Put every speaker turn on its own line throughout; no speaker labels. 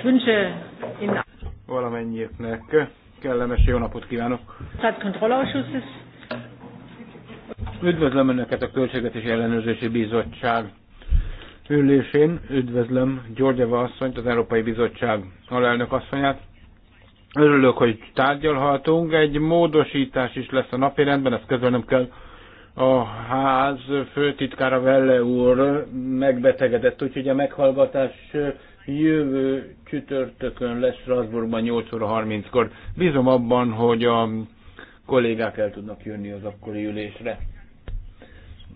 Ich wünsche Ihnen
valamennyieknek kellemes jó napot kívánok. Üdvözlöm Önöket a Költségvetési Ellenőrzési Bizottság ülésén. Üdvözlöm Györgyeva asszonyt, az Európai Bizottság alelnök asszonyát. Örülök, hogy tárgyalhatunk. Egy módosítás is lesz a napi rendben, ezt közölnöm kell. A ház főtitkára Velle úr megbetegedett, úgyhogy a meghallgatás jövő csütörtökön lesz Strasbourgban 8 óra 30-kor. Bízom abban, hogy a kollégák el tudnak jönni az akkori ülésre.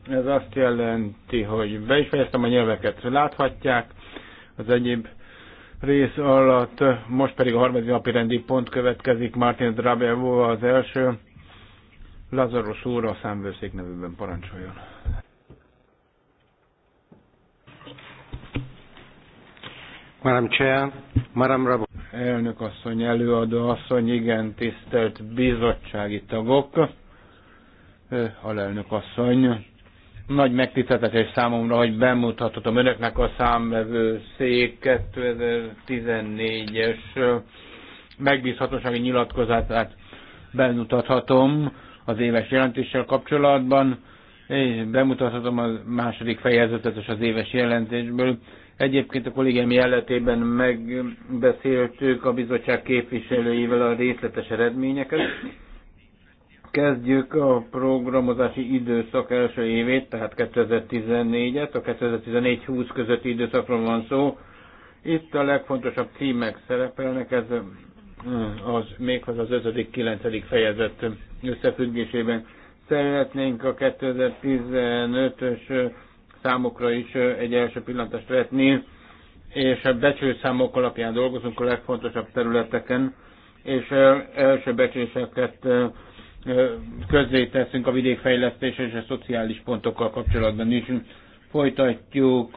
Ez azt jelenti, hogy be is fejeztem a nyelveket, láthatják. Az egyéb rész alatt, most pedig a harmadik napi rendi pont következik, Martin Drabevo az első, Lazaros úr a számvőszék nevűben parancsoljon. Madam Chair, Madam Rabo. Elnök asszony, előadó asszony, igen, tisztelt bizottsági tagok, alelnök asszony. Nagy megtiszteltetés számomra, hogy bemutathatom önöknek a számvevő szék 2014-es megbízhatósági nyilatkozatát bemutathatom az éves jelentéssel kapcsolatban. Én bemutathatom a második fejezetet és az éves jelentésből. Egyébként a kollégám jelletében megbeszéltük a bizottság képviselőivel a részletes eredményeket. Kezdjük a programozási időszak első évét, tehát 2014-et, a 2014-20 közötti időszakról van szó. Itt a legfontosabb címek szerepelnek, ez mm, az még az 5.-9. fejezet összefüggésében. Szeretnénk a 2015-ös számokra is egy első pillantást vetni, és a becsőszámok alapján dolgozunk a legfontosabb területeken, és első becséseket közzé teszünk a vidékfejlesztés és a szociális pontokkal kapcsolatban is. Folytatjuk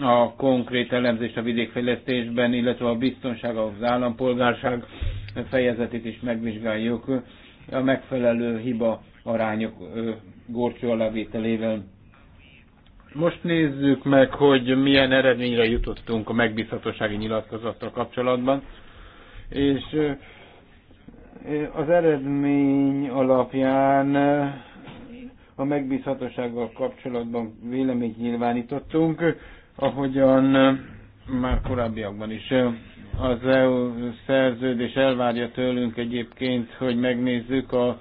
a konkrét elemzést a vidékfejlesztésben, illetve a biztonság, az állampolgárság fejezetét is megvizsgáljuk a megfelelő hiba arányok gorcsó alávételével most nézzük meg, hogy milyen eredményre jutottunk a megbízhatósági nyilatkozattal kapcsolatban. És eh, az eredmény alapján eh, a megbízhatósággal kapcsolatban véleményt nyilvánítottunk, ahogyan eh, már korábbiakban is az EU szerződés elvárja tőlünk egyébként, hogy megnézzük a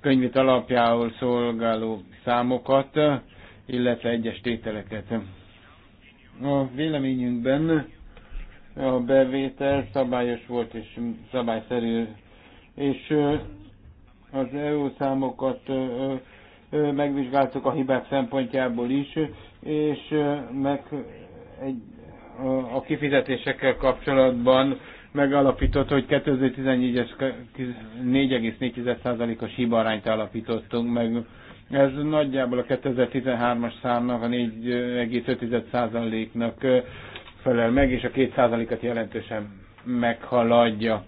könyvét alapjául szolgáló számokat, illetve egyes tételeket. A véleményünkben a bevétel szabályos volt és szabályszerű, és az EU számokat megvizsgáltuk a hibák szempontjából is, és meg egy, a kifizetésekkel kapcsolatban megalapított, hogy 2014-es 4,4%-os hibarányt alapítottunk meg, ez nagyjából a 2013-as számnak, a 4,5%-nak felel meg, és a 2%-at jelentősen meghaladja.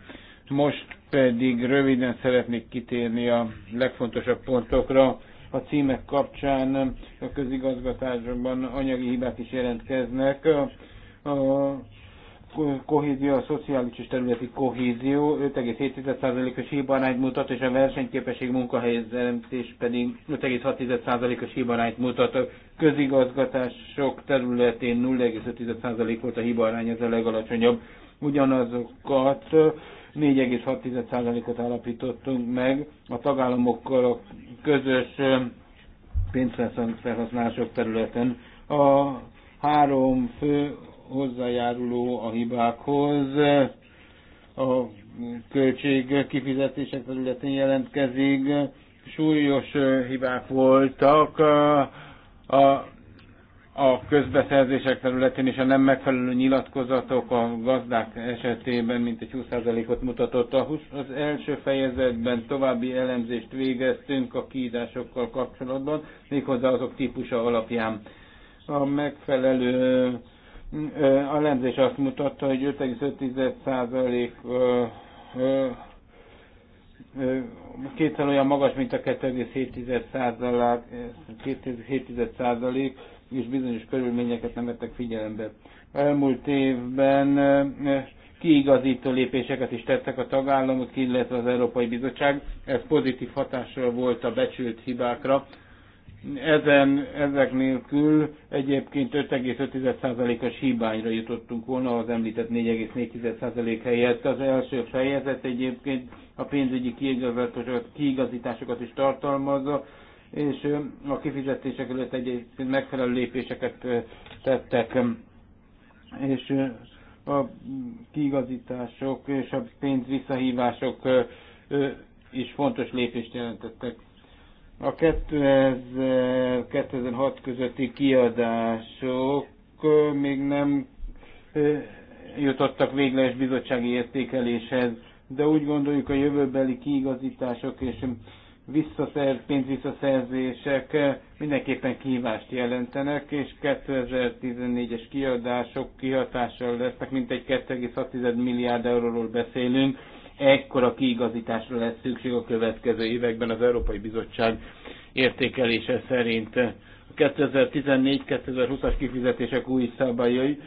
Most pedig röviden szeretnék kitérni a legfontosabb pontokra. A címek kapcsán a közigazgatásokban anyagi hibák is jelentkeznek. A kohézió, a szociális és területi kohézió 5,7%-os hibarányt mutat, és a versenyképesség munkahelyezemtés pedig 5,6%-os hibarányt mutat. A közigazgatások területén 0,5% volt a hibarány, ez a legalacsonyabb. Ugyanazokat 4,6%-ot állapítottunk meg a tagállamokkal a közös pénzfelhasználások területen. A három fő hozzájáruló a hibákhoz, a költség kifizetések területén jelentkezik, súlyos hibák voltak a, a közbeszerzések területén és a nem megfelelő nyilatkozatok a gazdák esetében mintegy 20%-ot mutatott. A 20, az első fejezetben további elemzést végeztünk a kiírásokkal kapcsolatban, méghozzá azok típusa alapján. A megfelelő a lemzés azt mutatta, hogy 5,5% kétszer olyan magas, mint a 2,7 és bizonyos körülményeket nem vettek figyelembe. Elmúlt évben kiigazító lépéseket is tettek a tagállamok, illetve az Európai Bizottság. Ez pozitív hatással volt a becsült hibákra, ezen, ezek nélkül egyébként 5,5%-os hibányra jutottunk volna az említett 4,4% helyett. Az első fejezet egyébként a pénzügyi kiigazításokat is tartalmazza, és a kifizetések előtt egyébként megfelelő lépéseket tettek, és a kiigazítások és a pénz visszahívások is fontos lépést jelentettek a 2006 közötti kiadások még nem jutottak végleges bizottsági értékeléshez, de úgy gondoljuk a jövőbeli kiigazítások és visszaszer, pénzvisszaszerzések mindenképpen kívást jelentenek, és 2014-es kiadások kihatással lesznek, mintegy 2,6 milliárd euróról beszélünk, ekkora kiigazításra lesz szükség a következő években az Európai Bizottság értékelése szerint. A 2014-2020-as kifizetések új szabályai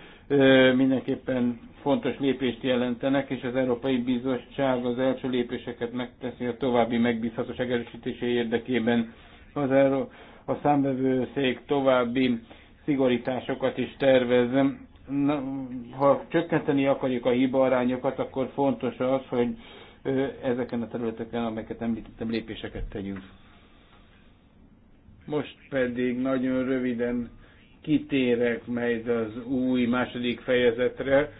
mindenképpen fontos lépést jelentenek, és az Európai Bizottság az első lépéseket megteszi a további megbízhatóság erősítése érdekében. Az Euró- a szék további szigorításokat is tervez ha csökkenteni akarjuk a hiba arányokat, akkor fontos az, hogy ezeken a területeken, amelyeket említettem, lépéseket tegyünk. Most pedig nagyon röviden kitérek majd az új második fejezetre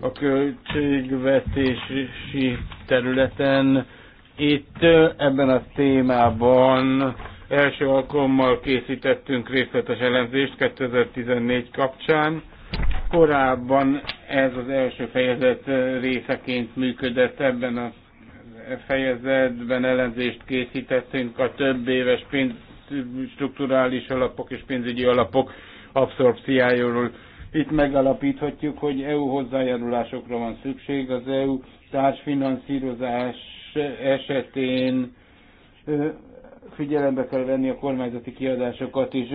a költségvetési területen. Itt ebben a témában első alkalommal készítettünk részletes elemzést 2014 kapcsán Korábban ez az első fejezet részeként működött ebben a fejezetben ellenzést készítettünk a több éves pénz, strukturális alapok és pénzügyi alapok abszorpciájáról. Itt megalapíthatjuk, hogy EU hozzájárulásokra van szükség. Az EU társfinanszírozás esetén figyelembe kell venni a kormányzati kiadásokat is.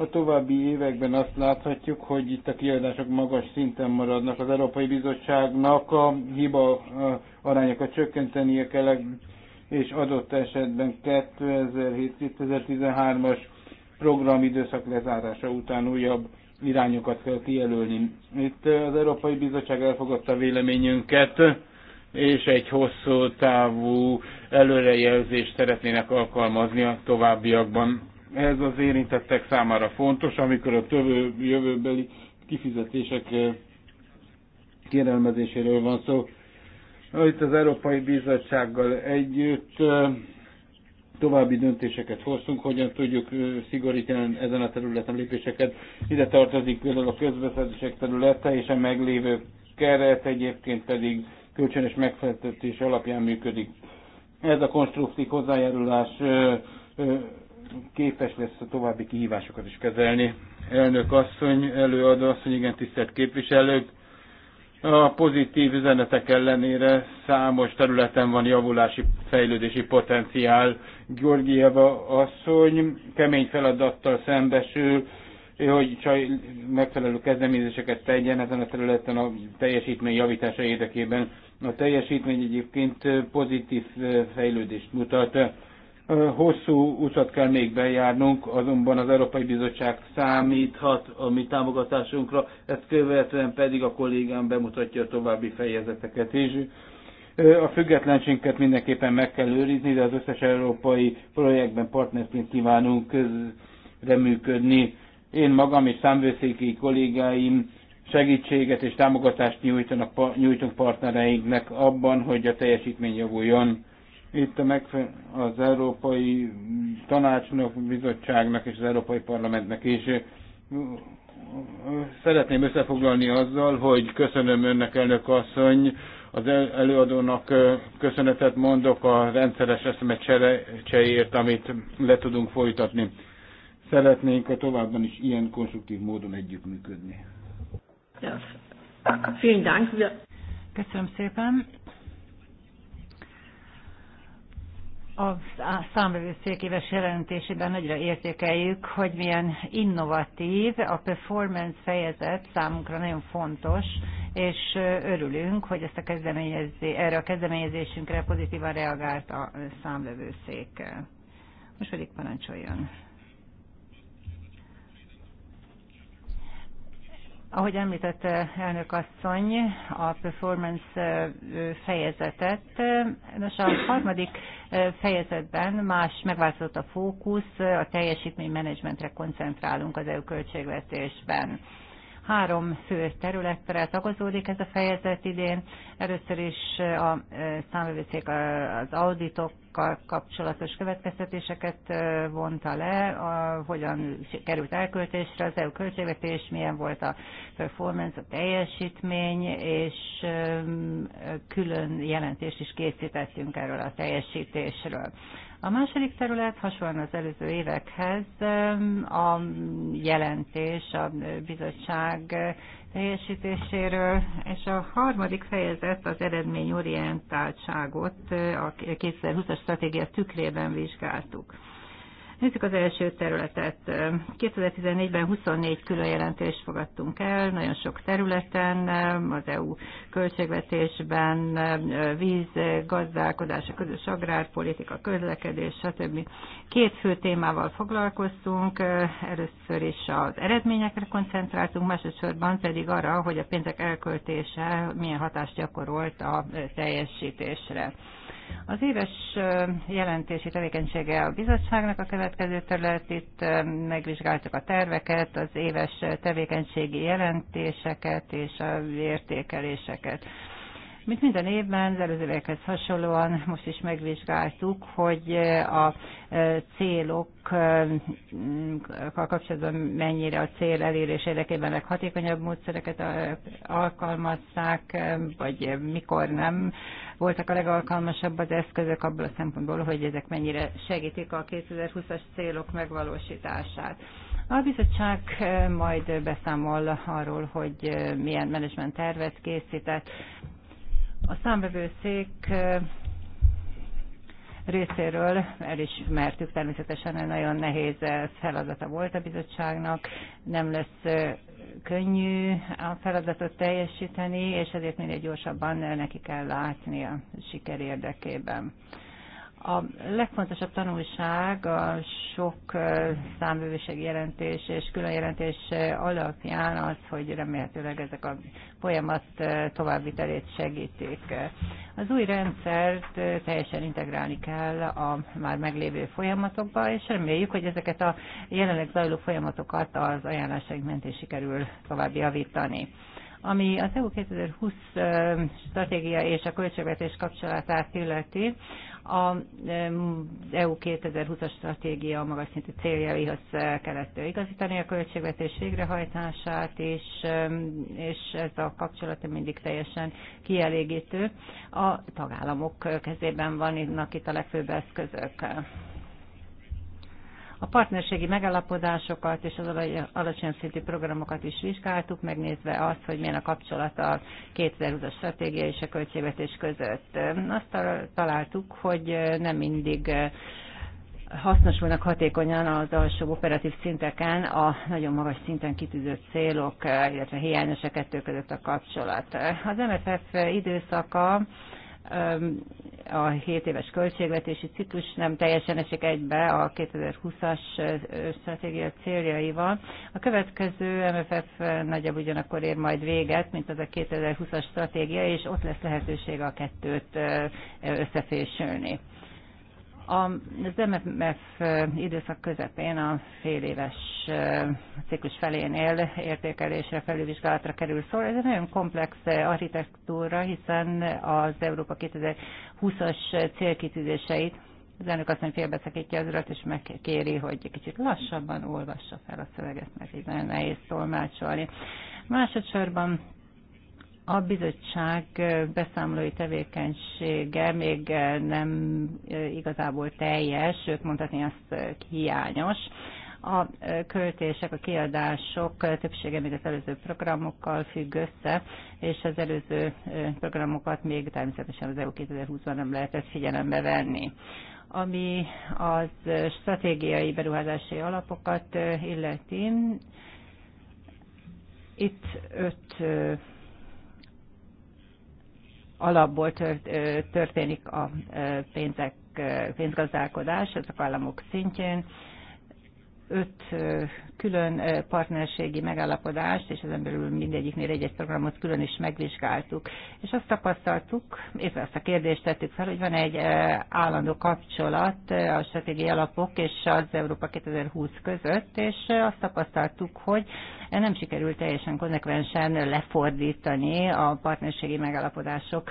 A további években azt láthatjuk, hogy itt a kiadások magas szinten maradnak. Az Európai Bizottságnak a hiba arányokat csökkentenie kell, és adott esetben 2007-2013-as programidőszak lezárása után újabb irányokat kell kijelölni. Itt az Európai Bizottság elfogadta véleményünket, és egy hosszú távú előrejelzést szeretnének alkalmazni a továbbiakban. Ez az érintettek számára fontos, amikor a tövő, jövőbeli kifizetések eh, kérelmezéséről van szó. Itt az Európai Bizottsággal együtt eh, további döntéseket hoztunk, hogyan tudjuk eh, szigorítani ezen a területen lépéseket. Ide tartozik például a közbeszerzések területe és a meglévő keret egyébként pedig kölcsönös megfeleltetés alapján működik. Ez a konstruktív hozzájárulás képes lesz a további kihívásokat is kezelni. Elnök asszony, előadó asszony, igen, tisztelt képviselők. A pozitív üzenetek ellenére számos területen van javulási, fejlődési potenciál. Georgieva asszony kemény feladattal szembesül, hogy csaj, megfelelő kezdeményezéseket tegyen ezen a területen a teljesítmény javítása érdekében. A teljesítmény egyébként pozitív eh, fejlődést mutat Hosszú utat kell még bejárnunk, azonban az Európai Bizottság számíthat a mi támogatásunkra, ezt követően pedig a kollégám bemutatja a további fejezeteket is. A függetlenségünket mindenképpen meg kell őrizni, de az összes európai projektben partnerként kívánunk működni. Én magam és számvőszéki kollégáim segítséget és támogatást nyújtanak, nyújtunk partnereinknek abban, hogy a teljesítmény javuljon itt a megfe- az Európai Tanácsnak, Bizottságnak és az Európai Parlamentnek is szeretném összefoglalni azzal, hogy köszönöm önnek, elnök asszony, az előadónak köszönetet mondok a rendszeres eszmecseréért, amit le tudunk folytatni. Szeretnénk a továbban is ilyen konstruktív módon együttműködni.
Köszönöm szépen. A számvevőszék éves jelentésében nagyra értékeljük, hogy milyen innovatív, a performance fejezet számunkra nagyon fontos, és örülünk, hogy ezt a erre a kezdeményezésünkre pozitívan reagált a számvevőszék. Most pedig parancsoljon. Ahogy említette elnök asszony, a performance fejezetet, nos a harmadik fejezetben más megváltozott a fókusz, a teljesítménymenedzsmentre koncentrálunk az EU költségvetésben. Három fő területre tagozódik ez a fejezet idén. Először is a számövőszék az auditokkal kapcsolatos következtetéseket vonta le, a, hogyan került elköltésre az EU költségvetés, milyen volt a performance, a teljesítmény, és külön jelentést is készítettünk erről a teljesítésről. A második terület hasonlóan az előző évekhez a jelentés a bizottság teljesítéséről, és a harmadik fejezet az eredményorientáltságot a 2020-as stratégia tükrében vizsgáltuk. Nézzük az első területet. 2014-ben 24 külön jelentést fogadtunk el, nagyon sok területen, az EU költségvetésben, víz, gazdálkodás, a közös agrárpolitika, közlekedés, stb. Két fő témával foglalkoztunk, először is az eredményekre koncentráltunk, másodszorban pedig arra, hogy a pénzek elköltése milyen hatást gyakorolt a teljesítésre. Az éves jelentési tevékenysége a bizottságnak a következő terület, itt megvizsgáltuk a terveket, az éves tevékenységi jelentéseket és a értékeléseket. Mint minden évben, az előző évekhez hasonlóan most is megvizsgáltuk, hogy a célokkal kapcsolatban mennyire a cél elérés érdekében leghatékonyabb módszereket alkalmazták, vagy mikor nem voltak a legalkalmasabb az eszközök abból a szempontból, hogy ezek mennyire segítik a 2020-as célok megvalósítását. A bizottság majd beszámol arról, hogy milyen menedzsment tervet készített, a számvevőszék részéről elismertük, természetesen egy nagyon nehéz feladata volt a bizottságnak, nem lesz könnyű a feladatot teljesíteni, és ezért minél gyorsabban neki kell látni a siker érdekében. A legfontosabb tanulság a sok számvevőségi jelentés és külön jelentés alapján az, hogy remélhetőleg ezek a folyamat továbbvitelét segítik. Az új rendszert teljesen integrálni kell a már meglévő folyamatokba, és reméljük, hogy ezeket a jelenleg zajló folyamatokat az ajánlásaink mentén sikerül tovább javítani. Ami az EU 2020 stratégia és a költségvetés kapcsolatát illeti, az EU 2020-as stratégia magas szintű céljaihoz kellett igazítani a költségvetés végrehajtását, és, és ez a kapcsolat mindig teljesen kielégítő. A tagállamok kezében vannak itt a legfőbb eszközök. A partnerségi megállapodásokat és az alacsony szintű programokat is vizsgáltuk, megnézve azt, hogy milyen a kapcsolat a 2020-as stratégia és a költségvetés között. Azt találtuk, hogy nem mindig eh, hasznosulnak hatékonyan az alsó operatív szinteken a nagyon magas szinten kitűzött célok, eh, illetve hiányos a kettő között a kapcsolat. Az MFF időszaka a 7 éves költségvetési ciklus nem teljesen esik egybe a 2020-as stratégia céljaival. A következő MFF nagyobb ugyanakkor ér majd véget, mint az a 2020-as stratégia, és ott lesz lehetőség a kettőt összefésülni. Az MFF időszak közepén a fél éves ciklus felénél értékelésre, felülvizsgálatra kerül szó. Ez egy nagyon komplex architektúra, hiszen az Európa 2020-as célkitűzéseit az elnök azt mondja, félbeszakítja az urat, és megkéri, hogy kicsit lassabban olvassa fel a szöveget, mert így nagyon nehéz tolmácsolni. Másodszorban a bizottság beszámolói tevékenysége még nem igazából teljes, sőt mondhatni azt hiányos. A költések, a kiadások többsége még az előző programokkal függ össze, és az előző programokat még természetesen az EU 2020-ban nem lehetett figyelembe venni ami az stratégiai beruházási alapokat illeti. Itt öt alapból történik a pénzek, pénzgazdálkodás, ezek államok szintjén, öt külön partnerségi megállapodást, és ezen belül mindegyiknél egy-egy programot külön is megvizsgáltuk. És azt tapasztaltuk, és azt a kérdést tettük fel, hogy van egy állandó kapcsolat a stratégiai alapok és az Európa 2020 között, és azt tapasztaltuk, hogy nem sikerült teljesen konzekvensen lefordítani a partnerségi megállapodások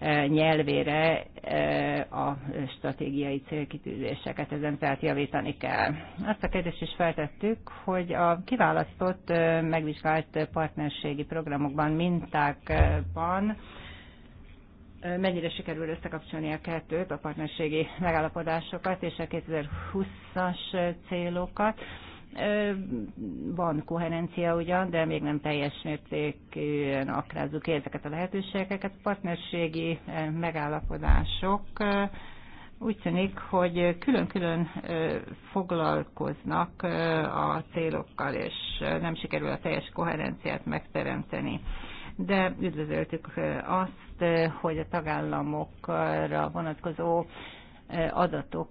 E, nyelvére e, a stratégiai célkitűzéseket, ezen tehát javítani kell. Azt a kérdést is feltettük, hogy a kiválasztott, e, megvizsgált partnerségi programokban, mintákban mennyire sikerül összekapcsolni a kettőt, a partnerségi megállapodásokat és a 2020-as célokat. Van koherencia ugyan, de még nem teljes mértékűen akrázzuk ezeket a lehetőségeket. Partnerségi megállapodások úgy tűnik, hogy külön-külön foglalkoznak a célokkal, és nem sikerül a teljes koherenciát megteremteni. De üdvözöltük azt, hogy a tagállamokra vonatkozó adatok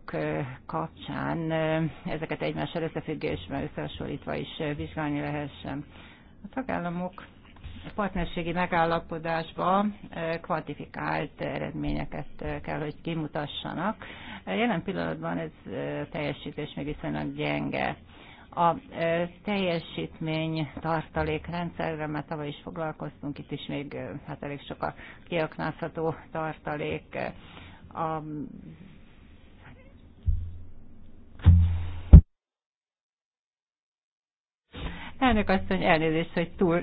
kapcsán ezeket egymással összefüggésben összehasonlítva is vizsgálni lehessen. A tagállamok a partnerségi megállapodásba kvantifikált eredményeket kell, hogy kimutassanak. Jelen pillanatban ez teljesítés még viszonylag gyenge. A teljesítmény tartalék rendszerre, mert tavaly is foglalkoztunk, itt is még hát elég sok a kiaknázható tartalék a Elnök asszony, elnézést, hogy túl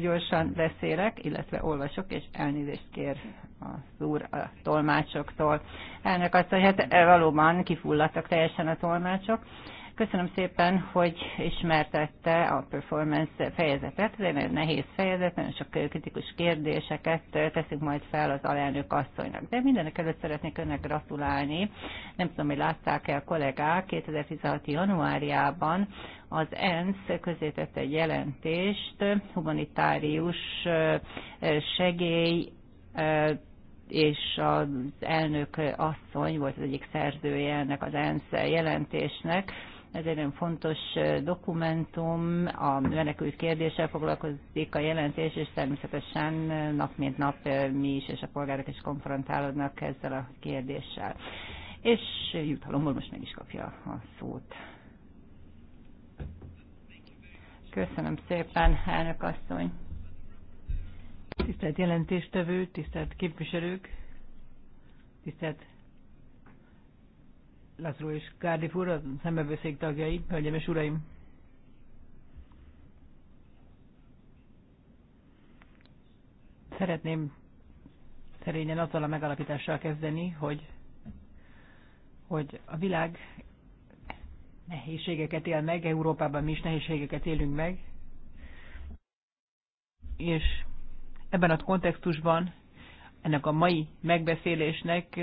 gyorsan beszélek, illetve olvasok, és elnézést kér az úr a tolmácsoktól. Elnök asszony, hát e, valóban kifulladtak teljesen a tolmácsok. Köszönöm szépen, hogy ismertette a performance fejezetet. Ez egy nagyon nehéz fejezet, nagyon sok kritikus kérdéseket teszünk majd fel az alelnök asszonynak. De mindenek előtt szeretnék önnek gratulálni. Nem tudom, hogy látták-e a kollégák, 2016. januárjában az ENSZ tette egy jelentést, humanitárius segély és az elnök asszony volt az egyik szerzője ennek az ENSZ jelentésnek, ez egy nagyon fontos dokumentum, a menekült kérdéssel foglalkozik a jelentés, és természetesen nap mint nap mi is és a polgárok is konfrontálódnak ezzel a kérdéssel. És jutalomból most meg is kapja a szót. Köszönöm szépen, elnök asszony. Tisztelt jelentéstevő, tisztelt képviselők, tisztelt László és Kárdi úr, a szembevőszék tagjai, hölgyeim és uraim! Szeretném szerényen azzal a megalapítással kezdeni, hogy, hogy a világ nehézségeket él meg, Európában mi is nehézségeket élünk meg, és ebben a kontextusban ennek a mai megbeszélésnek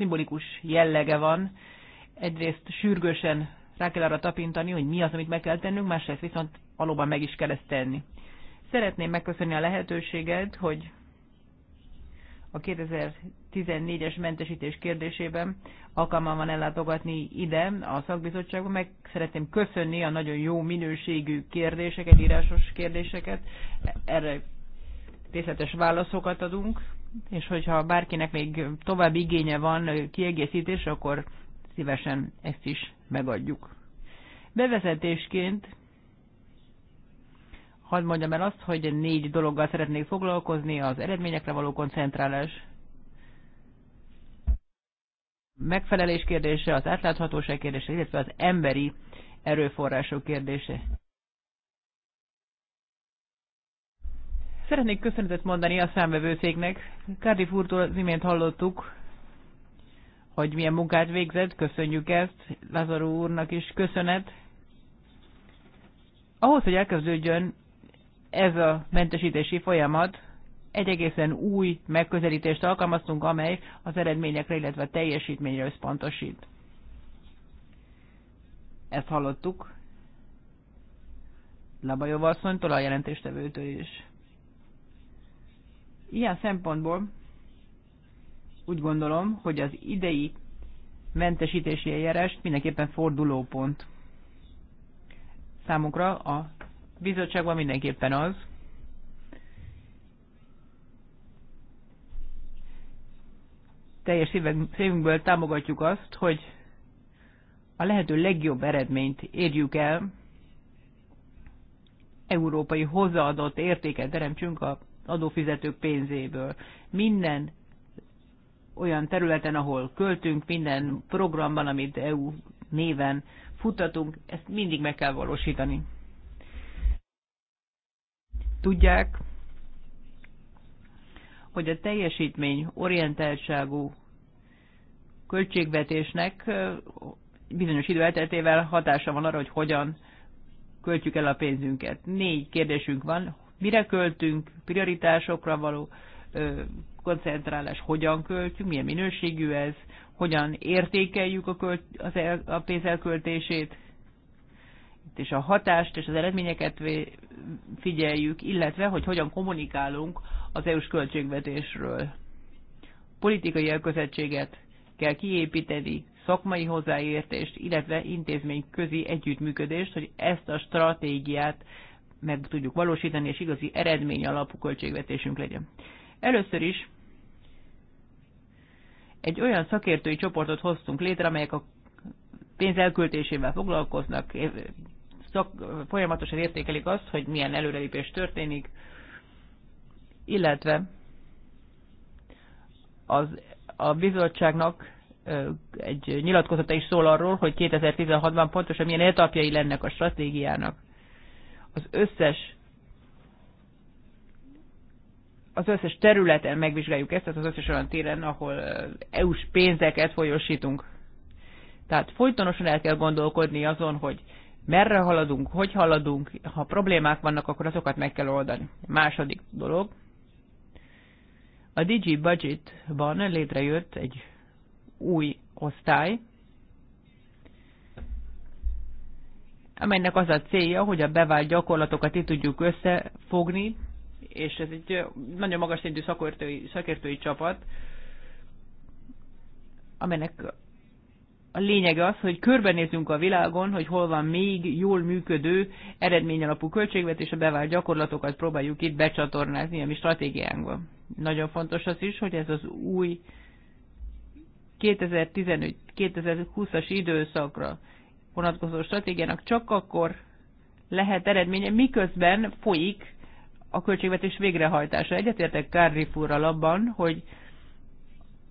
szimbolikus jellege van. Egyrészt sürgősen rá kell arra tapintani, hogy mi az, amit meg kell tennünk, másrészt viszont valóban meg is kell ezt tenni. Szeretném megköszönni a lehetőséget, hogy a 2014-es mentesítés kérdésében alkalmam van ellátogatni ide a szakbizottságban, meg szeretném köszönni a nagyon jó minőségű kérdéseket, írásos kérdéseket, erre részletes válaszokat adunk és hogyha bárkinek még tovább igénye van kiegészítés, akkor szívesen ezt is megadjuk. Bevezetésként hadd mondjam el azt, hogy négy dologgal szeretnék foglalkozni, az eredményekre való koncentrálás, megfelelés kérdése, az átláthatóság kérdése, illetve az emberi erőforrások kérdése. Szeretnék köszönetet mondani a számvevőszéknek. Cardiff úrtól az imént hallottuk, hogy milyen munkát végzett. Köszönjük ezt. Lázaró úrnak is köszönet. Ahhoz, hogy elkezdődjön ez a mentesítési folyamat, egy egészen új megközelítést alkalmaztunk, amely az eredményekre, illetve a teljesítményre összpontosít. Ezt hallottuk Labajov asszonytól, a jelentéstevőtől is. Ilyen szempontból úgy gondolom, hogy az idei mentesítési eljárás mindenképpen fordulópont. Számukra a bizottságban mindenképpen az, teljes szívünkből támogatjuk azt, hogy a lehető legjobb eredményt érjük el, európai hozzáadott értéket teremtsünk a adófizetők pénzéből. Minden olyan területen, ahol költünk, minden programban, amit EU néven futtatunk, ezt mindig meg kell valósítani. Tudják, hogy a teljesítmény orientáltságú költségvetésnek bizonyos idő elteltével hatása van arra, hogy hogyan költjük el a pénzünket. Négy kérdésünk van, mire költünk, prioritásokra való ö, koncentrálás, hogyan költjük, milyen minőségű ez, hogyan értékeljük a, költ, az el, a pénz elköltését, és a hatást és az eredményeket figyeljük, illetve hogy hogyan kommunikálunk az EU-s költségvetésről. Politikai elközettséget kell kiépíteni, szakmai hozzáértést, illetve intézmény közi együttműködést, hogy ezt a stratégiát meg tudjuk valósítani, és igazi eredmény alapú költségvetésünk legyen. Először is egy olyan szakértői csoportot hoztunk létre, amelyek a pénz elköltésével foglalkoznak, szak, folyamatosan értékelik azt, hogy milyen előrelépés történik, illetve az, a bizottságnak egy nyilatkozata is szól arról, hogy 2016-ban pontosan milyen etapjai lennek a stratégiának az összes az összes területen megvizsgáljuk ezt, tehát az összes olyan téren, ahol eh, EU-s pénzeket folyosítunk. Tehát folytonosan el kell gondolkodni azon, hogy merre haladunk, hogy haladunk, ha problémák vannak, akkor azokat meg kell oldani. Második dolog, a budget ban létrejött egy új osztály, amelynek az a célja, hogy a bevált gyakorlatokat itt tudjuk összefogni, és ez egy nagyon magas szintű szakértői, szakértői csapat, amelynek a lényeg az, hogy körbenézünk a világon, hogy hol van még jól működő eredményalapú költségvetés, a bevált gyakorlatokat próbáljuk itt becsatornázni a mi stratégiánkba. Nagyon fontos az is, hogy ez az új 2015-2020-as időszakra vonatkozó stratégiának csak akkor lehet eredménye, miközben folyik a költségvetés végrehajtása. Egyetértek Carrefourral abban, hogy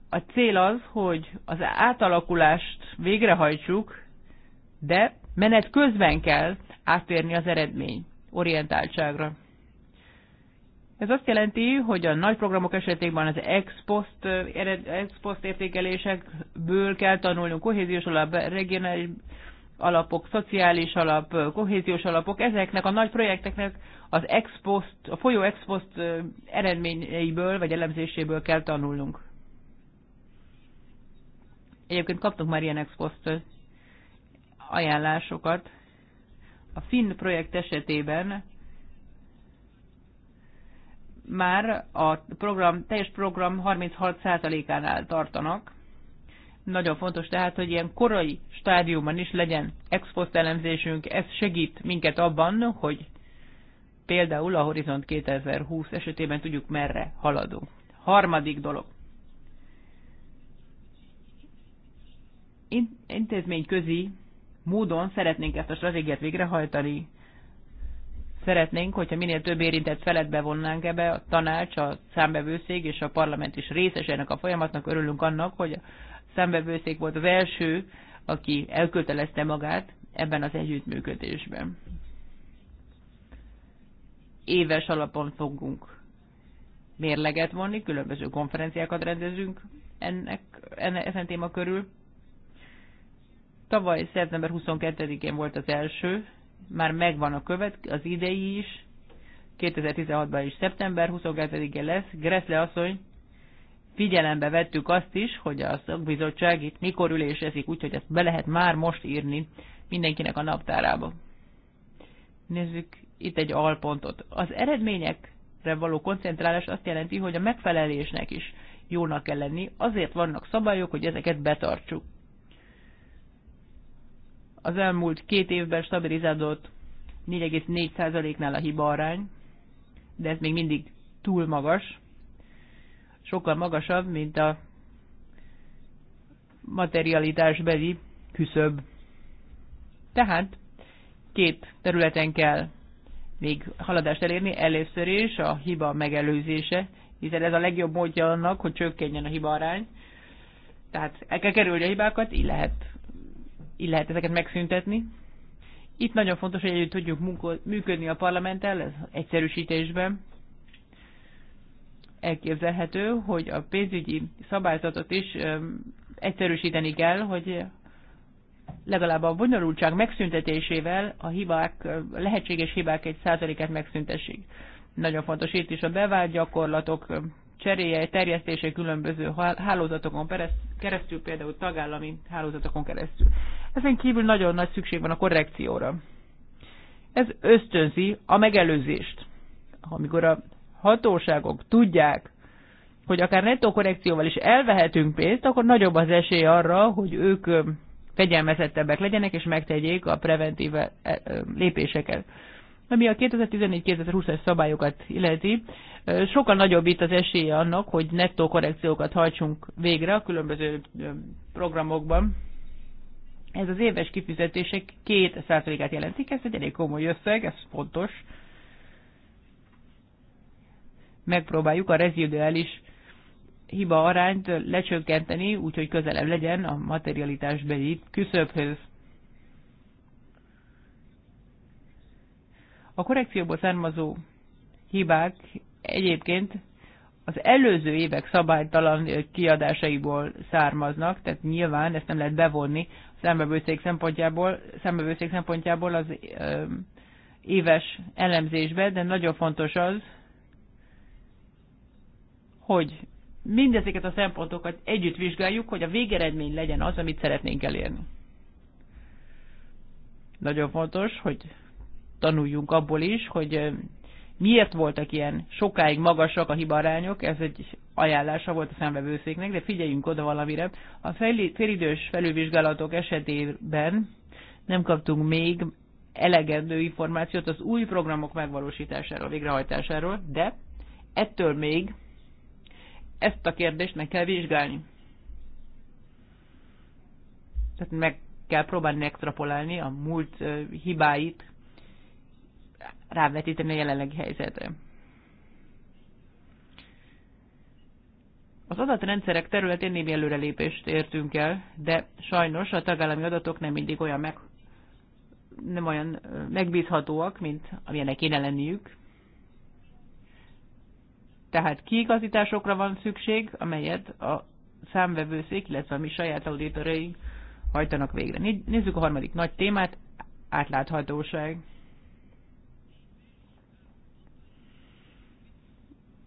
a cél az, hogy az átalakulást végrehajtsuk, de menet közben kell áttérni az eredmény orientáltságra. Ez azt jelenti, hogy a nagy programok esetében az ex post, ex post értékelésekből kell tanulnunk, kohéziós alap, regionális alapok, szociális alap, kohéziós alapok, ezeknek a nagy projekteknek az expost, a folyó expost eredményeiből vagy elemzéséből kell tanulnunk. Egyébként kaptunk már ilyen expost ajánlásokat. A Finn projekt esetében már a program, teljes program 36%-ánál tartanak, nagyon fontos tehát, hogy ilyen korai stádiumban is legyen ex post elemzésünk. Ez segít minket abban, hogy például a Horizont 2020 esetében tudjuk merre haladunk. Harmadik dolog. Intézményközi módon szeretnénk ezt a stratégiát végrehajtani. Szeretnénk, hogyha minél több érintett felet bevonnánk ebbe, a tanács, a számbevőszék és a parlament is részes ennek a folyamatnak. Örülünk annak, hogy számvevőszék volt az első, aki elkötelezte magát ebben az együttműködésben. Éves alapon fogunk mérleget vonni, különböző konferenciákat rendezünk ennek, enne, ezen téma körül. Tavaly szeptember 22-én volt az első, már megvan a követ, az idei is, 2016-ban is szeptember 22-én lesz. Gressle asszony figyelembe vettük azt is, hogy a szakbizottság itt mikor ülésezik, úgyhogy ezt be lehet már most írni mindenkinek a naptárába. Nézzük itt egy alpontot. Az eredményekre való koncentrálás azt jelenti, hogy a megfelelésnek is jónak kell lenni, azért vannak szabályok, hogy ezeket betartsuk. Az elmúlt két évben stabilizálódott 4,4%-nál a hiba arány, de ez még mindig túl magas, sokkal magasabb, mint a materialitásbeli küszöb. Tehát két területen kell még haladást elérni. Először is a hiba megelőzése, hiszen ez a legjobb módja annak, hogy csökkenjen a hiba arány. Tehát el kell kerülni a hibákat, így lehet, így lehet ezeket megszüntetni. Itt nagyon fontos, hogy együtt tudjuk működni a parlamenttel, ez egyszerűsítésben elképzelhető, hogy a pénzügyi szabályzatot is egyszerűsíteni kell, hogy legalább a bonyolultság megszüntetésével a hibák, lehetséges hibák egy százalékát megszüntessék. Nagyon fontos itt is a bevált gyakorlatok cseréje, terjesztése különböző hálózatokon keresztül, például tagállami hálózatokon keresztül. Ezen kívül nagyon nagy szükség van a korrekcióra. Ez ösztönzi a megelőzést. Amikor a hatóságok tudják, hogy akár nettó korrekcióval is elvehetünk pénzt, akkor nagyobb az esély arra, hogy ők fegyelmezettebbek legyenek, és megtegyék a preventív lépéseket. Ami a 2014 2020 es szabályokat illeti, sokkal nagyobb itt az esélye annak, hogy nettó korrekciókat hajtsunk végre a különböző programokban. Ez az éves kifizetések 2%-át jelentik, ez egy elég komoly összeg, ez fontos megpróbáljuk a reziduális hiba arányt lecsökkenteni, úgyhogy közelebb legyen a materialitás beli küszöbhöz. A korrekcióból származó hibák egyébként az előző évek szabálytalan kiadásaiból származnak, tehát nyilván ezt nem lehet bevonni a szembevőszék szempontjából, szembevőszék szempontjából az ö, éves elemzésbe, de nagyon fontos az, hogy mindezeket a szempontokat együtt vizsgáljuk, hogy a végeredmény legyen az, amit szeretnénk elérni. Nagyon fontos, hogy tanuljunk abból is, hogy miért voltak ilyen sokáig magasak a hibarányok, ez egy ajánlása volt a szemvevőszéknek, de figyeljünk oda valamire. A félidős felülvizsgálatok esetében nem kaptunk még elegendő információt az új programok megvalósításáról, végrehajtásáról, de ettől még ezt a kérdést meg kell vizsgálni. Tehát meg kell próbálni extrapolálni a múlt hibáit, rávetíteni a jelenlegi helyzetre. Az adatrendszerek területén némi előrelépést értünk el, de sajnos a tagállami adatok nem mindig olyan meg, nem olyan megbízhatóak, mint amilyenek kéne lenniük. Tehát kiigazításokra van szükség, amelyet a számvevőszék, illetve a mi saját auditoraink hajtanak végre. Nézzük a harmadik nagy témát, átláthatóság.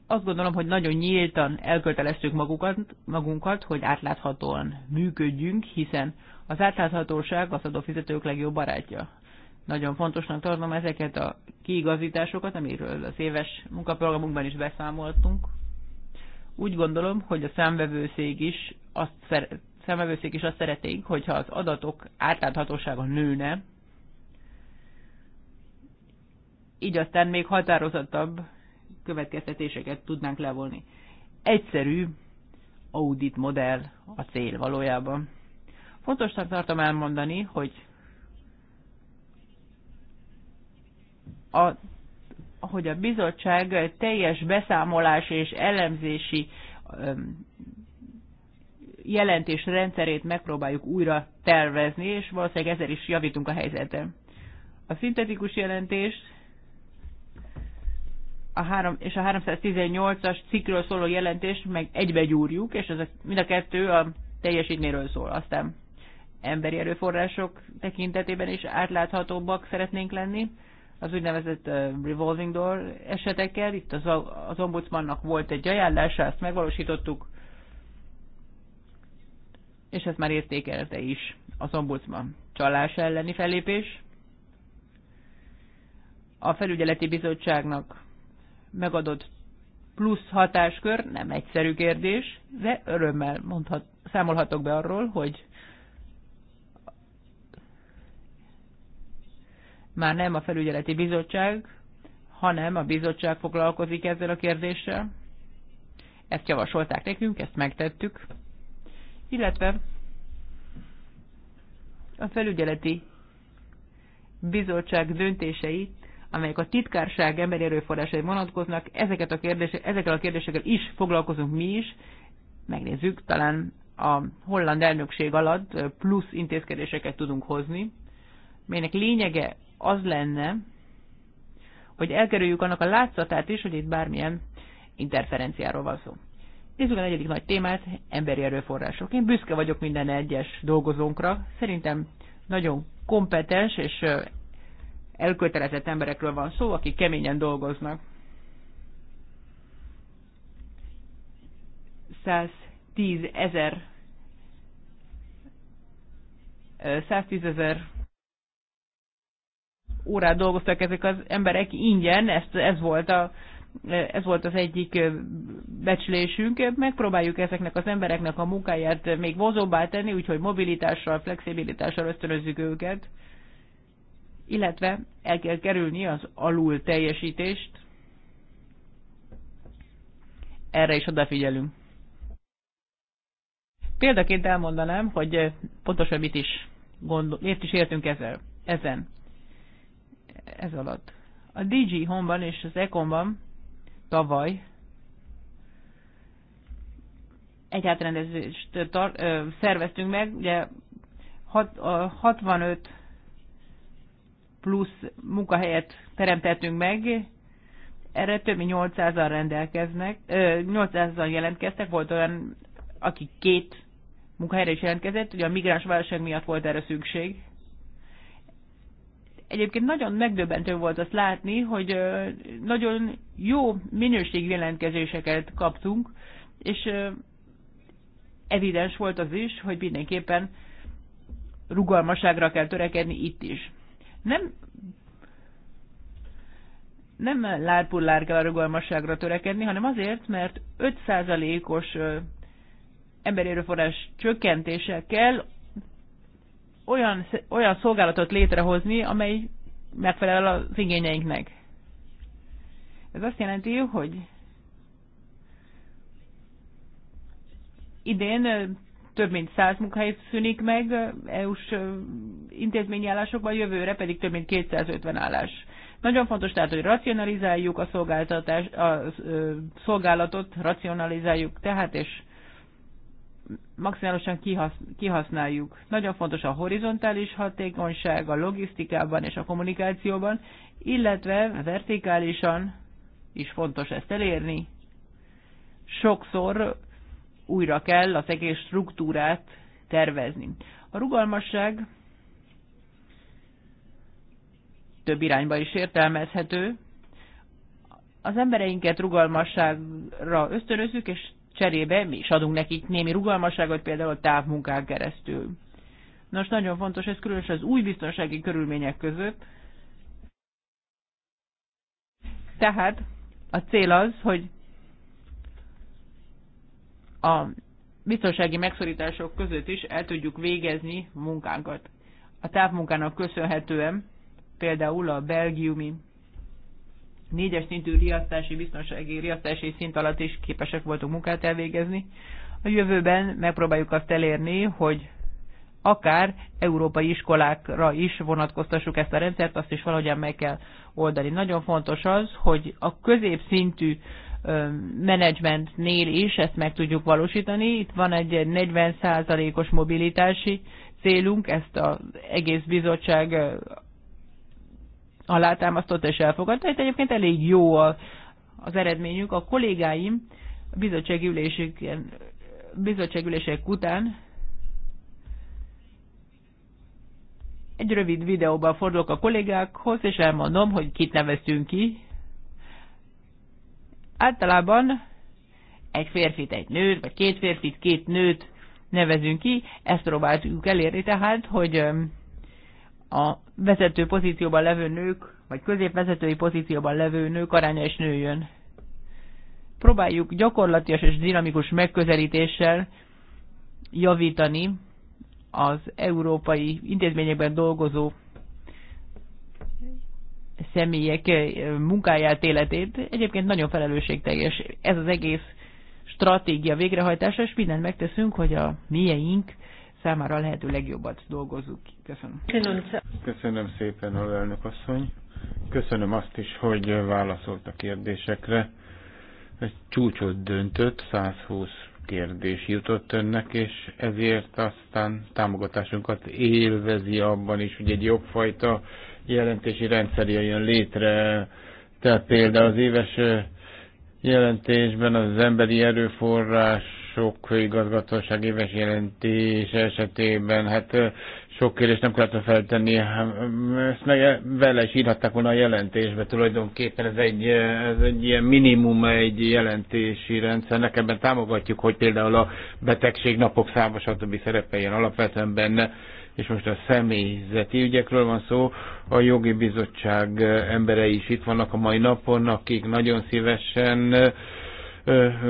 Azt gondolom, hogy nagyon nyíltan elköteleztük magukat, magunkat, hogy átláthatóan működjünk, hiszen az átláthatóság az adófizetők legjobb barátja. Nagyon fontosnak tartom ezeket a kiigazításokat, amiről az éves munkaprogramunkban is beszámoltunk. Úgy gondolom, hogy a számvevőszék is azt, szere- számvevőszék is azt szeretnénk, hogyha az adatok átláthatósága nőne, így aztán még határozottabb következtetéseket tudnánk levonni. Egyszerű audit modell a cél valójában. Fontosnak tartom elmondani, hogy a, hogy a bizottság teljes beszámolás és elemzési jelentés rendszerét megpróbáljuk újra tervezni, és valószínűleg ezzel is javítunk a helyzeten. A szintetikus jelentés a három, és a 318-as cikkről szóló jelentést meg egybegyúrjuk, és ez a, mind a kettő a teljesítményről szól. Aztán emberi erőforrások tekintetében is átláthatóbbak szeretnénk lenni az úgynevezett revolving door esetekkel. Itt az, az ombudsmannak volt egy ajánlása, ezt megvalósítottuk, és ezt már értékelte is az ombudsman csalás elleni fellépés. A felügyeleti bizottságnak megadott plusz hatáskör nem egyszerű kérdés, de örömmel mondhat, számolhatok be arról, hogy már nem a felügyeleti bizottság, hanem a bizottság foglalkozik ezzel a kérdéssel. Ezt javasolták nekünk, ezt megtettük. Illetve a felügyeleti bizottság döntései, amelyek a titkárság emberi erőforrásai vonatkoznak, ezeket a kérdések, ezekkel a kérdésekkel is foglalkozunk mi is. Megnézzük, talán a holland elnökség alatt plusz intézkedéseket tudunk hozni, melynek lényege az lenne, hogy elkerüljük annak a látszatát is, hogy itt bármilyen interferenciáról van szó. Nézzük a negyedik nagy témát, emberi erőforrások. Én büszke vagyok minden egyes dolgozónkra. Szerintem nagyon kompetens és elkötelezett emberekről van szó, akik keményen dolgoznak. 110 ezer 110 ezer órát dolgoztak ezek az emberek ingyen, ezt, ez, volt a, ez volt az egyik becslésünk. Megpróbáljuk ezeknek az embereknek a munkáját még vonzóbbá tenni, úgyhogy mobilitással, flexibilitással ösztönözzük őket, illetve el kell kerülni az alul teljesítést. Erre is odafigyelünk. Példaként elmondanám, hogy pontosan mit is gondol, miért is értünk ezzel, ezen ez alatt. A DG Home-ban és az Econ-ban tavaly egy átrendezést tar- ö, szerveztünk meg, ugye hat, ö, 65 plusz munkahelyet teremtettünk meg, erre több mint 800-an rendelkeznek, 800-an jelentkeztek, volt olyan, aki két munkahelyre is jelentkezett, ugye a migráns válság miatt volt erre szükség. Egyébként nagyon megdöbbentő volt azt látni, hogy nagyon jó jelentkezéseket kaptunk, és evidens volt az is, hogy mindenképpen rugalmaságra kell törekedni itt is. Nem nem lárpullár kell a rugalmasságra törekedni, hanem azért, mert 5%-os emberi erőforrás csökkentése kell olyan, olyan szolgálatot létrehozni, amely megfelel az igényeinknek. Ez azt jelenti, hogy idén több mint száz munkahely szűnik meg EU-s intézményi állásokban, jövőre pedig több mint 250 állás. Nagyon fontos tehát, hogy racionalizáljuk a, szolgáltatás, a szolgálatot, racionalizáljuk tehát, és maximálisan kihasználjuk. Nagyon fontos a horizontális hatékonyság a logisztikában és a kommunikációban, illetve vertikálisan is fontos ezt elérni. Sokszor újra kell az egész struktúrát tervezni. A rugalmasság több irányba is értelmezhető. Az embereinket rugalmasságra ösztönözzük, és cserébe mi is adunk nekik némi rugalmasságot, például a távmunkán keresztül. Nos, nagyon fontos ez különösen az új biztonsági körülmények között. Tehát a cél az, hogy a biztonsági megszorítások között is el tudjuk végezni munkánkat. A távmunkának köszönhetően például a belgiumi négyes szintű riasztási, biztonsági riasztási szint alatt is képesek voltunk munkát elvégezni. A jövőben megpróbáljuk azt elérni, hogy akár európai iskolákra is vonatkoztassuk ezt a rendszert, azt is valahogyan meg kell oldani. Nagyon fontos az, hogy a középszintű menedzsmentnél is ezt meg tudjuk valósítani. Itt van egy 40%-os mobilitási célunk, ezt az egész bizottság alátámasztotta és elfogadta. Itt egyébként elég jó az eredményük. A kollégáim bizottságülések után egy rövid videóban fordulok a kollégákhoz, és elmondom, hogy kit neveztünk ki. Általában egy férfit, egy nőt, vagy két férfit, két nőt nevezünk ki. Ezt próbáltuk elérni tehát, hogy a vezető pozícióban levő nők, vagy középvezetői pozícióban levő nők aránya is nőjön. Próbáljuk gyakorlatias és dinamikus megközelítéssel javítani az európai intézményekben dolgozó személyek eh, munkáját, életét. Egyébként nagyon felelősségteljes ez az egész stratégia végrehajtása, és mindent megteszünk, hogy a mieink számára a lehető legjobbat dolgozzuk ki. Köszönöm. Köszönöm, Köszönöm szépen,
alelnök asszony. Köszönöm azt is, hogy válaszolt a kérdésekre. Egy csúcsot döntött, 120 kérdés jutott önnek, és ezért aztán támogatásunkat élvezi abban is, hogy egy jobb fajta jelentési rendszer jön létre. Tehát például az éves jelentésben az emberi erőforrás sok igazgatóság éves jelentés esetében, hát sok kérdést nem kellett feltenni, hát, ezt meg vele is írhatták volna a jelentésbe, tulajdonképpen ez egy, ez egy ilyen minimum egy jelentési rendszernek, ebben támogatjuk, hogy például a betegség napok száma stb. szerepeljen alapvetően benne, és most a személyzeti ügyekről van szó, a jogi bizottság emberei is itt vannak a mai napon, akik nagyon szívesen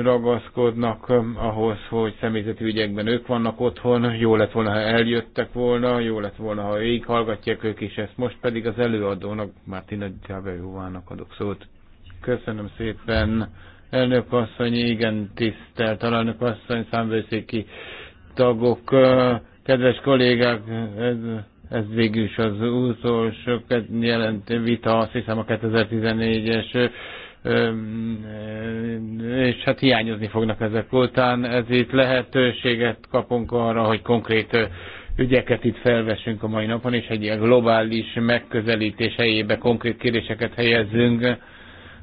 ragaszkodnak ahhoz, hogy személyzeti ügyekben ők vannak otthon. Jó lett volna, ha eljöttek volna, jó lett volna, ha ők hallgatják ők is ezt. Most pedig az előadónak, Mártina Gyagajóvának adok szót. Köszönöm szépen, elnök asszony, igen, tisztelt alelnök asszony, számvőszéki tagok, kedves kollégák, ez, ez végül is az utolsó jelentő vita, azt hiszem a 2014-es és hát hiányozni fognak ezek után, itt lehetőséget kapunk arra, hogy konkrét ügyeket itt felvessünk a mai napon, és egy ilyen globális megközelítés helyébe konkrét kérdéseket helyezzünk,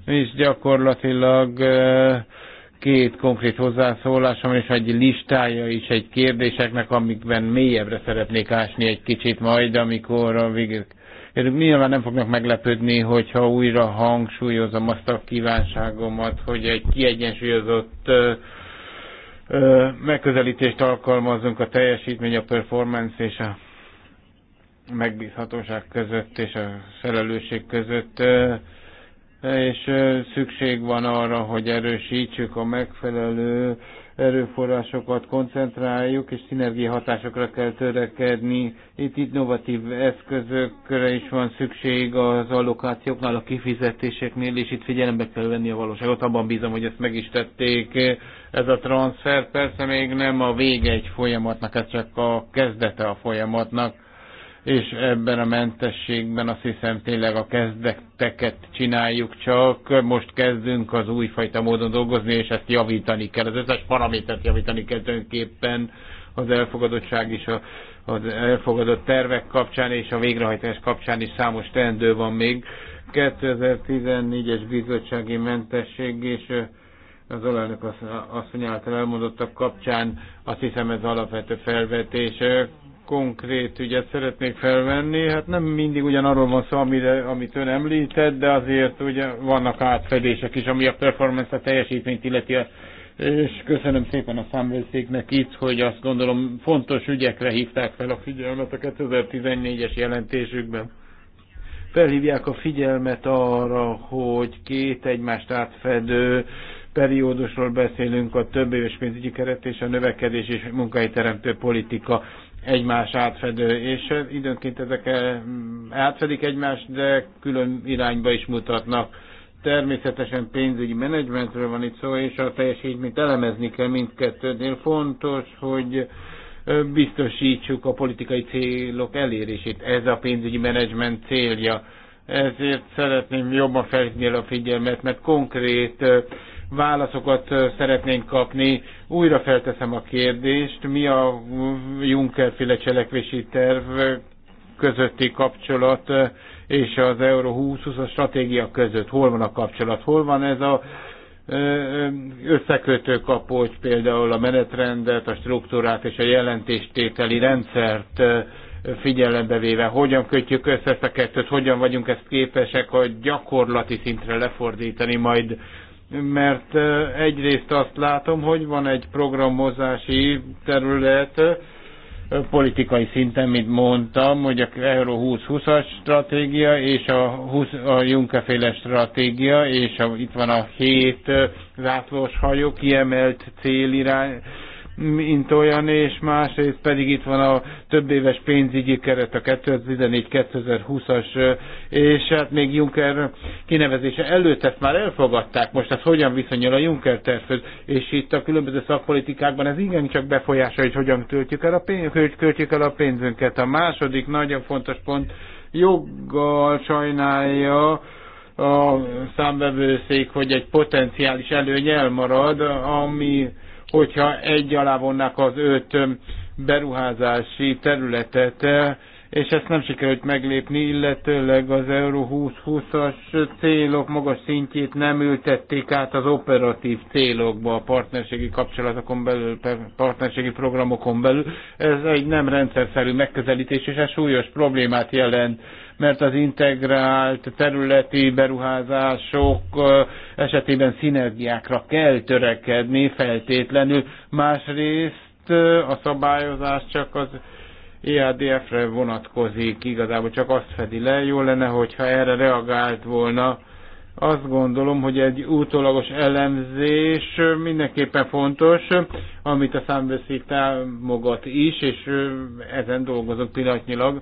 és gyakorlatilag két konkrét hozzászólásom, és egy listája is egy kérdéseknek, amikben mélyebbre szeretnék ásni egy kicsit majd, amikor a végig Nyilván nem fognak meglepődni, hogyha újra hangsúlyozom azt a kívánságomat, hogy egy kiegyensúlyozott ö, ö, megközelítést alkalmazunk a teljesítmény, a performance és a megbízhatóság között és a felelősség között, és szükség van arra, hogy erősítsük a megfelelő erőforrásokat koncentráljuk, és szinergiahatásokra kell törekedni. Itt innovatív eszközökre is van szükség az allokációknál, a kifizetéseknél, és itt figyelembe kell venni a valóságot. Abban bízom, hogy ezt meg is tették. Ez a transfer persze még nem a vége egy folyamatnak, ez csak a kezdete a folyamatnak és ebben a mentességben azt hiszem tényleg a kezdeteket csináljuk csak, most kezdünk az újfajta módon dolgozni, és ezt javítani kell, az összes paramétert javítani kell tulajdonképpen az elfogadottság és a, az elfogadott tervek kapcsán és a végrehajtás kapcsán is számos teendő van még. 2014-es bizottsági mentesség és az alelnök asszony által elmondottak kapcsán azt hiszem ez alapvető felvetések konkrét ügyet szeretnék felvenni. Hát nem mindig ugyanarról van szó, amire, amit ön említett, de azért ugye vannak átfedések is, ami a performance, a teljesítményt illeti. És köszönöm szépen a számvőszéknek itt, hogy azt gondolom fontos ügyekre hívták fel a figyelmet a 2014-es jelentésükben. Felhívják a figyelmet arra, hogy két egymást átfedő periódusról beszélünk, a több éves pénzügyi keret és a növekedés és munkahelyteremtő politika egymás átfedő, és időnként ezek átfedik egymást, de külön irányba is mutatnak. Természetesen pénzügyi menedzsmentről van itt szó, és a teljesítményt elemezni kell mindkettőnél. Fontos, hogy biztosítsuk a politikai célok elérését. Ez a pénzügyi menedzsment célja. Ezért szeretném jobban felhívni a figyelmet, mert konkrét válaszokat szeretnénk kapni. Újra felteszem a kérdést, mi a Juncker-féle cselekvési terv közötti kapcsolat és az Euró 2020-as stratégia között? Hol van a kapcsolat? Hol van ez a összekötő kapocs, például a menetrendet, a struktúrát és a jelentéstételi rendszert figyelembe véve, hogyan kötjük össze ezt a kettőt, hogyan vagyunk ezt képesek a gyakorlati szintre lefordítani majd mert egyrészt azt látom, hogy van egy programozási terület, politikai szinten, mint mondtam, hogy a Euro 2020-as stratégia és a, 20, a Juncker-féle stratégia, és a, itt van a hét zászlós hajó kiemelt célirány, mint olyan, és másrészt pedig itt van a több éves pénzügyi keret, a 2014-2020-as, és hát még Juncker kinevezése előtt ezt már elfogadták, most ez hogyan viszonyul a Juncker tervhöz, és itt a különböző szakpolitikákban ez igencsak befolyása, hogy hogyan költjük el a, pénz, költjük el a pénzünket. A második nagyon fontos pont, joggal sajnálja, a számvevőszék, hogy egy potenciális előny elmarad, ami hogyha egy alá vonnák az öt beruházási területet, eh, és ezt nem sikerült meglépni, illetőleg az Euró 2020-as célok magas szintjét nem ültették át az operatív célokba a partnerségi kapcsolatokon belül, partnerségi programokon belül. Ez egy nem rendszerszerű megközelítés, és ez súlyos problémát jelent mert az integrált területi beruházások esetében szinergiákra kell törekedni feltétlenül. Másrészt a szabályozás csak az EADF-re vonatkozik, igazából csak azt fedi le. Jó lenne, hogyha erre reagált volna azt gondolom, hogy egy útólagos elemzés mindenképpen fontos, amit a számbőszék támogat is, és ezen dolgozok pillanatnyilag.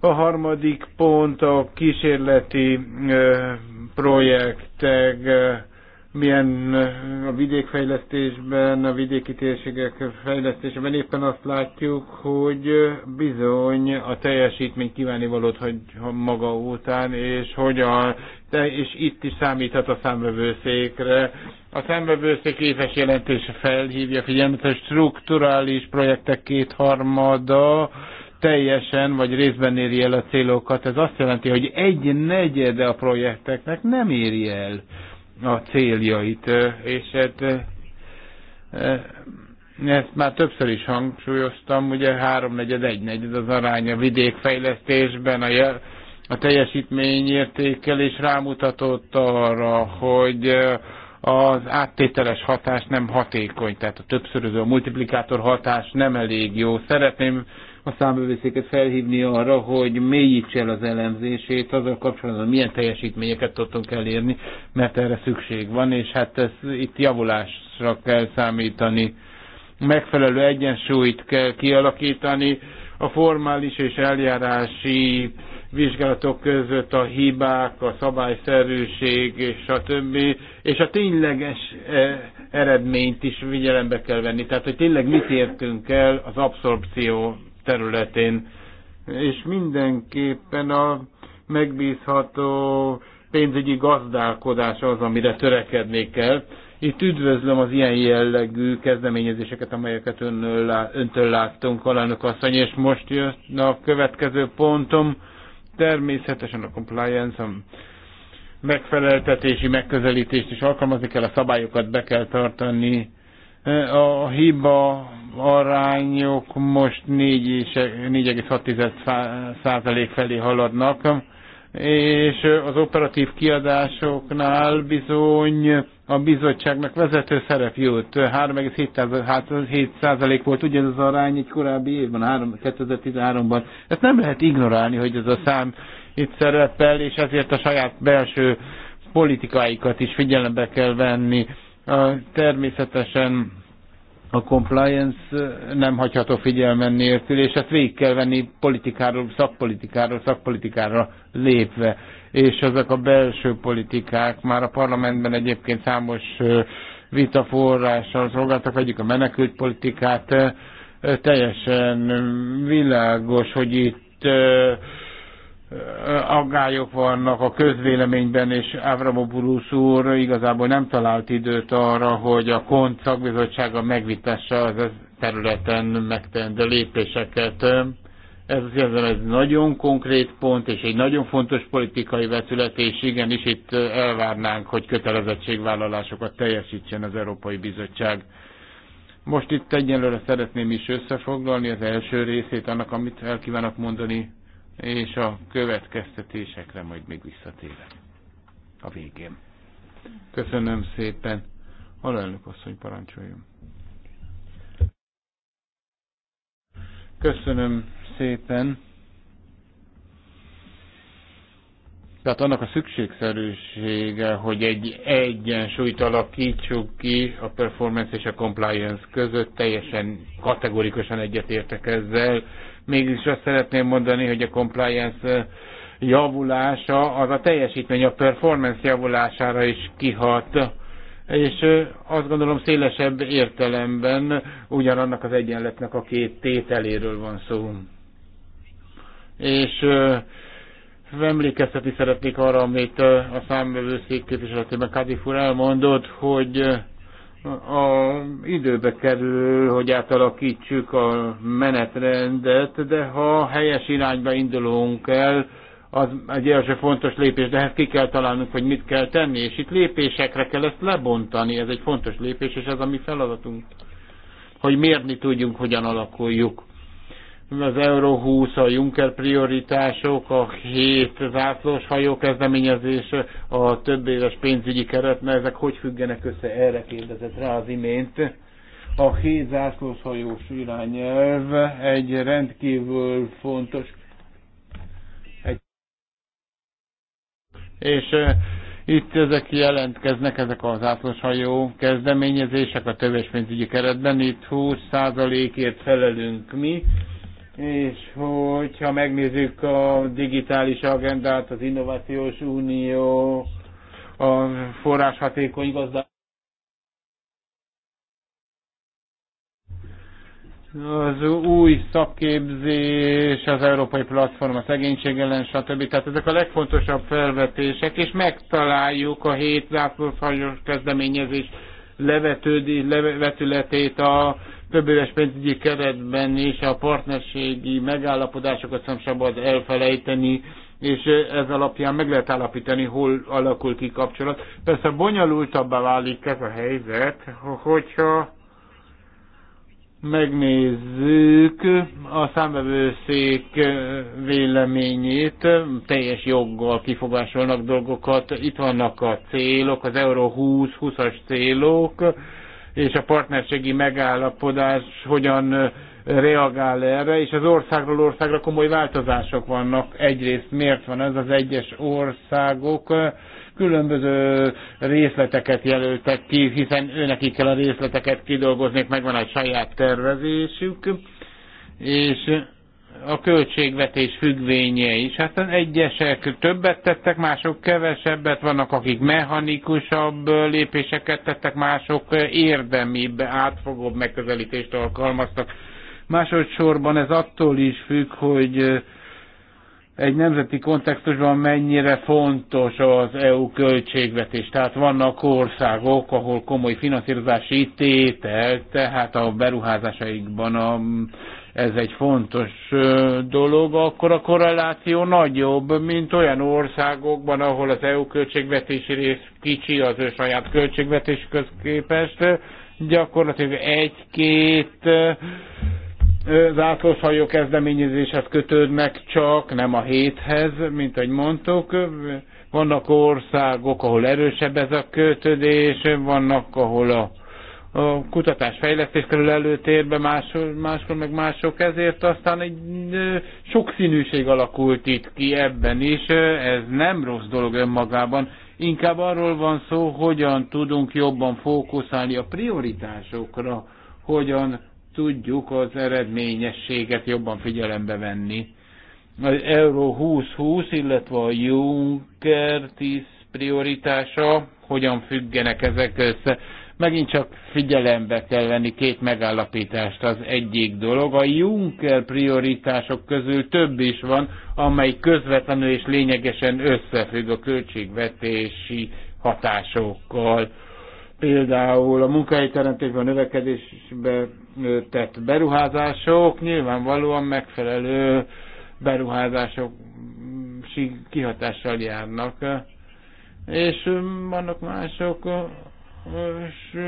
A harmadik pont a kísérleti projektek, milyen a vidékfejlesztésben, a vidéki térségek fejlesztésében éppen azt látjuk, hogy bizony a teljesítmény kívánivalót hagy maga után, és hogy a, de, és itt is számíthat a számvevőszékre. A számvevőszék éves jelentése felhívja figyelmet, a strukturális projektek kétharmada, teljesen vagy részben éri el a célokat. Ez azt jelenti, hogy egy negyede a projekteknek nem éri el a céljait, és ez, hát, ezt már többször is hangsúlyoztam, ugye háromnegyed, egynegyed az aránya a vidékfejlesztésben, a, a teljesítményértékelés rámutatott arra, hogy az áttételes hatás nem hatékony, tehát a többszöröző, a multiplikátor hatás nem elég jó. Szeretném a számbevőszéket felhívni arra, hogy mélyítse el az elemzését azzal kapcsolatban, milyen teljesítményeket tudtunk elérni, mert erre szükség van, és hát ez, itt javulásra kell számítani. Megfelelő egyensúlyt kell kialakítani a formális és eljárási vizsgálatok között a hibák, a szabályszerűség és a többi, és a tényleges e, eredményt is vigyelembe kell venni. Tehát, hogy tényleg mit értünk el az abszorpció területén, és mindenképpen a megbízható pénzügyi gazdálkodás az, amire törekedni kell. Itt üdvözlöm az ilyen jellegű kezdeményezéseket, amelyeket önnől, öntől láttunk, alelnök asszony, és most jön a következő pontom, természetesen a compliance, a megfeleltetési megközelítést is alkalmazni kell, a szabályokat be kell tartani, a hiba arányok most 4,6 százalék felé haladnak, és az operatív kiadásoknál bizony a bizottságnak vezető szerep jut. 3,7% volt ugyanaz az arány egy korábbi évben, 2013-ban. Ezt nem lehet ignorálni, hogy ez a szám itt szerepel, és ezért a saját belső politikáikat is figyelembe kell venni. Természetesen a compliance nem hagyható figyelmen nélkül, és ezt végig kell venni politikáról, szakpolitikáról, szakpolitikára lépve. És ezek a belső politikák már a parlamentben egyébként számos vita forrással szolgáltak, vegyük a menekült politikát, teljesen világos, hogy itt aggályok vannak a közvéleményben, és Avramopoulos úr igazából nem talált időt arra, hogy a KONT szakbizottsága megvitassa az e területen megtendő lépéseket. Ez azért egy nagyon konkrét pont, és egy nagyon fontos politikai vetület, és igenis itt elvárnánk, hogy kötelezettségvállalásokat teljesítsen az Európai Bizottság. Most itt egyelőre szeretném is összefoglalni az első részét annak, amit el kívánok mondani és a következtetésekre majd még visszatérek a végén. Köszönöm szépen. Alelnök asszony, parancsoljon. Köszönöm szépen. Tehát annak a szükségszerűsége, hogy egy egyensúlyt alakítsuk ki a performance és a compliance között, teljesen kategorikusan egyetértek ezzel, mégis azt szeretném mondani, hogy a compliance javulása, az a teljesítmény, a performance javulására is kihat. És azt gondolom szélesebb értelemben ugyanannak az egyenletnek a két tételéről van szó. És emlékeztetni szeretnék arra, amit a számvevőszék képviseletében Kadifur elmondott, hogy a időbe kerül, hogy átalakítsuk a menetrendet, de ha helyes irányba indulunk el, az egy első fontos lépés, de ehhez hát ki kell találnunk, hogy mit kell tenni, és itt lépésekre kell ezt lebontani, ez egy fontos lépés, és ez a mi feladatunk, hogy mérni tudjunk, hogyan alakuljuk az Euró 20, a Juncker prioritások, a 7 zászlós hajó kezdeményezés, a több éves pénzügyi keret, mert ezek hogy függenek össze? Erre kérdezett rá az imént. A 7 zászlós hajós irányelv egy rendkívül fontos egy... és eh, itt ezek jelentkeznek, ezek az hajó kezdeményezések a tövés pénzügyi keretben. Itt 20%-ért felelünk mi, és hogyha megnézzük a digitális agendát, az Innovációs Unió, a forráshatékony gazdaság az új szakképzés, az európai platform, a szegénység ellen, stb. Tehát ezek a legfontosabb felvetések, és megtaláljuk a hét zászlóshajós kezdeményezés levetődi, levetületét a több éves pénzügyi keretben és a partnerségi megállapodásokat sem szabad elfelejteni, és ez alapján meg lehet állapítani, hol alakul ki kapcsolat. Persze bonyolultabbá válik ez a helyzet, hogyha megnézzük a számvevőszék véleményét, teljes joggal kifogásolnak dolgokat, itt vannak a célok, az Euró 20-20-as célok, és a partnerségi megállapodás hogyan reagál erre, és az országról országra komoly változások vannak. Egyrészt miért van ez? Az egyes országok különböző részleteket jelöltek ki, hiszen őnekik kell a részleteket kidolgozni, megvan egy saját tervezésük, és a költségvetés függvénye is. Hát az egyesek többet tettek, mások kevesebbet, vannak akik mechanikusabb lépéseket tettek, mások érdemibb, átfogóbb megközelítést alkalmaztak. Másodszorban ez attól is függ, hogy egy nemzeti kontextusban mennyire fontos az EU költségvetés. Tehát vannak országok, ahol komoly finanszírozási tétel, tehát a beruházásaikban a ez egy fontos dolog, akkor a korreláció nagyobb, mint olyan országokban, ahol az EU költségvetési rész kicsi az ő saját költségvetés közképest, gyakorlatilag egy-két zászlóshajó kezdeményezéshez kötődnek csak, nem a héthez, mint ahogy mondtuk. Vannak országok, ahol erősebb ez a kötődés, vannak, ahol a a kutatás fejlesztés kerül előtérbe, más, máskor meg mások, ezért aztán egy sokszínűség alakult itt ki ebben is, ez nem rossz dolog önmagában, inkább arról van szó, hogyan tudunk jobban fókuszálni a prioritásokra, hogyan tudjuk az eredményességet jobban figyelembe venni. Az Euro 2020, illetve a Juncker 10 prioritása, hogyan függenek ezek össze. Megint csak figyelembe kell venni két megállapítást. Az egyik dolog, a Juncker prioritások közül több is van, amely közvetlenül és lényegesen összefügg a költségvetési hatásokkal például a munkahelyteremtésben, a növekedésbe tett beruházások nyilvánvalóan megfelelő beruházások kihatással járnak. És vannak mások, és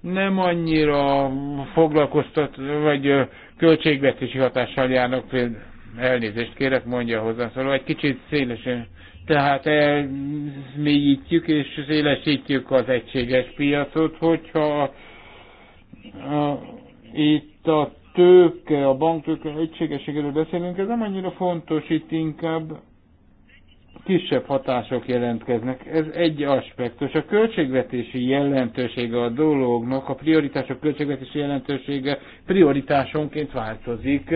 nem annyira foglalkoztat, vagy költségvetési hatással járnak Elnézést kérek, mondja szóval egy kicsit szélesen. Tehát elmélyítjük és szélesítjük az egységes piacot, hogyha a, a, itt a tőke, a banktőke egységességéről beszélünk, ez nem annyira fontos, itt inkább kisebb hatások jelentkeznek. Ez egy aspektus. A költségvetési jelentősége a dolognak, a prioritások költségvetési jelentősége prioritásonként változik,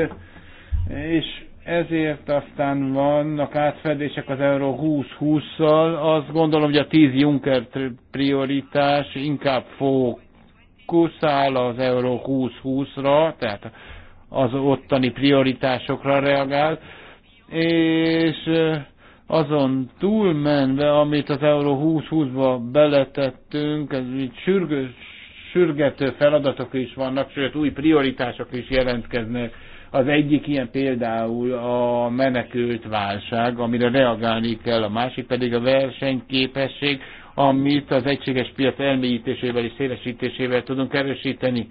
és ezért aztán vannak átfedések az Euró 20-20-szal. Azt gondolom, hogy a 10 Juncker prioritás inkább fókuszál az Euró 20-20-ra, tehát az ottani prioritásokra reagál, és azon túlmenve, amit az Euró 2020-ba beletettünk, ez így sürgős, sürgető feladatok is vannak, sőt új prioritások is jelentkeznek. Az egyik ilyen például a menekült válság, amire reagálni kell, a másik pedig a versenyképesség, amit az egységes piac elmélyítésével és szélesítésével tudunk erősíteni.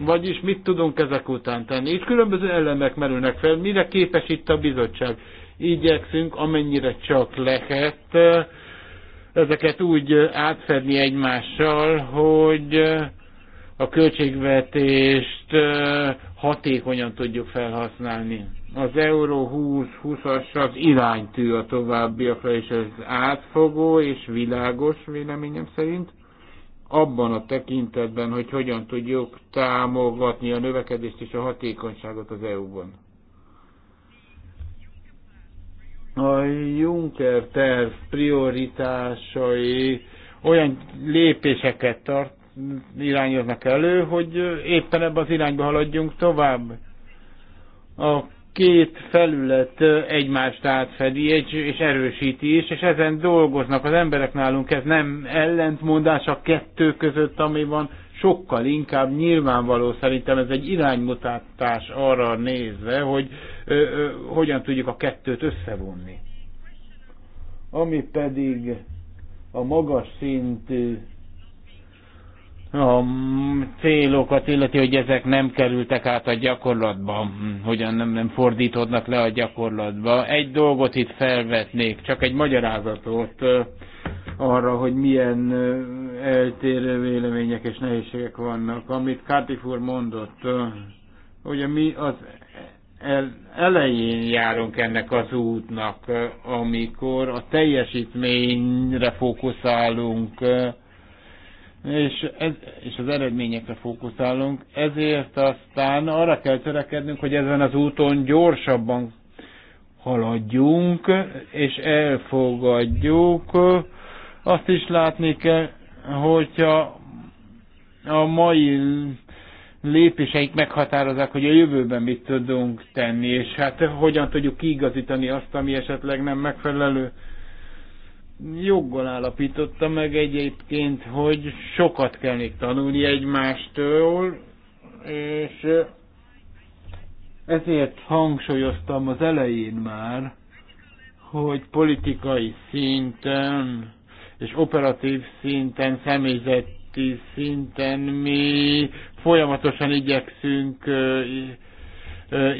Vagyis mit tudunk ezek után tenni? Itt különböző elemek merülnek fel, mire képes itt a bizottság igyekszünk, amennyire csak lehet, ezeket úgy átfedni egymással, hogy a költségvetést hatékonyan tudjuk felhasználni. Az Euró 20-20-as az iránytű a továbbiakra, és ez átfogó és világos véleményem szerint abban a tekintetben, hogy hogyan tudjuk támogatni a növekedést és a hatékonyságot az EU-ban. A Juncker terv prioritásai olyan lépéseket tart, irányoznak elő, hogy éppen ebbe az irányba haladjunk tovább. A két felület egymást átfedi és erősíti is, és ezen dolgoznak az emberek nálunk. Ez nem ellentmondás a kettő között, ami van, sokkal inkább nyilvánvaló szerintem ez egy iránymutatás arra nézve, hogy ö, ö, hogyan tudjuk a kettőt összevonni. Ami pedig a magas szintű a célokat illeti, hogy ezek nem kerültek át a gyakorlatba, hogyan nem, nem fordítódnak le a gyakorlatba. Egy dolgot itt felvetnék, csak egy magyarázatot arra, hogy milyen eltérő vélemények és nehézségek vannak. Amit Kártif úr mondott, ugye mi az elején járunk ennek az útnak, amikor a teljesítményre fókuszálunk, és, ez, és az eredményekre fókuszálunk, ezért aztán arra kell törekednünk, hogy ezen az úton gyorsabban haladjunk, és elfogadjuk azt is látni kell, hogyha a mai lépéseik meghatározzák, hogy a jövőben mit tudunk tenni, és hát hogyan tudjuk kiigazítani azt, ami esetleg nem megfelelő. Joggal állapította meg egyébként, hogy sokat kell még tanulni egymástól, és ezért hangsúlyoztam az elején már, hogy politikai szinten és operatív szinten, személyzeti szinten mi folyamatosan igyekszünk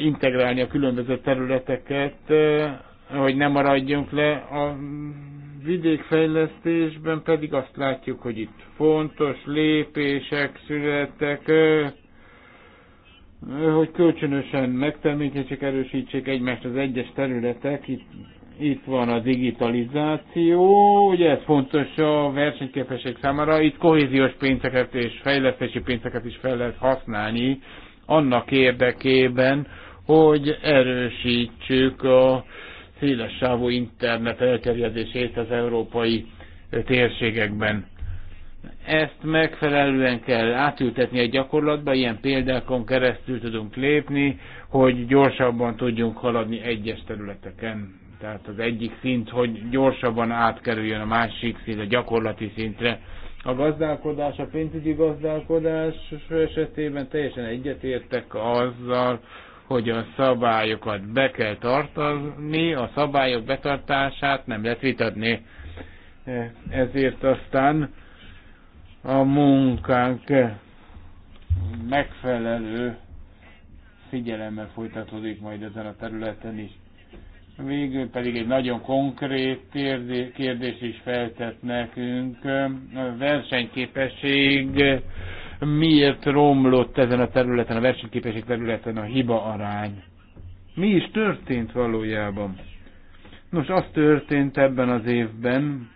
integrálni a különböző területeket, hogy ne maradjunk le a vidékfejlesztésben pedig azt látjuk, hogy itt fontos lépések születtek, hogy kölcsönösen megtermékenyek, erősítsék egymást az egyes területek, itt itt van a digitalizáció, ugye ez fontos a versenyképesség számára, itt kohéziós pénzeket és fejlesztési pénzeket is fel lehet használni annak érdekében, hogy erősítsük a széles sávú internet elterjedését az európai térségekben. Ezt megfelelően kell átültetni a gyakorlatba, ilyen példákon keresztül tudunk lépni, hogy gyorsabban tudjunk haladni egyes területeken. Tehát az egyik szint, hogy gyorsabban átkerüljön a másik szint, a gyakorlati szintre. A gazdálkodás, a pénzügyi gazdálkodás esetében teljesen egyetértek azzal, hogy a szabályokat be kell tartani, a szabályok betartását nem lehet vitatni. Ezért aztán a munkánk megfelelő figyelemmel folytatódik majd ezen a területen is. Végül pedig egy nagyon konkrét kérdés is feltett nekünk. A versenyképesség miért romlott ezen a területen, a versenyképesség területen a hiba arány? Mi is történt valójában? Nos, az történt ebben az évben,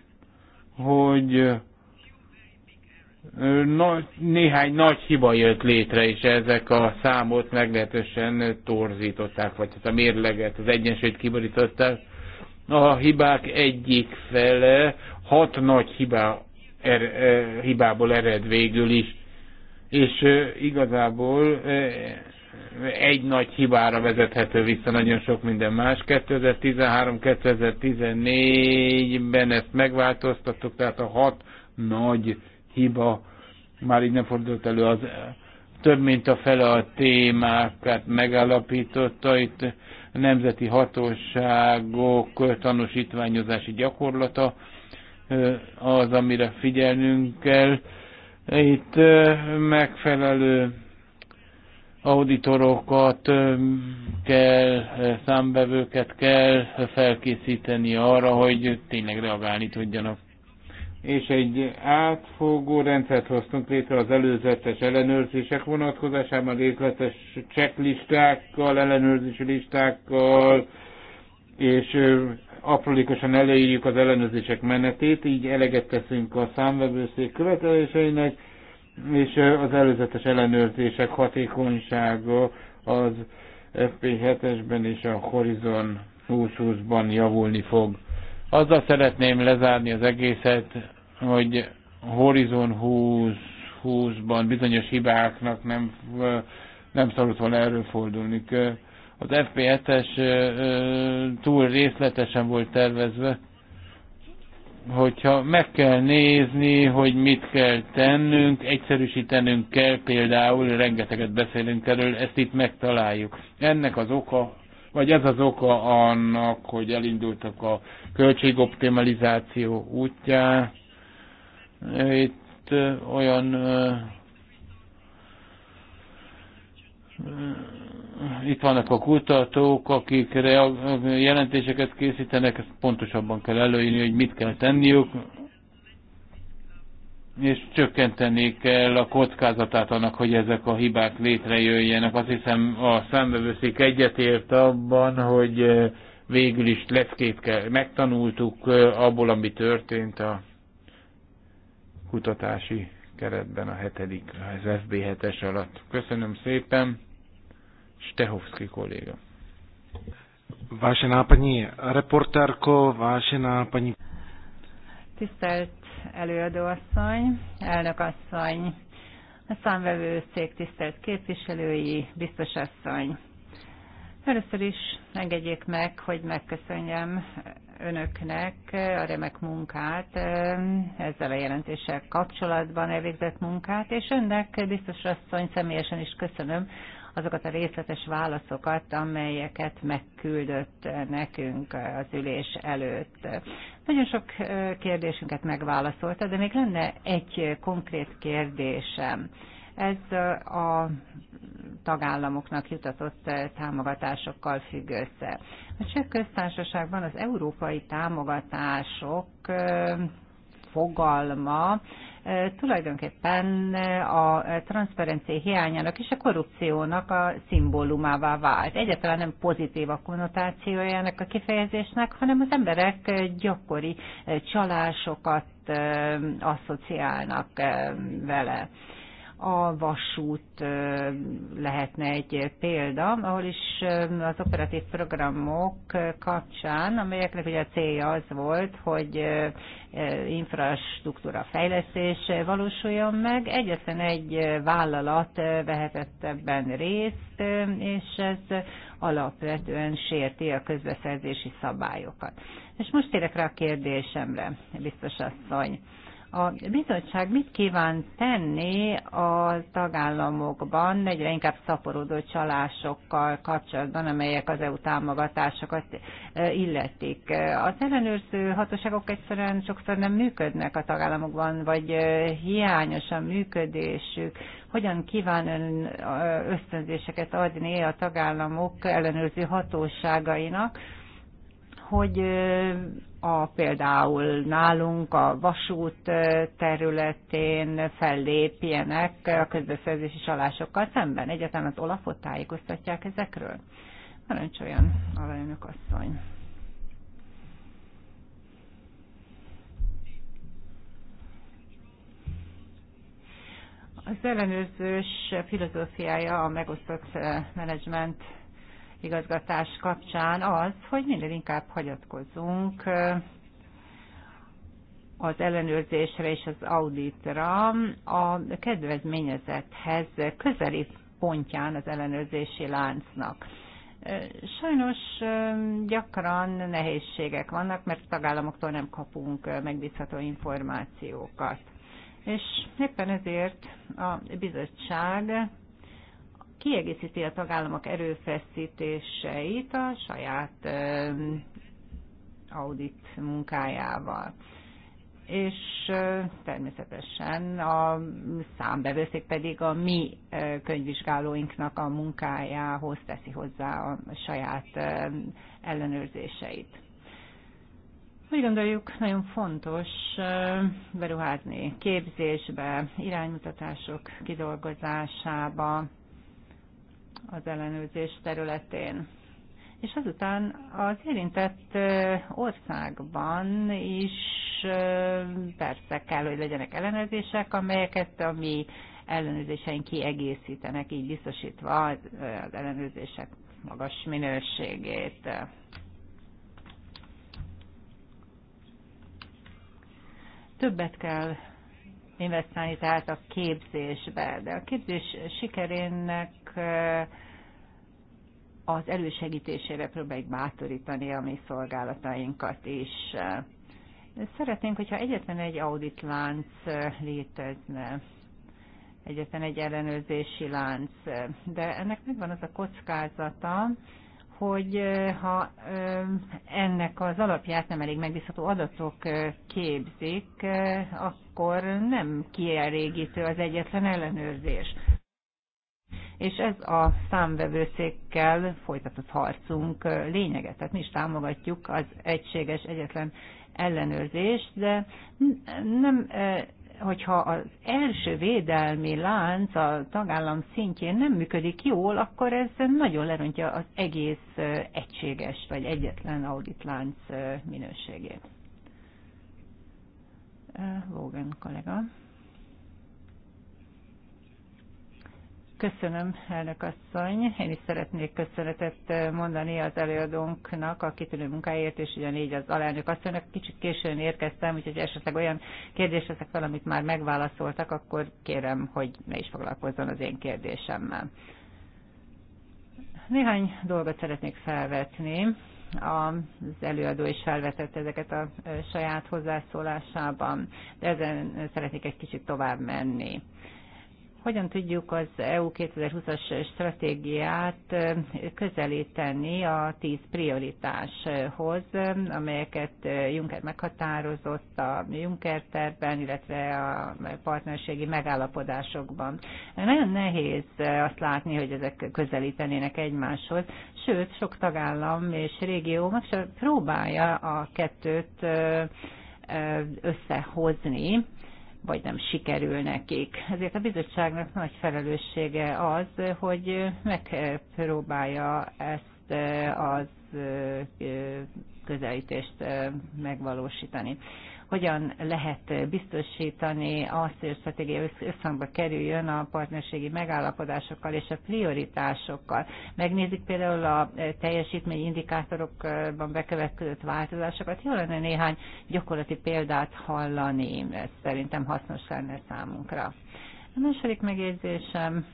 hogy na, néhány nagy hiba jött létre, és ezek a számot meglehetősen torzították, vagy hát a mérleget, az egyensúlyt kiborították. A hibák egyik fele hat nagy hibá, er, er, hibából ered végül is, és e, igazából e, egy nagy hibára vezethető vissza nagyon sok minden más. 2013-2014-ben ezt megváltoztattuk, tehát a hat nagy hiba már így nem fordult elő az több mint a fele a témákat megállapította, itt a nemzeti hatóságok tanúsítványozási gyakorlata az, amire figyelnünk kell. Itt megfelelő auditorokat kell, számbevőket kell felkészíteni arra, hogy tényleg reagálni tudjanak és egy átfogó rendszert hoztunk létre az előzetes ellenőrzések vonatkozásában, részletes checklistákkal, ellenőrzési listákkal, és aprólékosan előírjuk az ellenőrzések menetét, így eleget teszünk a számvevőszék követeléseinek, és az előzetes ellenőrzések hatékonysága az FP7-esben és a Horizon 2020-ban javulni fog. Azzal szeretném lezárni az egészet, hogy Horizon 20 20-ban bizonyos hibáknak nem, nem szabad volna előfordulni. Az FP7-es túl részletesen volt tervezve, hogyha meg kell nézni, hogy mit kell tennünk, egyszerűsítenünk kell például, rengeteget beszélünk erről, ezt itt megtaláljuk. Ennek az oka, vagy ez az oka annak, hogy elindultak a költségoptimalizáció útján, itt olyan itt vannak a kutatók, akik jelentéseket készítenek, ezt pontosabban kell előírni, hogy mit kell tenniük, és csökkenteni kell a kockázatát annak, hogy ezek a hibák létrejöjjenek. Azt hiszem a számbevőszék egyetért abban, hogy végül is leckét kell, megtanultuk abból, ami történt a kutatási keretben a hetedik, az FB7-es alatt. Köszönöm szépen, Stehovski kolléga. Vásená paní reportárko, vásená paní...
Tisztelt előadóasszony, elnökasszony, a számvevőszék tisztelt képviselői, biztosasszony. Először is engedjék meg, hogy megköszönjem önöknek a remek munkát, ezzel a jelentéssel kapcsolatban elvégzett munkát, és önnek, biztos asszony, személyesen is köszönöm azokat a részletes válaszokat, amelyeket megküldött nekünk az ülés előtt. Nagyon sok kérdésünket megválaszolta, de még lenne egy konkrét kérdésem. Ez a tagállamoknak jutatott támogatásokkal függ össze. A cseh köztársaságban az európai támogatások fogalma tulajdonképpen a transzparencia hiányának és a korrupciónak a szimbólumává vált. Egyáltalán nem pozitív a ennek a kifejezésnek, hanem az emberek gyakori csalásokat asszociálnak vele. A vasút lehetne egy példa, ahol is az operatív programok kapcsán, amelyeknek ugye a célja az volt, hogy infrastruktúra fejlesztés valósuljon meg. Egyetlen egy vállalat vehetett ebben részt, és ez alapvetően sérti a közbeszerzési szabályokat. És most térek rá a kérdésemre, biztos asszony. A bizottság mit kíván tenni a tagállamokban egyre inkább szaporodó csalásokkal kapcsolatban, amelyek az EU támogatásokat e, illetik? Az ellenőrző hatóságok egyszerűen sokszor nem működnek a tagállamokban, vagy e, hiányos a működésük. Hogyan kíván ön e, ösztönzéseket adni a tagállamok ellenőrző hatóságainak, hogy a, például nálunk a vasút területén fellépjenek a közbeszerzési csalásokkal szemben? Egyáltalán az Olafot tájékoztatják ezekről? a alelnök asszony. Az ellenőrzős filozófiája a megosztott menedzsment igazgatás kapcsán az, hogy minél inkább hagyatkozunk az ellenőrzésre és az auditra a kedvezményezethez közeli pontján az ellenőrzési láncnak. Sajnos gyakran nehézségek vannak, mert tagállamoktól nem kapunk megbízható információkat. És éppen ezért a bizottság kiegészíti a tagállamok erőfeszítéseit a saját audit munkájával. És természetesen a számbevőszék pedig a mi könyvvizsgálóinknak a munkájához teszi hozzá a saját ellenőrzéseit. Úgy gondoljuk, nagyon fontos beruházni képzésbe, iránymutatások kidolgozásába, az ellenőrzés területén. És azután az érintett országban is persze kell, hogy legyenek ellenőrzések, amelyeket a mi ellenőrzéseink kiegészítenek, így biztosítva az ellenőrzések magas minőségét. Többet kell investálni tehát a képzésbe, de a képzés sikerének Eh, az elősegítésére próbáljuk bátorítani a mi szolgálatainkat is. Szeretnénk, hogyha egyetlen egy auditlánc eh, létezne, egyetlen egy ellenőrzési lánc, de ennek megvan az a kockázata, hogy eh, ha ennek az alapját nem elég megbízható adatok képzik, akkor nem kielégítő az egyetlen ellenőrzés és ez a számvevőszékkel folytatott harcunk lényege. Tehát mi is támogatjuk az egységes egyetlen ellenőrzést, de nem e, hogyha az első védelmi lánc a tagállam szintjén nem működik jól, akkor ez nagyon lerontja az egész e, egységes vagy egyetlen auditlánc e, minőségét. Vogan kollega. Köszönöm, elnök asszony. Én is szeretnék köszönetet mondani az előadónknak a kitűnő munkáért, és ugyanígy az alelnök asszonynak. Kicsit későn érkeztem, úgyhogy esetleg olyan kérdés leszek fel, amit már megválaszoltak, akkor kérem, hogy ne is foglalkozzon az én kérdésemmel. Néhány dolgot szeretnék felvetni. Az előadó is felvetett ezeket a saját hozzászólásában, de ezen szeretnék egy kicsit tovább menni hogyan tudjuk az EU 2020-as stratégiát közelíteni a tíz prioritáshoz, amelyeket Juncker meghatározott a Juncker tervben, illetve a partnerségi megállapodásokban. Nagyon nehéz azt látni, hogy ezek közelítenének egymáshoz, sőt, sok tagállam és régió meg próbálja a kettőt összehozni, vagy nem sikerül nekik. Ezért a bizottságnak nagy felelőssége az, hogy megpróbálja ezt eh, az eh, eh, közelítést megvalósítani hogyan lehet biztosítani azt, hogy a stratégia összhangba kerüljön a partnerségi megállapodásokkal és a prioritásokkal. Megnézik például a teljesítményindikátorokban bekövetkezett változásokat. Jó lenne néhány gyakorlati példát hallani, ez szerintem hasznos lenne számunkra. A második megjegyzésem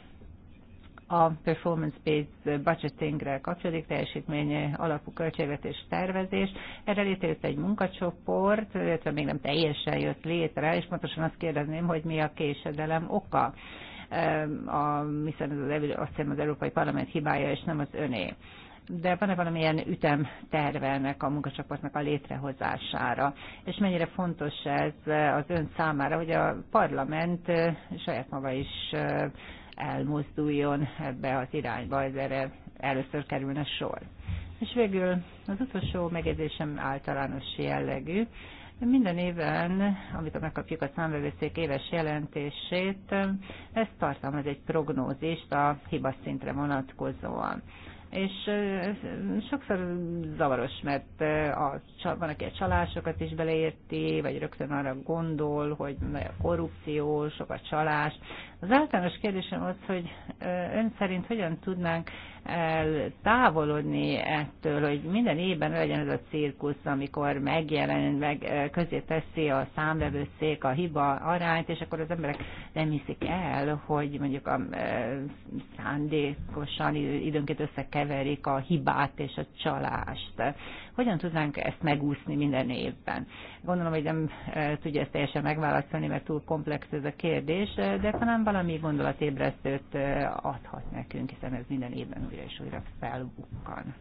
a performance-based budgetingre kapcsolódik, teljesítmény alapú költségvetés tervezés. Erre létrejött egy munkacsoport, illetve még nem teljesen jött létre, és pontosan azt kérdezném, hogy mi a késedelem oka ehm, a, hiszen ez az, azt hiszem az Európai Parlament hibája, és nem az öné. De van-e valamilyen ütem tervelnek a munkacsoportnak a létrehozására? És mennyire fontos ez az ön számára, hogy a parlament eh, saját maga is eh, elmozduljon ebbe az irányba, ez erre először kerülne sor. És végül az utolsó megjegyzésem általános jellegű. Minden évben, amikor megkapjuk a számvevőszék éves jelentését, ez tartalmaz egy prognózist a hibaszintre vonatkozóan. És sokszor zavaros, mert a, van, aki a csalásokat is beleérti, vagy rögtön arra gondol, hogy a korrupció, sok a csalás. Az általános kérdésem az, hogy ön szerint hogyan tudnánk távolodni ettől, hogy minden évben legyen ez a cirkusz, amikor megjelen, meg közé teszi a számvevőszék a hiba arányt, és akkor az emberek nem hiszik el, hogy mondjuk a szándékosan időnként összekeverik a hibát és a csalást. Hogyan tudnánk ezt megúszni minden évben? Gondolom, hogy nem e, tudja ezt teljesen megválaszolni, mert túl komplex ez a kérdés, e, de talán valami gondolatébresztőt e, adhat nekünk, hiszen ez minden évben újra és újra felbukkan.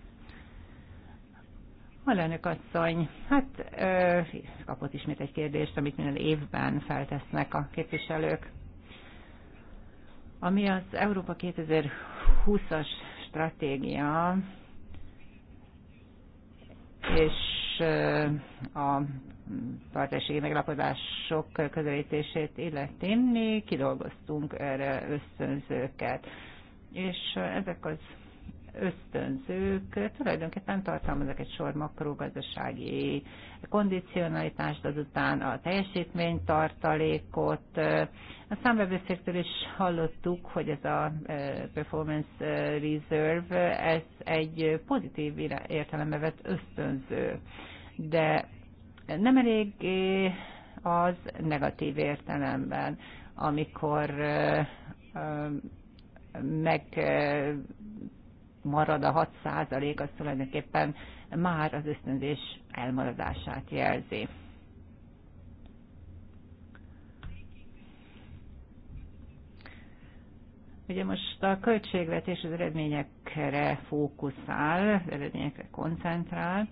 Alelnök asszony, hát ö, kapott ismét egy kérdést, amit minden évben feltesznek a képviselők. Ami az Európa 2020-as stratégia, és a partnerségi meglapodások közelítését illeti, mi kidolgoztunk erre ösztönzőket. És ezek az ösztönzők tulajdonképpen tartalmaznak egy sor makrogazdasági kondicionalitást, azután a teljesítménytartalékot. A számbevőszéktől is hallottuk, hogy ez a e, performance e, reserve, ez egy pozitív értelembe vett ösztönző, de nem elég az negatív értelemben, amikor e, meg marad a 6 százalék, az tulajdonképpen már az ösztönzés elmaradását jelzi. Ugye most a költségvetés az eredményekre fókuszál, az eredményekre koncentrál,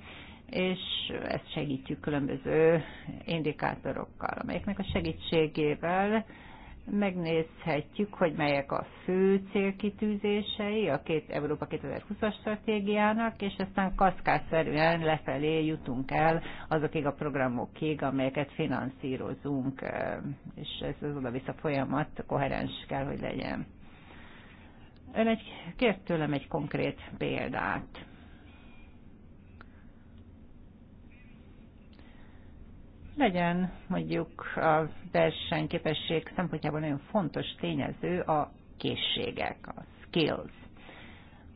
és ezt segítjük különböző indikátorokkal, amelyeknek a segítségével megnézhetjük, hogy melyek a fő célkitűzései a két Európa 2020-as stratégiának, és aztán kaszkászerűen lefelé jutunk el azokig a programokig, amelyeket finanszírozunk, és ez az oda-vissza folyamat koherens kell, hogy legyen. Ön egy, kért tőlem egy konkrét példát legyen mondjuk a versenyképesség szempontjából nagyon fontos tényező a készségek, a skills.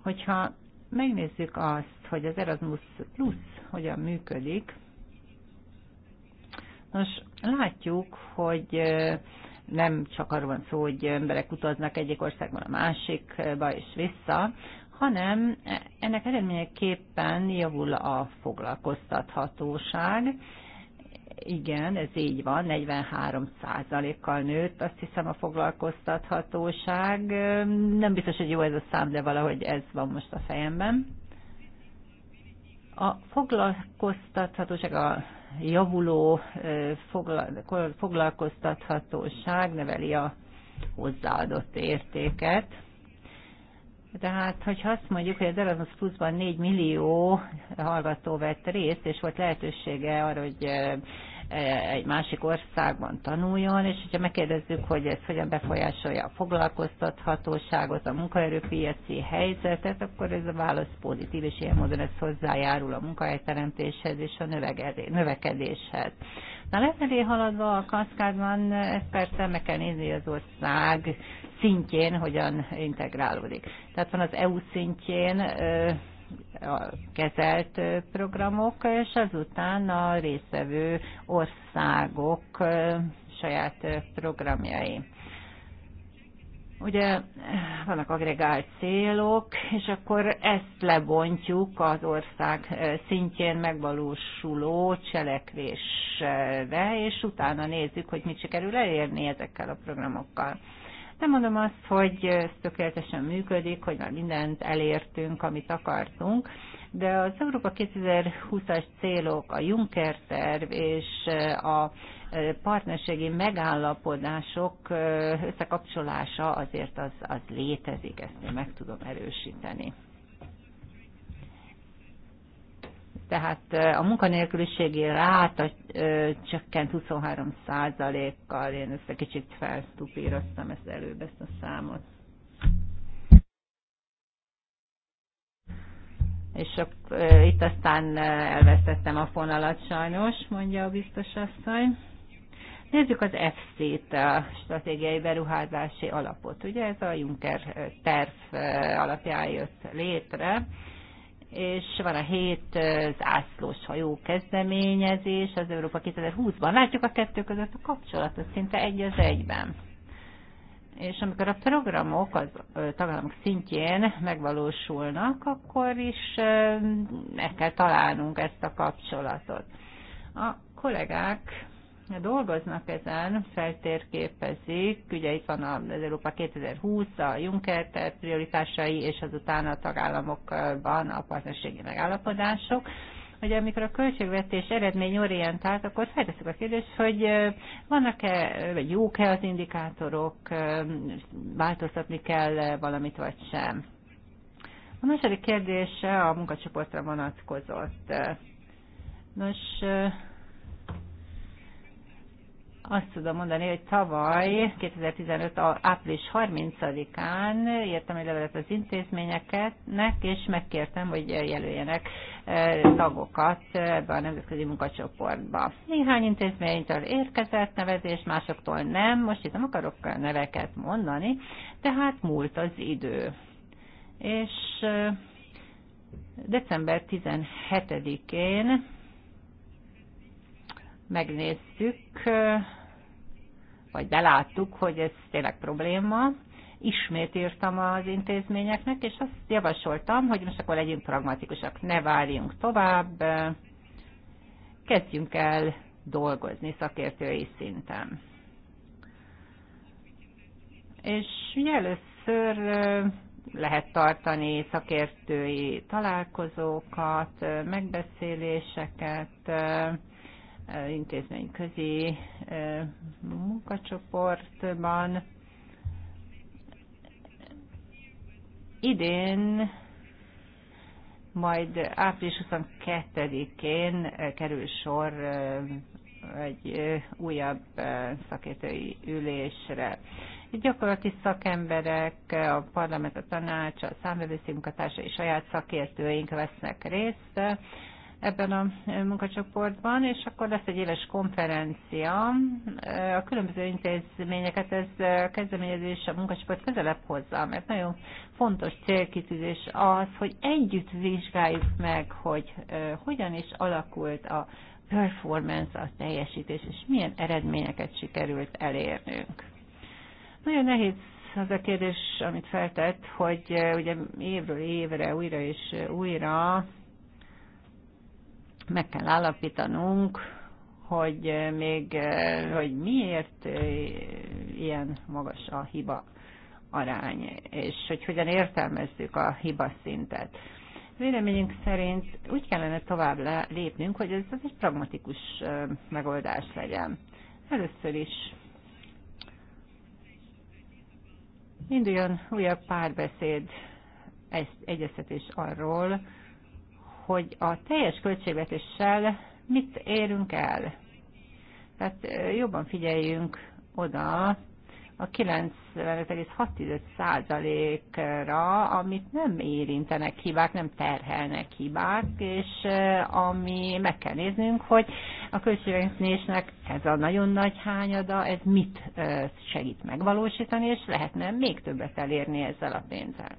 Hogyha megnézzük azt, hogy az Erasmus Plus hogyan működik, nos, látjuk, hogy nem csak arról van szó, hogy emberek utaznak egyik országban a másikba és vissza, hanem ennek eredményeképpen javul a foglalkoztathatóság, igen, ez így van, 43%-kal nőtt, azt hiszem a foglalkoztathatóság. Nem biztos, hogy jó ez a szám, de valahogy ez van most a fejemben. A foglalkoztathatóság, a javuló foglalkoztathatóság növeli a hozzáadott értéket. Tehát, hogyha azt mondjuk, hogy az Erasmus plus 4 millió hallgató vett részt, és volt lehetősége arra, hogy egy másik országban tanuljon, és hogyha megkérdezzük, hogy ez hogyan befolyásolja a foglalkoztathatóságot, a munkaerőpiaci helyzetet, akkor ez a válasz pozitív, és ilyen módon ez hozzájárul a munkahelyteremtéshez és a növekedéshez. Na lefelé haladva a kaszkádban, ezt persze meg kell nézni az ország szintjén, hogyan integrálódik. Tehát van az EU szintjén kezelt programok, és azután a részvevő országok saját programjai. Ugye vannak agregált célok, és akkor ezt lebontjuk az ország szintjén megvalósuló cselekvésre, és utána nézzük, hogy mit sikerül elérni ezekkel a programokkal. Nem mondom azt, hogy ez tökéletesen működik, hogy már mindent elértünk, amit akartunk, de az Európa 2020-as célok, a Juncker terv és a partnerségi megállapodások összekapcsolása azért az, az létezik, ezt én meg tudom erősíteni. tehát a munkanélküliségi ráta csökkent 23 százalékkal, én ezt egy kicsit felstupíroztam ezt előbb, ezt a számot. És a, e, itt aztán elvesztettem a fonalat sajnos, mondja a biztos asszony. Nézzük az FC-t, a stratégiai beruházási alapot. Ugye ez a Juncker terv alapján jött létre és van a hét zászlós hajó kezdeményezés az Európa 2020-ban. Látjuk a kettő között a kapcsolatot szinte egy az egyben. És amikor a programok az tagállamok szintjén megvalósulnak, akkor is meg kell találnunk ezt a kapcsolatot. A kollégák dolgoznak ezen, feltérképezik, ugye itt van az Európa 2020, a Juncker terv prioritásai, és azután a tagállamokban a partnerségi megállapodások hogy amikor a költségvetés eredmény orientált, akkor felteszük a kérdést, hogy vannak-e, vagy jók-e az indikátorok, változtatni kell valamit, vagy sem. A második kérdése a munkacsoportra vonatkozott. Nos, azt tudom mondani, hogy tavaly, 2015. április 30-án írtam egy levelet az intézményeknek, és megkértem, hogy jelöljenek e, tagokat ebbe a nemzetközi munkacsoportba. Néhány intézménytől érkezett nevezés, másoktól nem, most itt nem akarok neveket mondani, tehát múlt az idő. És e, december 17-én megnéztük e, vagy beláttuk, hogy ez tényleg probléma, ismét írtam az intézményeknek, és azt javasoltam, hogy most akkor legyünk pragmatikusak, ne várjunk tovább, kezdjünk el dolgozni szakértői szinten. És ugye először lehet tartani szakértői találkozókat, megbeszéléseket, intézményközi munkacsoportban. Idén majd április 22-én kerül sor egy újabb szakértői ülésre. Itt gyakorlati szakemberek, a parlament, a tanács, a számvevőszék és saját szakértőink vesznek részt ebben a munkacsoportban, és akkor lesz egy éves konferencia. A különböző intézményeket ez a kezdeményezés a munkacsoport közelebb hozza, mert nagyon fontos célkitűzés az, hogy együtt vizsgáljuk meg, hogy hogyan is alakult a performance, a teljesítés, és milyen eredményeket sikerült elérnünk. Nagyon nehéz az a kérdés, amit feltett, hogy ugye évről évre újra és újra meg kell állapítanunk, hogy eh, még, eh, hogy miért eh, ilyen magas a hiba arány, és hogy hogyan értelmezzük a hiba szintet. Véleményünk szerint úgy kellene tovább lépnünk, hogy ez egy pragmatikus megoldás legyen. Először is induljon újabb párbeszéd egyeztetés arról, hogy a teljes költségvetéssel mit érünk el. Tehát jobban figyeljünk oda a 95,6%-ra, amit nem érintenek hibák, nem terhelnek hibák, és ami meg kell néznünk, hogy a költségvetésnek ez a nagyon nagy hányada, ez mit segít megvalósítani, és lehetne még többet elérni ezzel a pénzzel.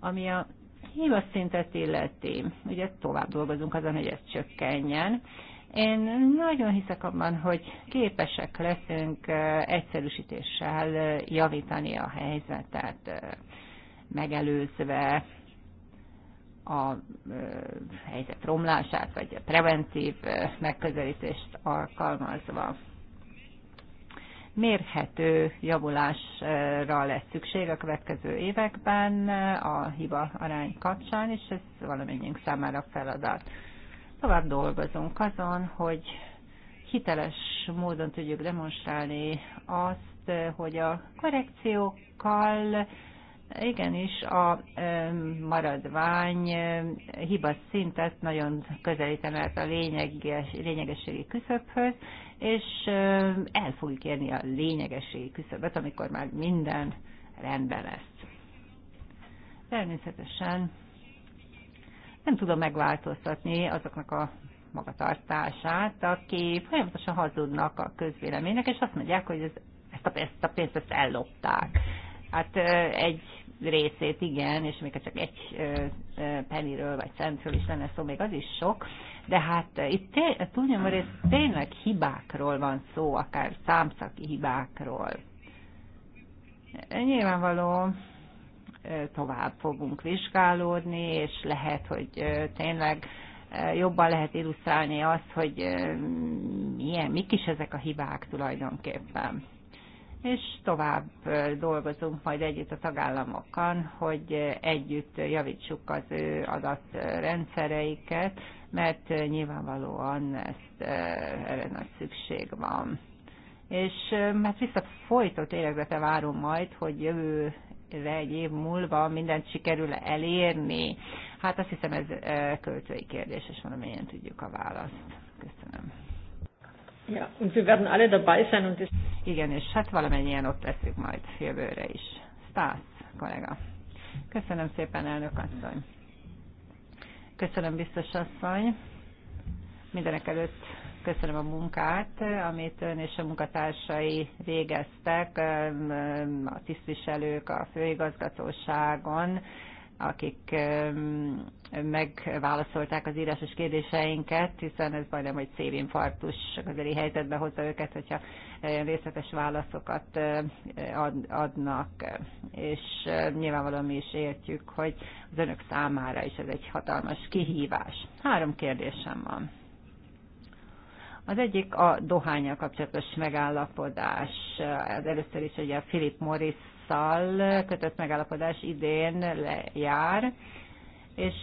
Ami a hívas szintet illeti, ugye tovább dolgozunk azon, hogy ez csökkenjen. Én nagyon hiszek abban, hogy képesek leszünk egyszerűsítéssel javítani a helyzetet, megelőzve a helyzet romlását, vagy a preventív megközelítést alkalmazva mérhető javulásra lesz szükség a következő években a hiba arány kapcsán, és ez valamennyiünk számára feladat. Tovább dolgozunk azon, hogy hiteles módon tudjuk demonstrálni azt, hogy a korrekciókkal igenis a maradvány hiba szintet nagyon közelíten lehet a lényeges, lényegességi küszöbhöz, és el fogjuk érni a lényegességi küszöbet, amikor már minden rendben lesz. Természetesen nem tudom megváltoztatni azoknak a magatartását, aki folyamatosan hazudnak a közvéleménynek, és azt mondják, hogy ez, ezt, a, ezt a pénzt ezt ellopták. Hát egy részét igen, és még csak egy peniről vagy centről is lenne szó, még az is sok, de hát itt túlnyomó rész tényleg hibákról van szó, akár számszaki hibákról. Nyilvánvaló, tovább fogunk vizsgálódni, és lehet, hogy tényleg jobban lehet illusztrálni azt, hogy milyen, mik is ezek a hibák tulajdonképpen és tovább dolgozunk majd együtt a tagállamokkal, hogy együtt javítsuk az ő adatrendszereiket, mert nyilvánvalóan ezt, erre nagy szükség van. És mert hát vissza folytott életbe várom majd, hogy jövő egy év múlva mindent sikerül elérni? Hát azt hiszem ez költői kérdés, és valamilyen tudjuk a választ. Köszönöm. Ja, und wir werden alle dabei sein und das... Igen, és hát valamennyien ott leszünk majd jövőre is. Stász, kollega. Köszönöm szépen, elnök asszony. Köszönöm, biztos asszony. Mindenek előtt köszönöm a munkát, amit ön és a munkatársai végeztek, a tisztviselők a főigazgatóságon akik megválaszolták az írásos kérdéseinket, hiszen ez majdnem, egy szélinfarktus közeli helyzetbe hozza őket, hogyha eh, részletes válaszokat eh, adnak, és eh, nyilvánvalóan mi is értjük, hogy az önök számára is ez egy hatalmas kihívás. Három kérdésem van. Az egyik a dohányjal kapcsolatos megállapodás. Az először is ugye a Philip Morris Olasszal kötött megállapodás idén lejár, és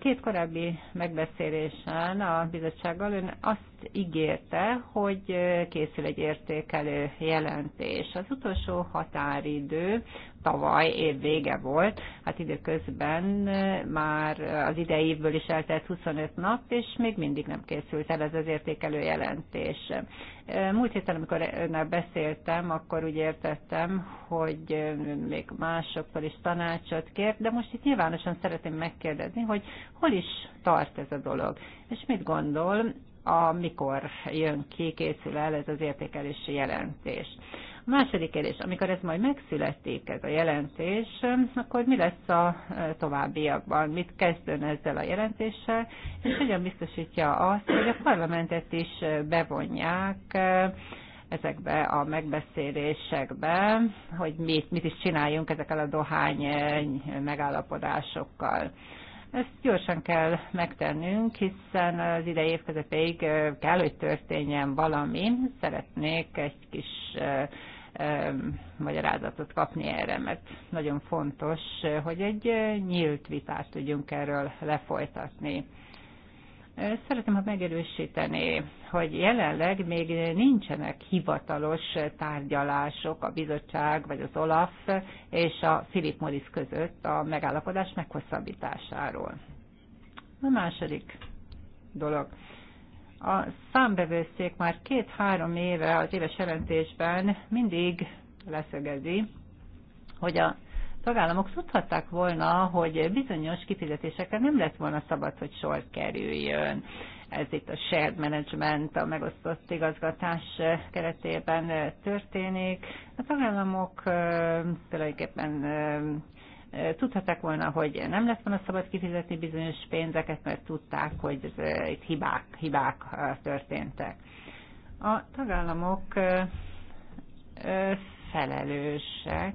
két korábbi megbeszélésen a bizottsággal ön azt ígérte, hogy készül egy értékelő jelentés. Az utolsó határidő tavaly év vége volt, hát időközben már az idei évből is eltelt 25 nap, és még mindig nem készült el ez az értékelő jelentés. Múlt héten, amikor önnel beszéltem, akkor úgy értettem, hogy még másoktól is tanácsot kért, de most itt nyilvánosan szeretném megkérdezni, hogy hol is tart ez a dolog, és mit gondol a mikor jön ki, készül el ez az értékelési jelentés. A második kérdés, amikor ez majd megszületik, ez a jelentés, akkor mi lesz a e, továbbiakban? Mit kezdőn ezzel a jelentéssel? És hogyan biztosítja azt, hogy a parlamentet is bevonják e, ezekbe a megbeszélésekbe, hogy mit, mit is csináljunk ezekkel a dohány e, megállapodásokkal. Ezt gyorsan kell megtennünk, hiszen az idei év közepéig kell, hogy történjen valami. Szeretnék egy kis magyarázatot kapni erre, mert nagyon fontos, hogy egy nyílt vitát tudjunk erről lefolytatni. Szeretném, ha megerősíteni, hogy jelenleg még nincsenek hivatalos tárgyalások a bizottság vagy az OLAF és a Philip Morris között a megállapodás meghosszabbításáról. A második dolog. A számbevőszék már két-három éve az éves jelentésben mindig leszögezi, hogy a tagállamok tudhatták volna, hogy bizonyos kifizetésekre nem lett volna szabad, hogy sor kerüljön. Ez itt a shared management, a megosztott igazgatás keretében történik. A tagállamok tulajdonképpen tudhatták volna, hogy nem lett volna szabad kifizetni bizonyos pénzeket, mert tudták, hogy itt hibák, hibák történtek. A tagállamok felelősek.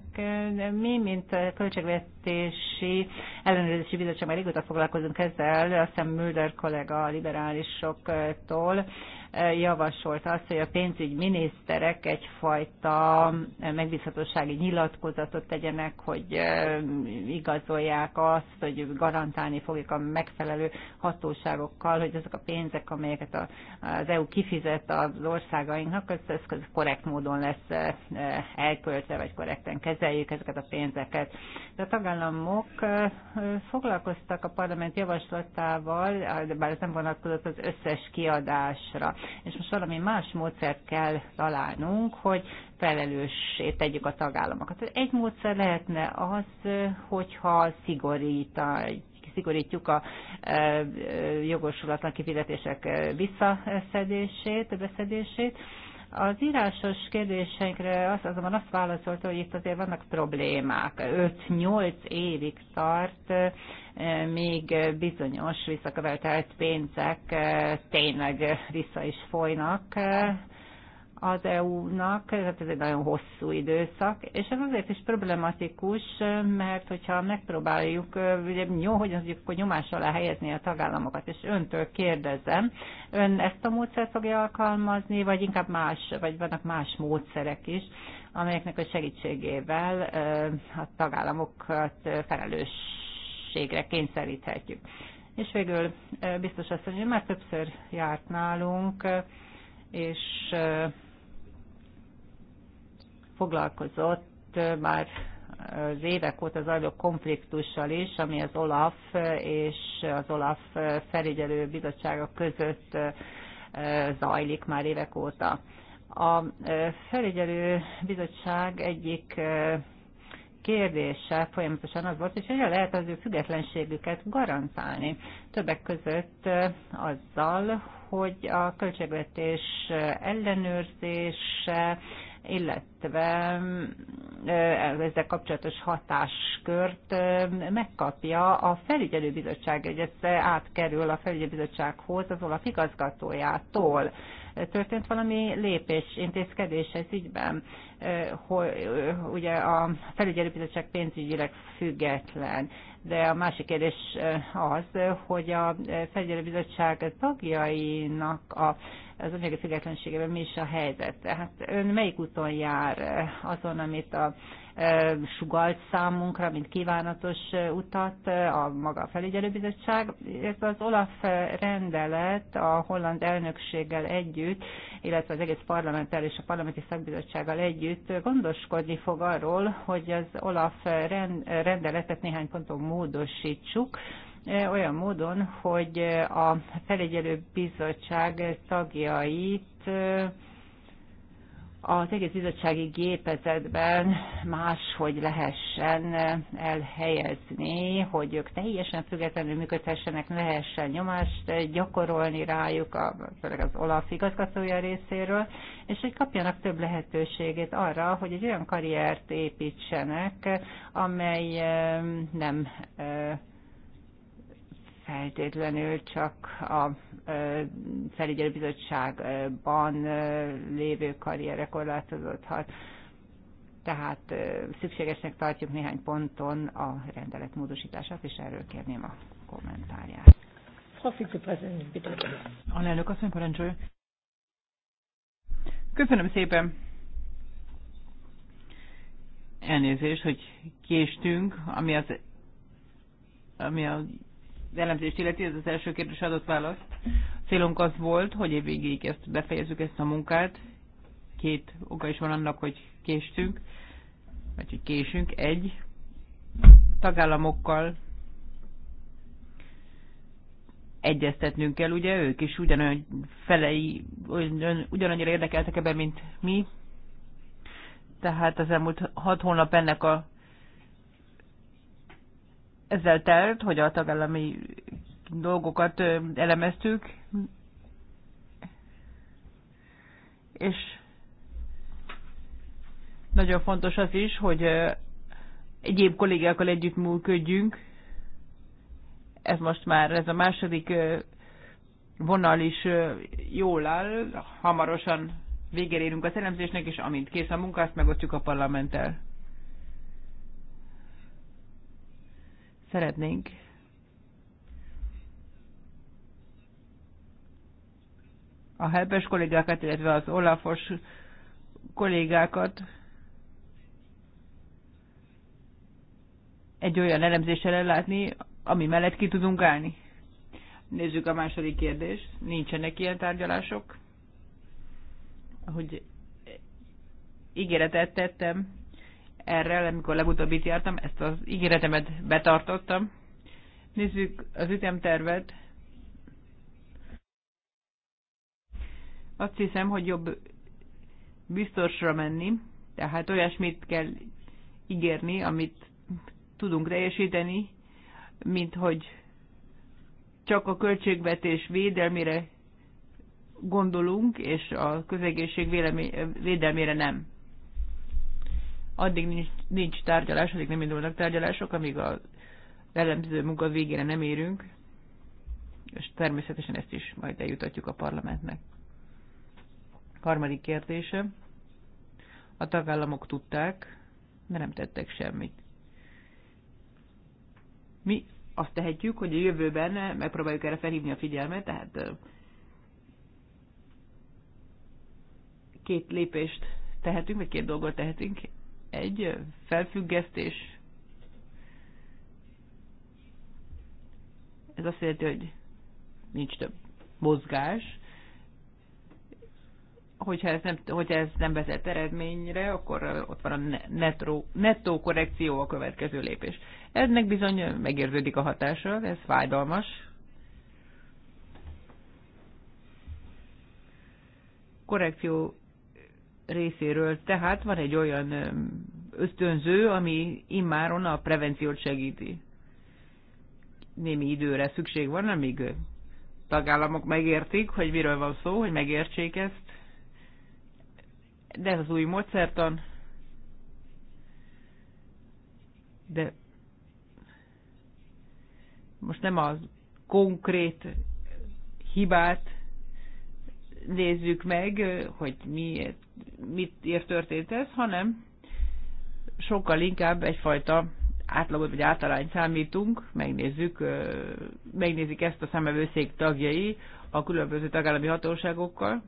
mi, mint Költségvetési Ellenőrzési Bizottság már régóta foglalkozunk ezzel, azt hiszem Müller kollega a liberálisoktól, javasolta azt, hogy a pénzügyminiszterek egyfajta eh, megbízhatósági nyilatkozatot tegyenek, hogy eh, igazolják azt, hogy garantálni fogjuk a megfelelő hatóságokkal, hogy azok a pénzek, amelyeket az EU kifizet az országainknak, ez, ez korrekt módon lesz eh, elköltve, vagy korrekten kezeljük ezeket a pénzeket. De a tagállamok foglalkoztak a parlament javaslatával, bár ez nem vonatkozott az összes kiadásra és most valami más módszert kell találnunk, hogy felelőssé tegyük a tagállamokat. Egy módszer lehetne az, hogyha szigorít a szigorítjuk a e, e, jogosulatlan kifizetések e, visszaszedését, beszedését, az írásos kérdésekre az, azonban azt válaszolta, hogy itt azért vannak problémák. 5-8 évig tart, eh, még bizonyos visszakövetelt pénzek eh, tényleg eh, vissza is folynak, az EU-nak, tehát ez egy nagyon hosszú időszak, és ez azért is problematikus, mert hogyha megpróbáljuk, ugye jó, hogy az akkor nyomás alá helyezni a tagállamokat, és öntől kérdezem, ön ezt a módszert fogja alkalmazni, vagy inkább más, vagy vannak más módszerek is, amelyeknek a segítségével a tagállamokat felelősségre kényszeríthetjük. És végül biztos azt, hogy már többször járt nálunk, és foglalkozott már az évek óta zajló konfliktussal is, ami az OLAF és az OLAF felügyelő bizottsága között zajlik már évek óta. A felügyelő bizottság egyik kérdése folyamatosan az volt, hogy hogyan lehet az ő függetlenségüket garantálni. Többek között azzal, hogy a költségvetés ellenőrzése, illetve ezzel kapcsolatos hatáskört megkapja a felügyelőbizottság, hogy ez átkerül a felügyelőbizottsághoz az olaf igazgatójától. Történt valami lépés, intézkedés ez ügyben? hogy ugye a felügyelőbizottság pénzügyileg független, de a másik kérdés az, hogy a felügyelőbizottság tagjainak a, az anyagi függetlenségében mi is a helyzet. Tehát ön melyik úton jár azon, amit a sugalt számunkra, mint kívánatos utat a maga a felügyelőbizottság. Ez az Olaf rendelet a holland elnökséggel együtt, illetve az egész parlamenttel és a parlamenti szakbizottsággal együtt együtt gondoskodni fog arról, hogy az Olaf rendeletet néhány ponton módosítsuk, e, olyan módon, hogy a felügyelő bizottság tagjait e, az egész bizottsági gépezetben máshogy lehessen elhelyezni, hogy ők teljesen függetlenül működhessenek, lehessen nyomást gyakorolni rájuk, a, főleg az Olaf igazgatója részéről, és hogy kapjanak több lehetőségét arra, hogy egy olyan karriert építsenek, amely nem feltétlenül csak a felügyelőbizottságban lévő karriere korlátozódhat. Tehát szükségesnek tartjuk néhány ponton a rendelet módosítását, és erről kérném a kommentárját. Alelnök asszony, parancsolja. Köszönöm szépen. Elnézést, hogy késtünk, ami az ami a elemzést illeti, ez az első kérdés adott választ. A célunk az volt, hogy évvégig ezt befejezzük ezt a munkát. Két oka is van annak, hogy késtünk, vagy hogy késünk. Egy, tagállamokkal egyeztetnünk kell, ugye ők is ugyanolyan felei, ugyanannyira érdekeltek ebben, mint mi. Tehát az elmúlt hat hónap ennek a ezzel telt, hogy a tagállami dolgokat elemeztük, és nagyon fontos az is, hogy egyéb kollégákkal együtt működjünk. Ez most már, ez a második vonal is jól áll. Hamarosan végére a az elemzésnek, és amint kész a munka, azt megosztjuk a parlamenttel. Szeretnénk a helpes kollégákat, illetve az olafos kollégákat egy olyan elemzéssel ellátni, ami mellett ki tudunk állni. Nézzük a második kérdést. Nincsenek ilyen tárgyalások. Ahogy ígéretet tettem, erre, amikor legutóbb itt jártam, ezt az ígéretemet betartottam. Nézzük az ütemtervet. Azt hiszem, hogy jobb biztosra menni, tehát olyasmit kell ígérni, amit tudunk teljesíteni, mint hogy csak a költségvetés védelmére gondolunk, és a közegészség védelmére nem addig nincs, nincs tárgyalás, addig nem indulnak tárgyalások, amíg a ellenző munka végére nem érünk, és természetesen ezt is majd eljutatjuk a parlamentnek. Harmadik kérdése. A tagállamok tudták, de nem tettek semmit. Mi azt tehetjük, hogy a jövőben megpróbáljuk erre felhívni a figyelmet, tehát két lépést tehetünk, vagy két dolgot tehetünk egy felfüggesztés. Ez azt jelenti, hogy nincs több mozgás. Hogyha ez nem, hogyha ez nem vezet eredményre, akkor ott van a nettó korrekció a következő lépés. Ennek bizony megérződik a hatása, ez fájdalmas, korrekció részéről. Tehát van egy olyan ösztönző, ami immáron a prevenciót segíti. Némi időre szükség van, amíg tagállamok megértik, hogy miről van szó, hogy megértsék ezt. De ez az új módszertan. De most nem az konkrét hibát nézzük meg, hogy miért, miért történt ez, hanem sokkal inkább egyfajta átlagot vagy általányt számítunk, megnézzük, megnézik ezt a szemevőszék tagjai a különböző tagállami hatóságokkal,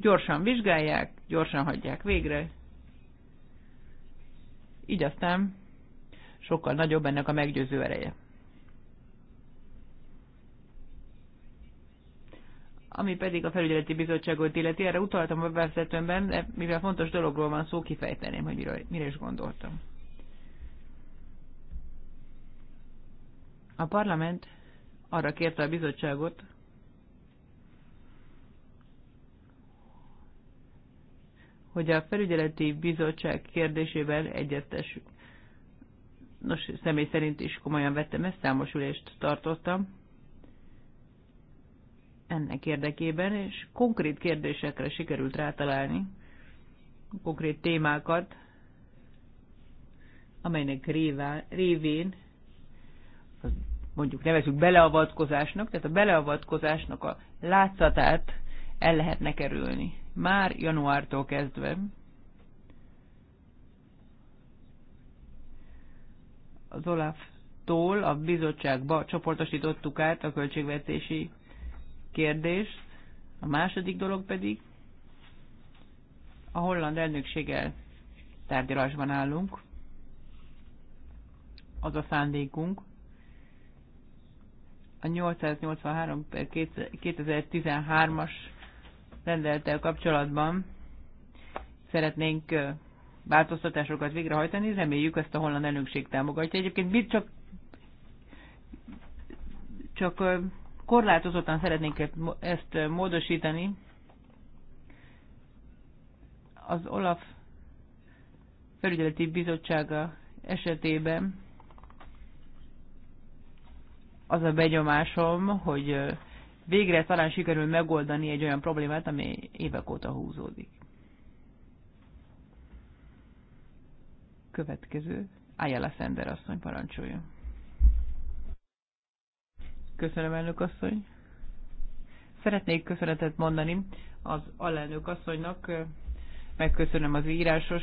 gyorsan vizsgálják, gyorsan hagyják végre, így aztán sokkal nagyobb ennek a meggyőző ereje. Ami pedig a felügyeleti bizottságot illeti, erre utaltam a bevezetőmben, de mivel fontos dologról van szó, kifejteném, hogy miről, mire is gondoltam. A parlament arra kérte a bizottságot, hogy a felügyeleti bizottság kérdésével egyeztessük. Nos, személy szerint is komolyan vettem ezt, számos ülést tartottam ennek érdekében, és konkrét kérdésekre sikerült rátalálni, konkrét témákat, amelynek réván, révén mondjuk nevezük beleavatkozásnak, tehát a beleavatkozásnak a látszatát el lehetne kerülni. Már januártól kezdve az Olaf-tól a bizottságba csoportosítottuk át a költségvetési kérdést. A második dolog pedig, a holland elnökséggel tárgyalásban állunk. Az a szándékunk, a 883 2013-as rendeltel kapcsolatban szeretnénk változtatásokat végrehajtani, reméljük ezt a holland elnökség támogatja. Egyébként mit csak, csak korlátozottan szeretnénk ezt módosítani. Az OLAF felügyeleti bizottsága esetében az a begyomásom, hogy végre talán sikerül megoldani egy olyan problémát, ami évek óta húzódik. Következő. Ayala Szender asszony parancsoljon. Köszönöm, elnök asszony. Szeretnék köszönetet mondani az alelnök asszonynak. Megköszönöm az írásos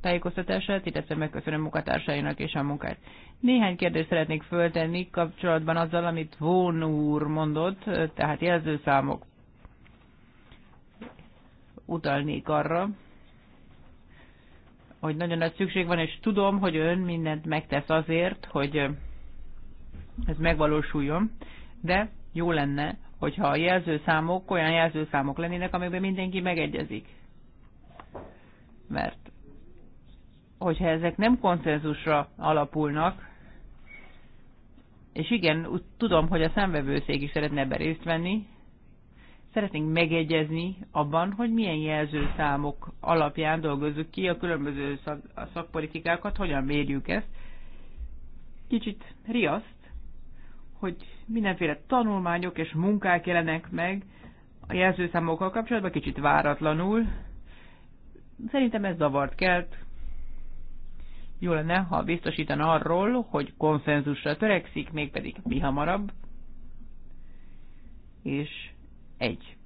tájékoztatását, illetve megköszönöm munkatársainak és a munkát. Néhány kérdést szeretnék föltenni kapcsolatban azzal, amit Vón úr mondott, tehát jelzőszámok. Utalnék arra, hogy nagyon nagy szükség van, és tudom, hogy ön mindent megtesz azért, hogy ez megvalósuljon, de jó lenne, hogyha a jelzőszámok olyan jelzőszámok lennének, amikben mindenki megegyezik. Mert hogyha ezek nem konszenzusra alapulnak, és igen, tudom, hogy a szemvevőszék is szeretne ebben részt venni, szeretnénk megegyezni abban, hogy milyen jelzőszámok alapján dolgozzuk ki a különböző szak, a szakpolitikákat, hogyan mérjük ezt. Kicsit riaszt, hogy mindenféle tanulmányok és munkák jelenek meg a jelzőszámokkal kapcsolatban, kicsit váratlanul. Szerintem ez zavart kelt. Jó lenne, ha biztosítan arról, hogy konszenzusra törekszik, mégpedig mi hamarabb, és egy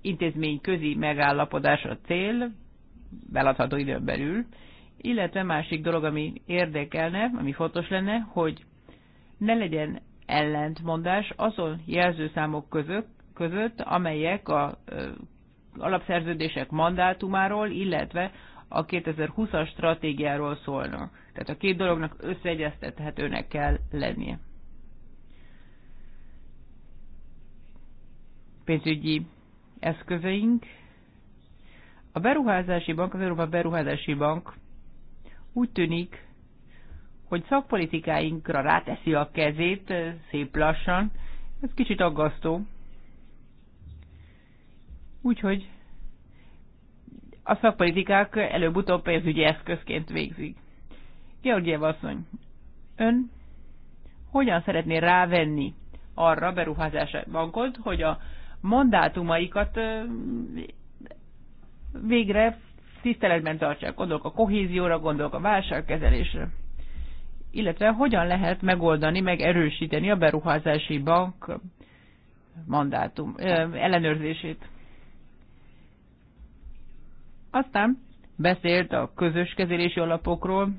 intézmény közi megállapodás a cél, beladható időn belül, illetve másik dolog, ami érdekelne, ami fontos lenne, hogy ne legyen ellentmondás azon jelzőszámok között, között amelyek a alapszerződések mandátumáról, illetve a 2020-as stratégiáról szólnak. Tehát a két dolognak összeegyeztethetőnek kell lennie. Pénzügyi eszközeink. A beruházási bank, az Európa Beruházási Bank úgy tűnik, hogy szakpolitikáinkra ráteszi a kezét szép lassan. Ez kicsit aggasztó. Úgyhogy a szakpolitikák előbb-utóbb pénzügyi eszközként végzik. Georgiev asszony, ön hogyan szeretné rávenni arra beruházása bankot, hogy a mandátumaikat végre tiszteletben tartsák. Gondolok a kohézióra, gondolok a válságkezelésre illetve hogyan lehet megoldani, meg erősíteni a beruházási bank mandátum ellenőrzését. Aztán beszélt a közös kezelési alapokról.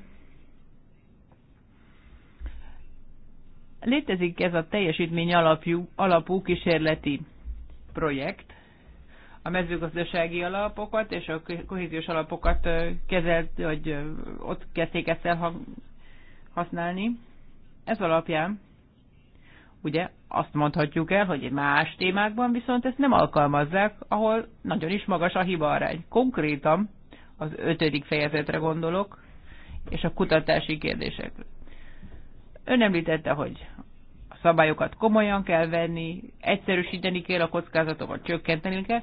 Létezik ez a teljesítmény alapjú, alapú kísérleti projekt. A mezőgazdasági alapokat és a kohéziós alapokat kezelt, vagy ott kezdték ezt el használni. Ez alapján ugye azt mondhatjuk el, hogy más témákban viszont ezt nem alkalmazzák, ahol nagyon is magas a hibaarány. Konkrétan az ötödik fejezetre gondolok, és a kutatási kérdésekre. Ön említette, hogy a szabályokat komolyan kell venni, egyszerűsíteni kell a kockázatokat, csökkenteni kell.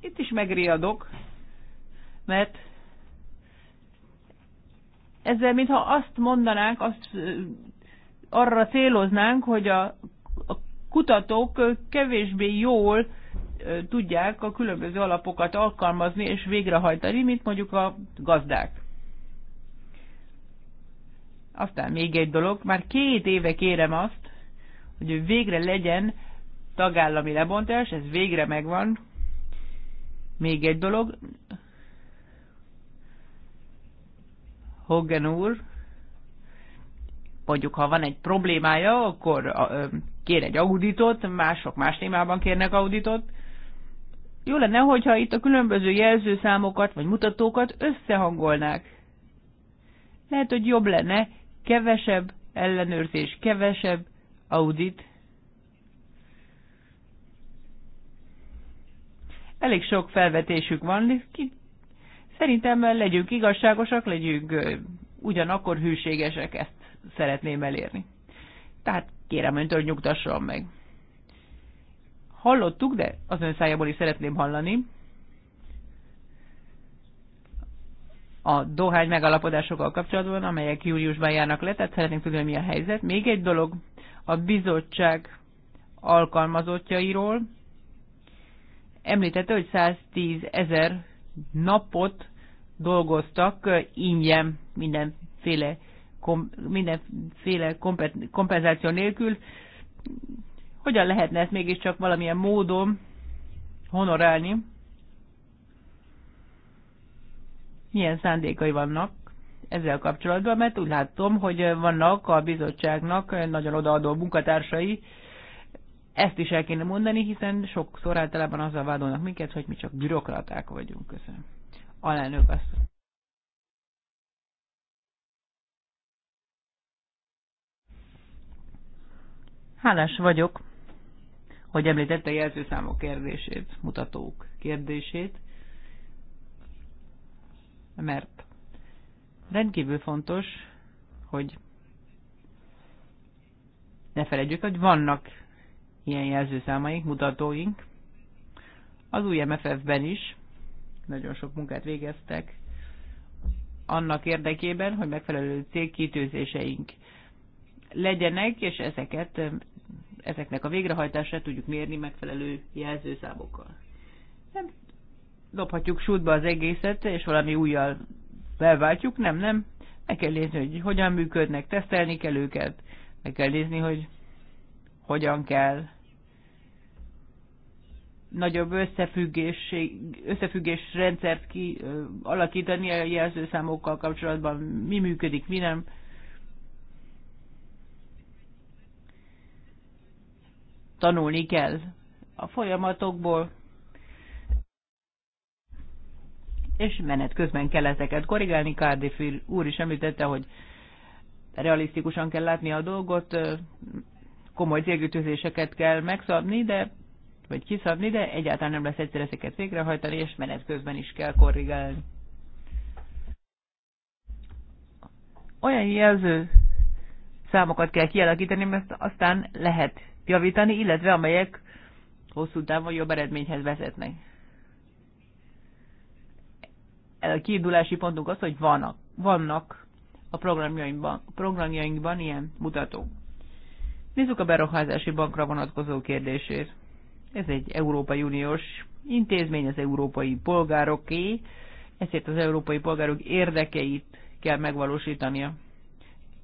Itt is megriadok, mert ezzel mintha azt mondanánk, azt arra céloznánk, hogy a, a kutatók kevésbé jól tudják a különböző alapokat alkalmazni és végrehajtani, mint mondjuk a gazdák. Aztán még egy dolog, már két éve kérem azt, hogy végre legyen tagállami lebontás, ez végre megvan. Még egy dolog, Hogan úr, mondjuk ha van egy problémája, akkor kér egy auditot, mások más témában kérnek auditot. Jó lenne, hogyha itt a különböző jelzőszámokat vagy mutatókat összehangolnák. Lehet, hogy jobb lenne kevesebb ellenőrzés, kevesebb audit. Elég sok felvetésük van, Szerintem legyünk igazságosak, legyünk ugyanakkor hűségesek, ezt szeretném elérni. Tehát kérem öntől, hogy nyugtasson meg. Hallottuk, de az ön szájából is szeretném hallani. A dohány megalapodásokkal kapcsolatban, amelyek júliusban járnak le, tehát szeretnénk tudni, hogy mi a helyzet. Még egy dolog, a bizottság alkalmazottjairól említette, hogy 110 ezer napot dolgoztak ingyen mindenféle, kom, mindenféle kompenzáció nélkül. Hogyan lehetne ezt mégiscsak valamilyen módon honorálni? Milyen szándékai vannak ezzel kapcsolatban? Mert úgy látom, hogy vannak a bizottságnak nagyon odaadó munkatársai, ezt is el kéne mondani, hiszen sokszor általában azzal vádolnak minket, hogy mi csak bürokraták vagyunk. Köszönöm alelnök azt. Hálás vagyok, hogy említette a jelzőszámok kérdését, mutatók kérdését, mert rendkívül fontos, hogy ne felejtjük, hogy vannak ilyen jelzőszámaink, mutatóink. Az új MFF-ben is nagyon sok munkát végeztek annak érdekében, hogy megfelelő célkitűzéseink legyenek, és ezeket, ezeknek a végrehajtását tudjuk mérni megfelelő jelzőszámokkal. Nem dobhatjuk sútba az egészet, és valami újjal felváltjuk, nem, nem. Meg kell nézni, hogy hogyan működnek, tesztelni kell őket, meg kell nézni, hogy hogyan kell nagyobb összefüggésség, összefüggés rendszert ki, alakítani a jelzőszámokkal kapcsolatban, mi működik, mi nem. Tanulni kell a folyamatokból, és menet közben kell ezeket korrigálni. Cardiff úr is említette, hogy realisztikusan kell látni a dolgot, komoly célkütőzéseket kell megszabni, de vagy kiszabni, de egyáltalán nem lesz egyszer ezeket végrehajtani, és menet közben is kell korrigálni. Olyan jelző számokat kell kialakítani, mert aztán lehet javítani, illetve amelyek hosszú távon jobb eredményhez vezetnek. A kiindulási pontunk az, hogy vannak, vannak a programjainkban, programjainkban ilyen mutatók. Nézzük a beruházási bankra vonatkozó kérdését. Ez egy Európai Uniós intézmény, az európai polgároké, ezért az európai polgárok érdekeit kell megvalósítania.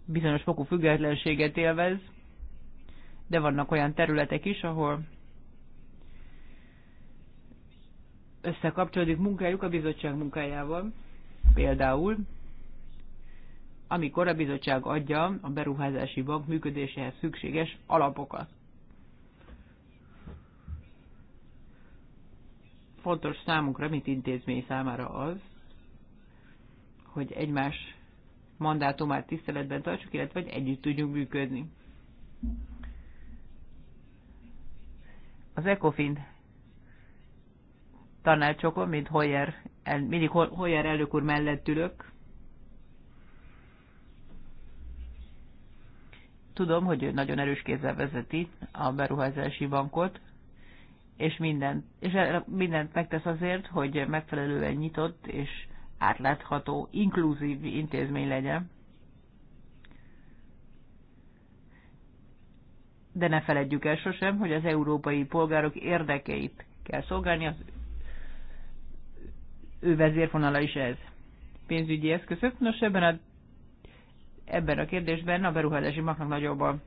Bizonyos fokú függetlenséget élvez, de vannak olyan területek is, ahol összekapcsolódik munkájuk a bizottság munkájával. Például, amikor a bizottság adja a beruházási bank működéséhez szükséges alapokat. fontos számunkra, mint intézmény számára az, hogy egymás mandátumát tiszteletben tartsuk, illetve hogy együtt tudjunk működni. Az ECOFIN tanácsokon, mint Hoyer, mindig Hoyer elnök úr mellett ülök, tudom, hogy ő nagyon erős kézzel vezeti a beruházási bankot, és mindent, és mindent megtesz azért, hogy megfelelően nyitott és átlátható, inkluzív intézmény legyen. De ne feledjük el sosem, hogy az európai polgárok érdekeit kell szolgálni, az ő vezérfonala is ez. Pénzügyi eszközök, nos ebben a, ebben a kérdésben a beruházási maknak nagyobb a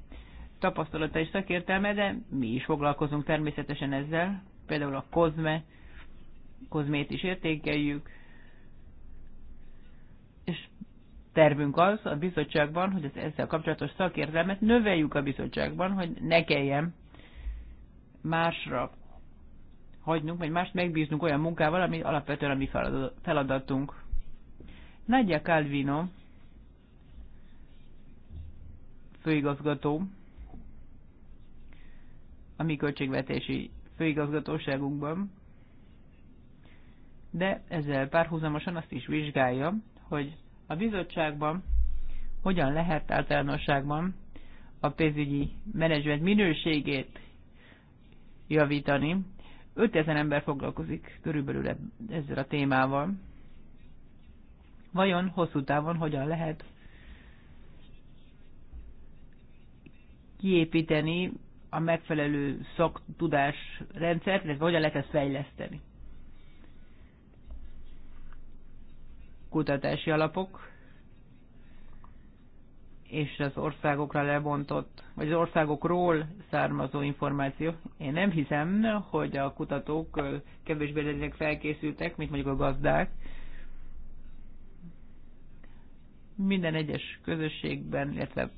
tapasztalata és szakértelme, de mi is foglalkozunk természetesen ezzel. Például a kozme, kozmét is értékeljük, és tervünk az a bizottságban, hogy az ezzel kapcsolatos szakértelmet növeljük a bizottságban, hogy ne kelljen másra hagynunk, vagy mást megbíznunk olyan munkával, ami alapvetően a mi feladatunk. Nagyja Calvino, főigazgató, a mi költségvetési főigazgatóságunkban, de ezzel párhuzamosan azt is vizsgálja, hogy a bizottságban hogyan lehet általánosságban a pénzügyi menedzsment minőségét javítani. 5000 ember foglalkozik körülbelül ezzel a témával. Vajon hosszú távon hogyan lehet kiépíteni a megfelelő szaktudás rendszert, illetve hogyan lehet ezt fejleszteni. Kutatási alapok és az országokra lebontott, vagy az országokról származó információ. Én nem hiszem, hogy a kutatók kevésbé lennének felkészültek, mint mondjuk a gazdák. Minden egyes közösségben, illetve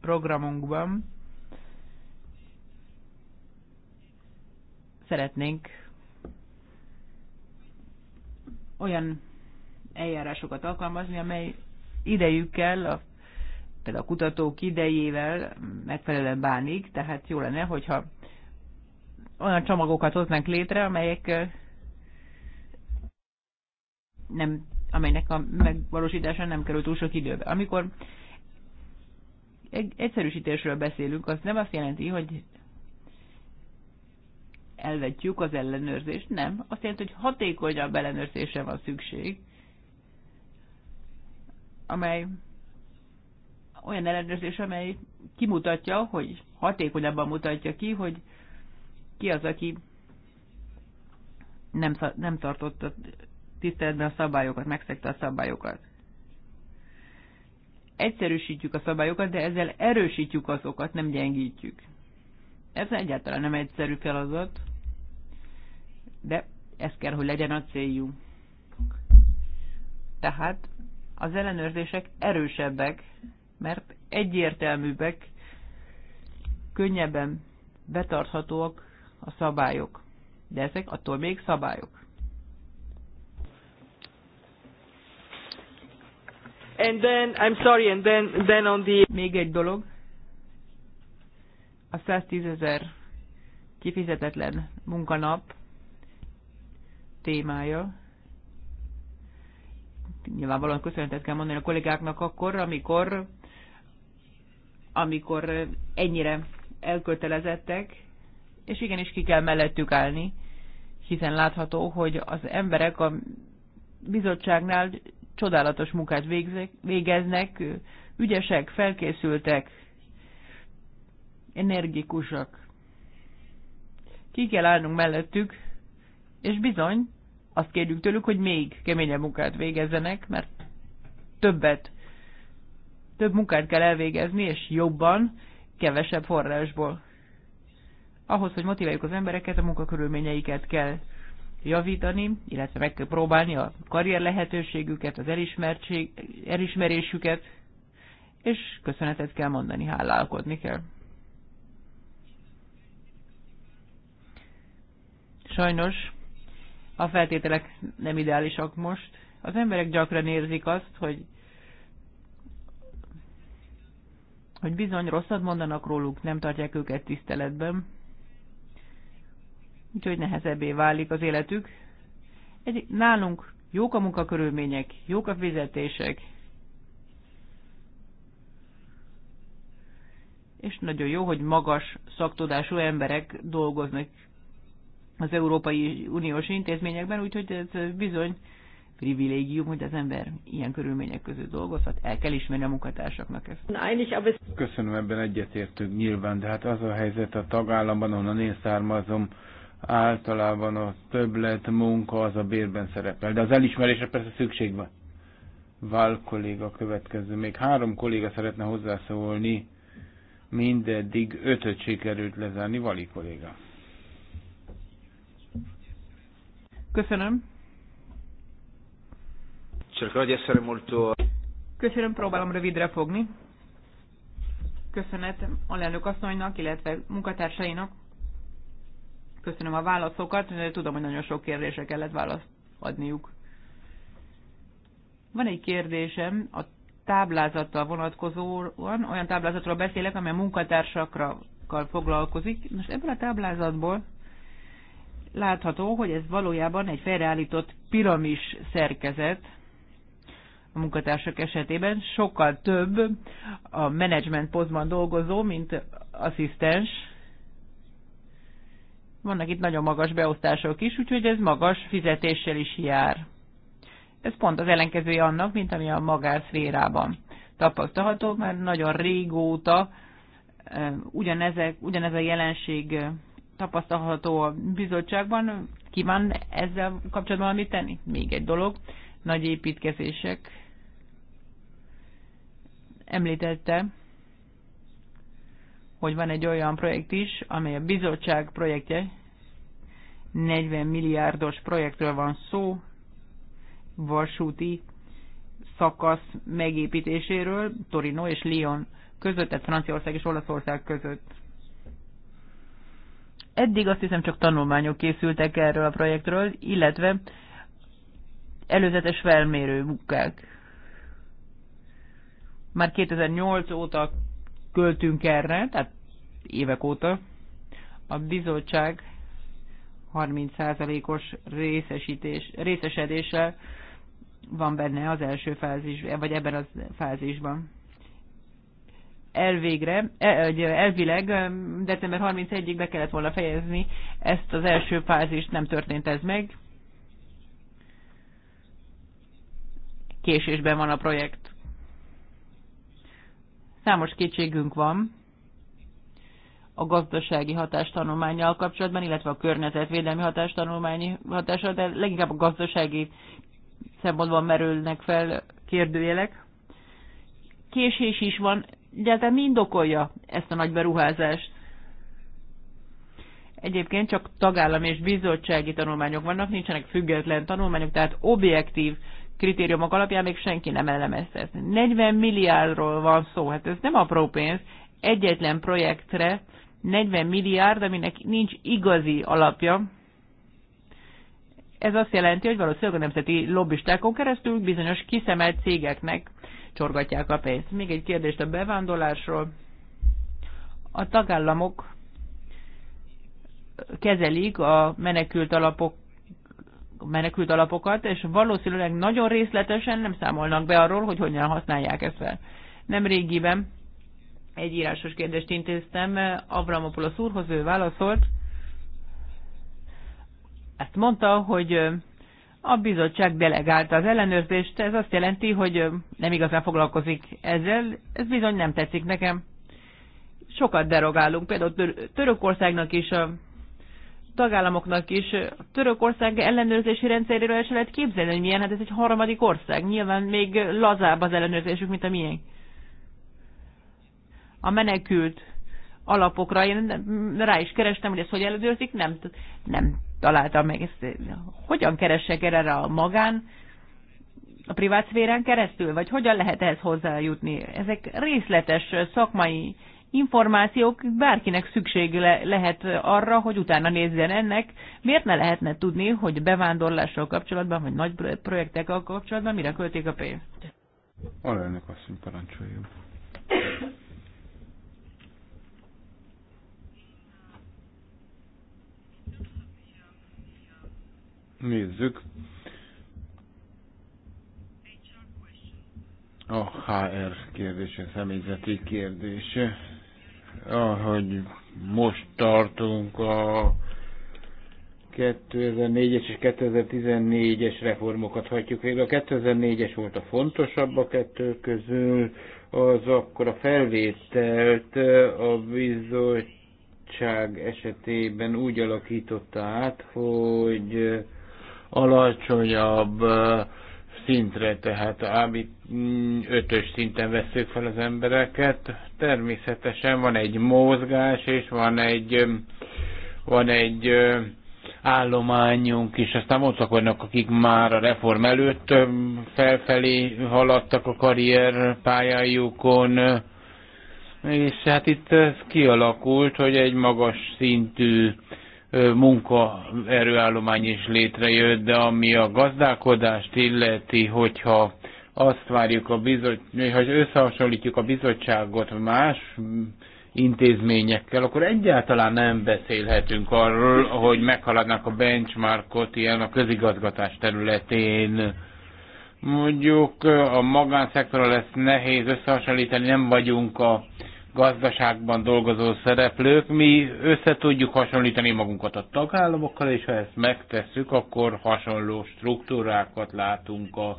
programunkban szeretnénk olyan eljárásokat alkalmazni, amely idejükkel, a, például a kutatók idejével megfelelően bánik, tehát jó lenne, hogyha olyan csomagokat hoznánk létre, amelyek nem, amelynek a megvalósítása nem került túl sok időbe. Amikor egyszerűsítésről beszélünk, az nem azt jelenti, hogy elvetjük az ellenőrzést, nem. Azt jelenti, hogy hatékonyabb ellenőrzésre van szükség, amely olyan ellenőrzés, amely kimutatja, hogy hatékonyabban mutatja ki, hogy ki az, aki nem, nem tartotta tiszteletben a szabályokat, megszegte a szabályokat. Egyszerűsítjük a szabályokat, de ezzel erősítjük azokat, nem gyengítjük. Ez egyáltalán nem egyszerű feladat de ez kell, hogy legyen a céljunk. Tehát az ellenőrzések erősebbek, mert egyértelműbbek, könnyebben betarthatóak a szabályok. De ezek attól még szabályok. And then, I'm sorry, and then, then on the... Még egy dolog. A 110 ezer kifizetetlen munkanap témája. Nyilvánvalóan köszönetet kell mondani a kollégáknak akkor, amikor, amikor ennyire elkötelezettek, és igenis ki kell mellettük állni, hiszen látható, hogy az emberek a bizottságnál csodálatos munkát végeznek, ügyesek, felkészültek, energikusak. Ki kell állnunk mellettük, és bizony, azt kérjük tőlük, hogy még keményebb munkát végezzenek, mert többet, több munkát kell elvégezni, és jobban, kevesebb forrásból. Ahhoz, hogy motiváljuk az embereket, a munkakörülményeiket kell javítani, illetve meg kell próbálni a karrier lehetőségüket, az elismerésüket, és köszönetet kell mondani, hálálkodni kell. Sajnos a feltételek nem ideálisak most. Az emberek gyakran érzik azt, hogy hogy bizony rosszat mondanak róluk, nem tartják őket tiszteletben, úgyhogy nehezebbé válik az életük. Egy, nálunk jók a munkakörülmények, jók a fizetések, és nagyon jó, hogy magas szaktudású emberek dolgoznak az Európai Uniós intézményekben, úgyhogy ez bizony privilégium, hogy az ember ilyen körülmények között dolgozhat, el kell ismerni a munkatársaknak ezt.
Köszönöm, ebben egyetértünk nyilván, de hát az a helyzet a tagállamban, ahonnan én származom, általában a többlet munka az a bérben szerepel, de az elismerésre persze szükség van. Val kolléga következő. Még három kolléga szeretne hozzászólni, mindeddig ötöt sikerült lezárni, Vali kolléga. Köszönöm. Cercherò di essere
Köszönöm, próbálom rövidre fogni. Köszönet lelők asszonynak, illetve munkatársainak. Köszönöm a válaszokat, tudom, hogy nagyon sok kérdése kellett választ adniuk. Van egy kérdésem, a táblázattal vonatkozóan, olyan táblázatról beszélek, amely a munkatársakra foglalkozik. Most ebből a táblázatból látható, hogy ez valójában egy felreállított piramis szerkezet a munkatársak esetében. Sokkal több a menedzsment pozban dolgozó, mint asszisztens. Vannak itt nagyon magas beosztások is, úgyhogy ez magas fizetéssel is jár. Ez pont az ellenkezője annak, mint ami a magárszférában tapasztalható, mert nagyon régóta eh, ugyanezek, ugyanez a jelenség eh, tapasztalható a bizottságban. Kíván ezzel kapcsolatban valamit tenni? Még egy dolog, nagy építkezések. Említette, hogy van egy olyan projekt is, amely a bizottság projektje, 40 milliárdos projektről van szó, vasúti szakasz megépítéséről Torino és Lyon között, tehát Franciaország és Olaszország között. Eddig azt hiszem csak tanulmányok készültek erről a projektről, illetve előzetes felmérő munkák. Már 2008 óta költünk erre, tehát évek óta. A bizottság 30%-os részesítés, részesedéssel van benne az első fázis, vagy ebben a fázisban elvégre, e, elvileg december 31-ig be kellett volna fejezni ezt az első fázist, nem történt ez meg. Késésben van a projekt. Számos kétségünk van a gazdasági hatástanulmányjal kapcsolatban, illetve a környezetvédelmi hatástanulmányi hatása, de leginkább a gazdasági szempontból merülnek fel kérdőjelek. Késés is van, egyáltalán mi indokolja ezt a nagy beruházást? Egyébként csak tagállami és bizottsági tanulmányok vannak, nincsenek független tanulmányok, tehát objektív kritériumok alapján még senki nem elemezte ezt. 40 milliárdról van szó, hát ez nem apró pénz, egyetlen projektre 40 milliárd, aminek nincs igazi alapja, ez azt jelenti, hogy valószínűleg a nemzeti lobbistákon keresztül bizonyos kiszemelt cégeknek csorgatják a pénzt. Még egy kérdést a bevándorlásról. A tagállamok kezelik a menekült alapok menekült alapokat, és valószínűleg nagyon részletesen nem számolnak be arról, hogy hogyan használják ezt fel. Nem régiben egy írásos kérdést intéztem Avramopoulos úrhoz, ő válaszolt, ezt mondta, hogy a bizottság delegálta az ellenőrzést, ez azt jelenti, hogy nem igazán foglalkozik ezzel, ez bizony nem tetszik nekem. Sokat derogálunk, például Törökországnak is, a tagállamoknak is, a Törökország ellenőrzési rendszeréről el lehet képzelni, hogy milyen, hát ez egy harmadik ország, nyilván még lazább az ellenőrzésük, mint a miénk. A menekült alapokra. Én rá is kerestem, hogy ezt hogy ellenőrzik, nem, nem találtam meg. Ezt, hogyan keresek erre a magán, a privát szférán keresztül, vagy hogyan lehet ehhez hozzájutni? Ezek részletes szakmai információk, bárkinek szükség le- lehet arra, hogy utána nézzen ennek. Miért ne lehetne tudni, hogy bevándorlással kapcsolatban, vagy nagy projektekkel kapcsolatban mire költik a pénzt?
Alelnök asszony parancsoljon. nézzük a HR kérdése, személyzeti kérdése, ahogy most tartunk a 2004-es és 2014-es reformokat hagyjuk végre. A 2004-es volt a fontosabb a kettő közül, az akkor a felvételt a bizottság esetében úgy alakította át, hogy alacsonyabb szintre, tehát ami mm, ötös szinten veszük fel az embereket. Természetesen van egy mozgás, és van egy, van egy állományunk is, aztán voltak olyanok, akik már a reform előtt felfelé haladtak a karrier pályájukon, és hát itt ez kialakult, hogy egy magas szintű munkaerőállomány is létrejött, de ami a gazdálkodást illeti, hogyha azt várjuk, a bizottság, ha összehasonlítjuk a bizottságot más intézményekkel, akkor egyáltalán nem beszélhetünk arról, hogy meghaladnak a benchmarkot ilyen a közigazgatás területén. Mondjuk a magánszektorral lesz nehéz összehasonlítani, nem vagyunk a gazdaságban dolgozó szereplők, mi össze tudjuk hasonlítani magunkat a tagállamokkal, és ha ezt megtesszük, akkor hasonló struktúrákat látunk a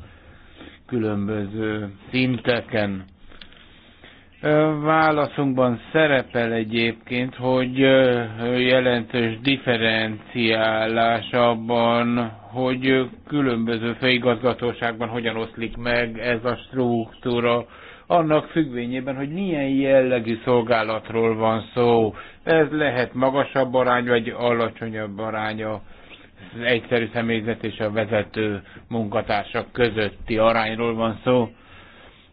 különböző szinteken. Válaszunkban szerepel egyébként, hogy jelentős differenciálás abban, hogy különböző főigazgatóságban hogyan oszlik meg ez a struktúra annak függvényében, hogy milyen jellegű szolgálatról van szó. Ez lehet magasabb arány, vagy alacsonyabb arány az egyszerű személyzet és a vezető munkatársak közötti arányról van szó.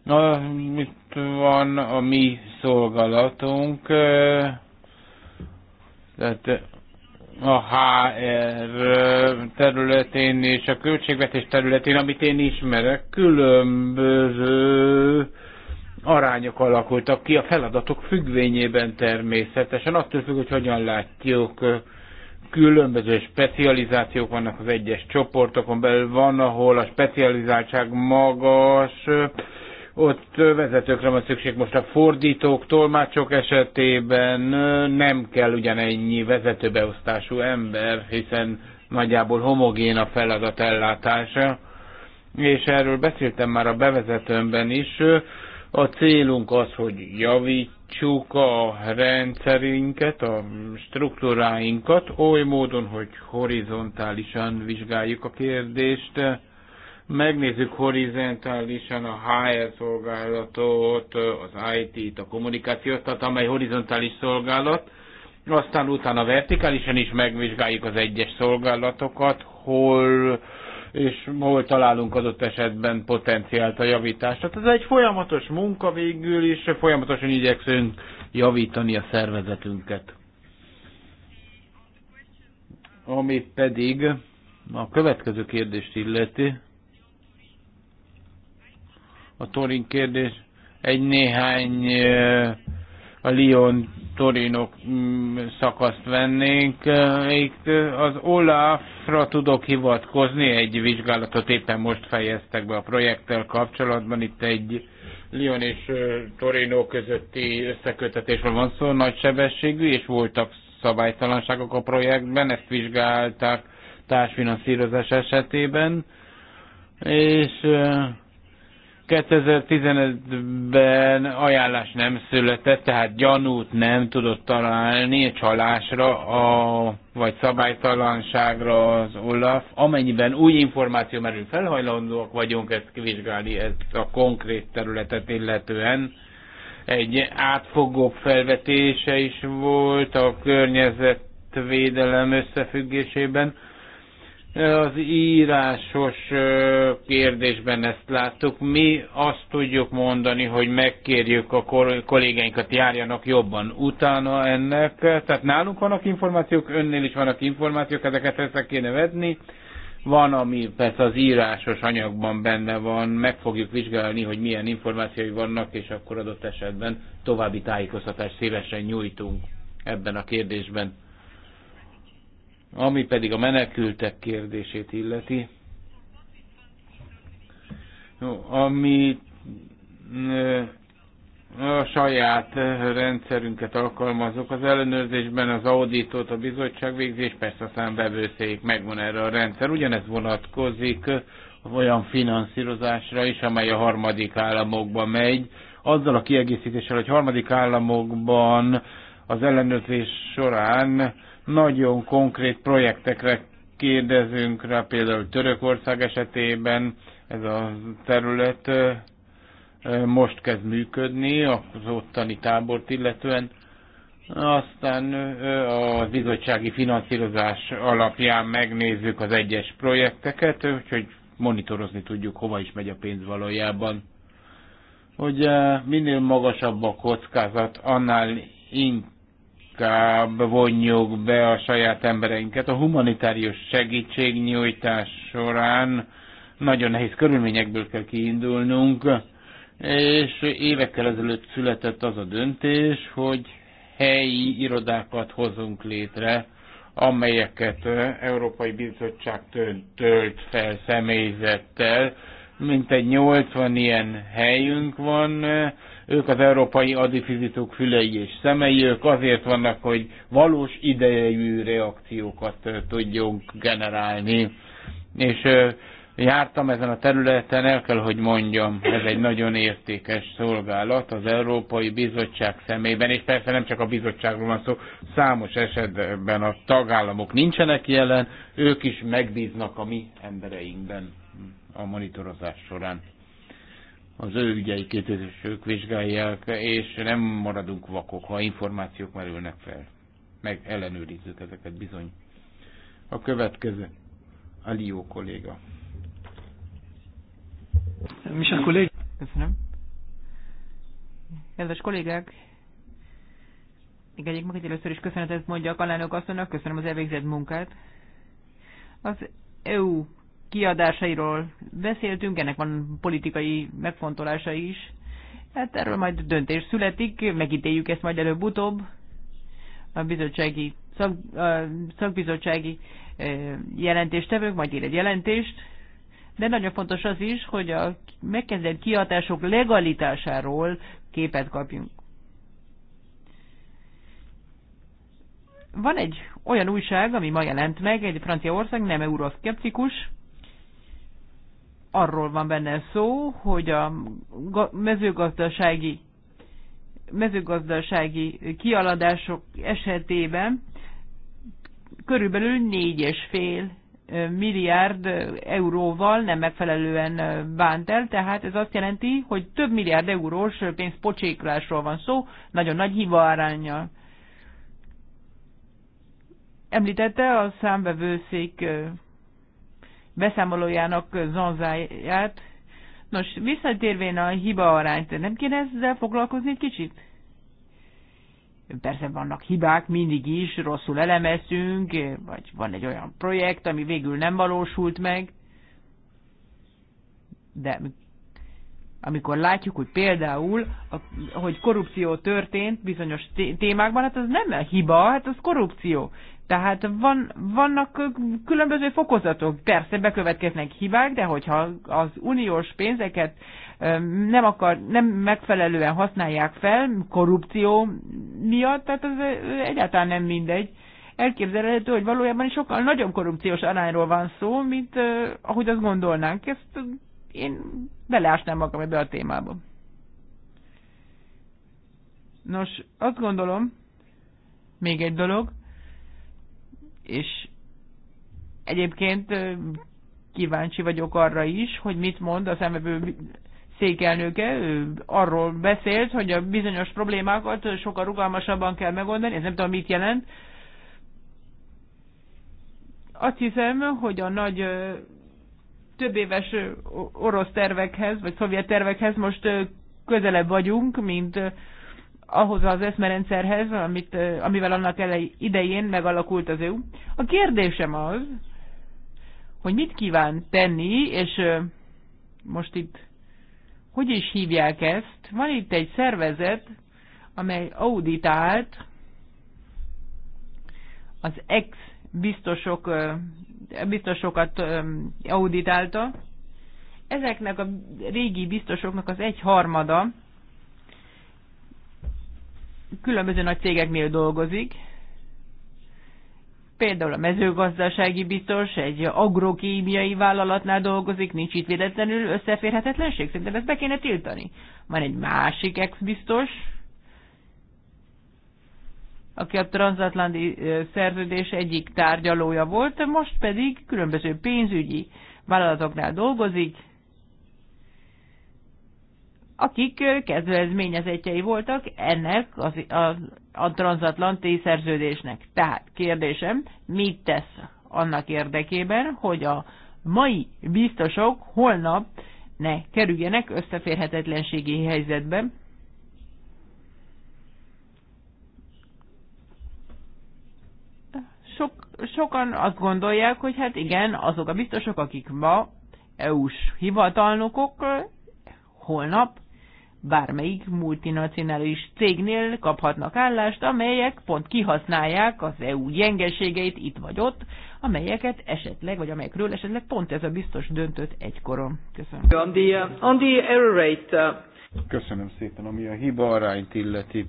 Na, itt van a mi szolgálatunk, tehát a HR területén és a költségvetés területén, amit én ismerek, különböző arányok alakultak ki a feladatok függvényében természetesen, attól függ, hogy hogyan látjuk, különböző specializációk vannak az egyes csoportokon belül, van, ahol a specializáltság magas, ott vezetőkre van szükség most a fordítók, tolmácsok esetében nem kell ugyanennyi vezetőbeosztású ember, hiszen nagyjából homogén a feladat ellátása, és erről beszéltem már a bevezetőmben is, a célunk az, hogy javítsuk a rendszerünket, a struktúráinkat oly módon, hogy horizontálisan vizsgáljuk a kérdést, megnézzük horizontálisan a HR szolgálatot, az IT-t, a kommunikációt, tehát amely horizontális szolgálat, aztán utána vertikálisan is megvizsgáljuk az egyes szolgálatokat, hol és hol találunk adott esetben potenciált a javítást. Tehát ez egy folyamatos munka végül is, folyamatosan igyekszünk javítani a szervezetünket. Ami pedig a következő kérdést illeti, a Torin kérdés, egy néhány a Lyon-Torino mm, szakaszt vennénk. Eh, itt eh, az Olafra tudok hivatkozni, egy vizsgálatot éppen most fejeztek be a projekttel kapcsolatban. Itt egy Lyon és eh, Torino közötti összekötetésről van szó, nagy sebességű, és voltak szabálytalanságok a projektben, ezt vizsgálták társfinanszírozás esetében, és 2015-ben ajánlás nem született, tehát gyanút nem tudott találni csalásra a, vagy szabálytalanságra az Olaf. Amennyiben új információ merül felhajlandóak vagyunk ezt kivizsgálni, ezt a konkrét területet illetően. Egy átfogó felvetése is volt a környezetvédelem összefüggésében az írásos kérdésben ezt láttuk. Mi azt tudjuk mondani, hogy megkérjük a kollégáinkat járjanak jobban utána ennek. Tehát nálunk vannak információk, önnél is vannak információk, ezeket össze kéne vedni. Van, ami persze az írásos anyagban benne van, meg fogjuk vizsgálni, hogy milyen információi vannak, és akkor adott esetben további tájékoztatást szívesen nyújtunk ebben a kérdésben. Ami pedig a menekültek kérdését illeti, ami a saját rendszerünket alkalmazok. Az ellenőrzésben az auditot a bizottság végzés persze a számbevőszék megvan erre a rendszer. Ugyanez vonatkozik olyan finanszírozásra is, amely a harmadik államokba megy. Azzal a kiegészítéssel, hogy harmadik államokban az ellenőrzés során nagyon konkrét projektekre kérdezünk rá, például Törökország esetében ez a terület most kezd működni az ottani tábort illetően. Aztán a bizottsági finanszírozás alapján megnézzük az egyes projekteket, úgyhogy monitorozni tudjuk, hova is megy a pénz valójában. Hogy minél magasabb a kockázat, annál inkább inkább vonjuk be a saját embereinket. A humanitárius segítségnyújtás során nagyon nehéz körülményekből kell kiindulnunk, és évekkel ezelőtt született az a döntés, hogy helyi irodákat hozunk létre, amelyeket Európai Bizottság tölt fel személyzettel, mintegy 80 ilyen helyünk van, ők az európai adifizitók fülei és szemei, ők azért vannak, hogy valós idejű reakciókat tudjunk generálni. És jártam ezen a területen, el kell, hogy mondjam, ez egy nagyon értékes szolgálat az Európai Bizottság szemében, és persze nem csak a bizottságról van szó, számos esetben a tagállamok nincsenek jelen, ők is megbíznak a mi embereinkben a monitorozás során. Az ő ügyei ők vizsgálják, és nem maradunk vakok, ha információk merülnek fel. Meg ellenőrizzük ezeket bizony. A következő, Lió kolléga.
Misa kolléga. Köszönöm. Kedves kollégák, igen, meg, először is köszönetet mondjak alelnök asszonynak, köszönöm az elvégzett munkát. Az EU kiadásairól beszéltünk, ennek van politikai megfontolása is. Hát erről majd döntés születik, megítéljük ezt majd előbb-utóbb. A bizottsági, szak, a szakbizottsági jelentéstevők majd ír egy jelentést, de nagyon fontos az is, hogy a megkezdett kiadások legalitásáról képet kapjunk. Van egy olyan újság, ami ma jelent meg, egy francia ország nem euroszkeptikus, arról van benne szó, hogy a mezőgazdasági, mezőgazdasági kialadások esetében körülbelül 4,5 milliárd euróval nem megfelelően bánt el, tehát ez azt jelenti, hogy több milliárd eurós pénzpocsékolásról van szó, nagyon nagy arányjal. Említette a számbevőszék beszámolójának zanzáját. Nos, visszatérvén a hiba arányt, nem kéne ezzel foglalkozni egy kicsit? Persze vannak hibák, mindig is rosszul elemezünk, vagy van egy olyan projekt, ami végül nem valósult meg, de amikor látjuk, hogy például, hogy korrupció történt bizonyos témákban, hát az nem hiba, hát az korrupció. Tehát van, vannak különböző fokozatok. Persze bekövetkeznek hibák, de hogyha az uniós pénzeket nem, akar, nem megfelelően használják fel korrupció miatt, tehát ez egyáltalán nem mindegy. Elképzelhető, hogy valójában sokkal nagyobb korrupciós arányról van szó, mint ahogy azt gondolnánk. Ezt én beleásnám magam ebbe a témába. Nos, azt gondolom, még egy dolog, és egyébként kíváncsi vagyok arra is, hogy mit mond a szemvevő székelnőke, ő arról beszélt, hogy a bizonyos problémákat sokkal rugalmasabban kell megoldani, ez nem tudom mit jelent. Azt hiszem, hogy a nagy több éves orosz tervekhez, vagy szovjet tervekhez most közelebb vagyunk, mint ahhoz az eszmerendszerhez, amit, amivel annak elej, idején megalakult az EU. A kérdésem az, hogy mit kíván tenni, és most itt hogy is hívják ezt? Van itt egy szervezet, amely auditált az ex biztosok, biztosokat auditálta. Ezeknek a régi biztosoknak az egyharmada különböző nagy cégeknél dolgozik, például a mezőgazdasági biztos, egy agrokémiai vállalatnál dolgozik, nincs itt véletlenül összeférhetetlenség. Szerintem ezt be kéne tiltani. Van egy másik ex-biztos, aki a transatlanti szerződés egyik tárgyalója volt, most pedig különböző pénzügyi vállalatoknál dolgozik, akik kedvezményezetjei voltak ennek az, a, a transatlanti szerződésnek. Tehát kérdésem, mit tesz annak érdekében, hogy a mai biztosok holnap ne kerüljenek összeférhetetlenségi helyzetbe, sok, sokan azt gondolják, hogy hát igen, azok a biztosok, akik ma EU-s hivatalnokok, holnap bármelyik multinacionális cégnél kaphatnak állást, amelyek pont kihasználják az EU gyengeségeit itt vagy ott, amelyeket esetleg, vagy amelyekről esetleg pont ez a biztos döntött egykoron. Köszönöm. On the, uh, on the error rate, uh... Köszönöm szépen,
ami a hiba arányt illeti.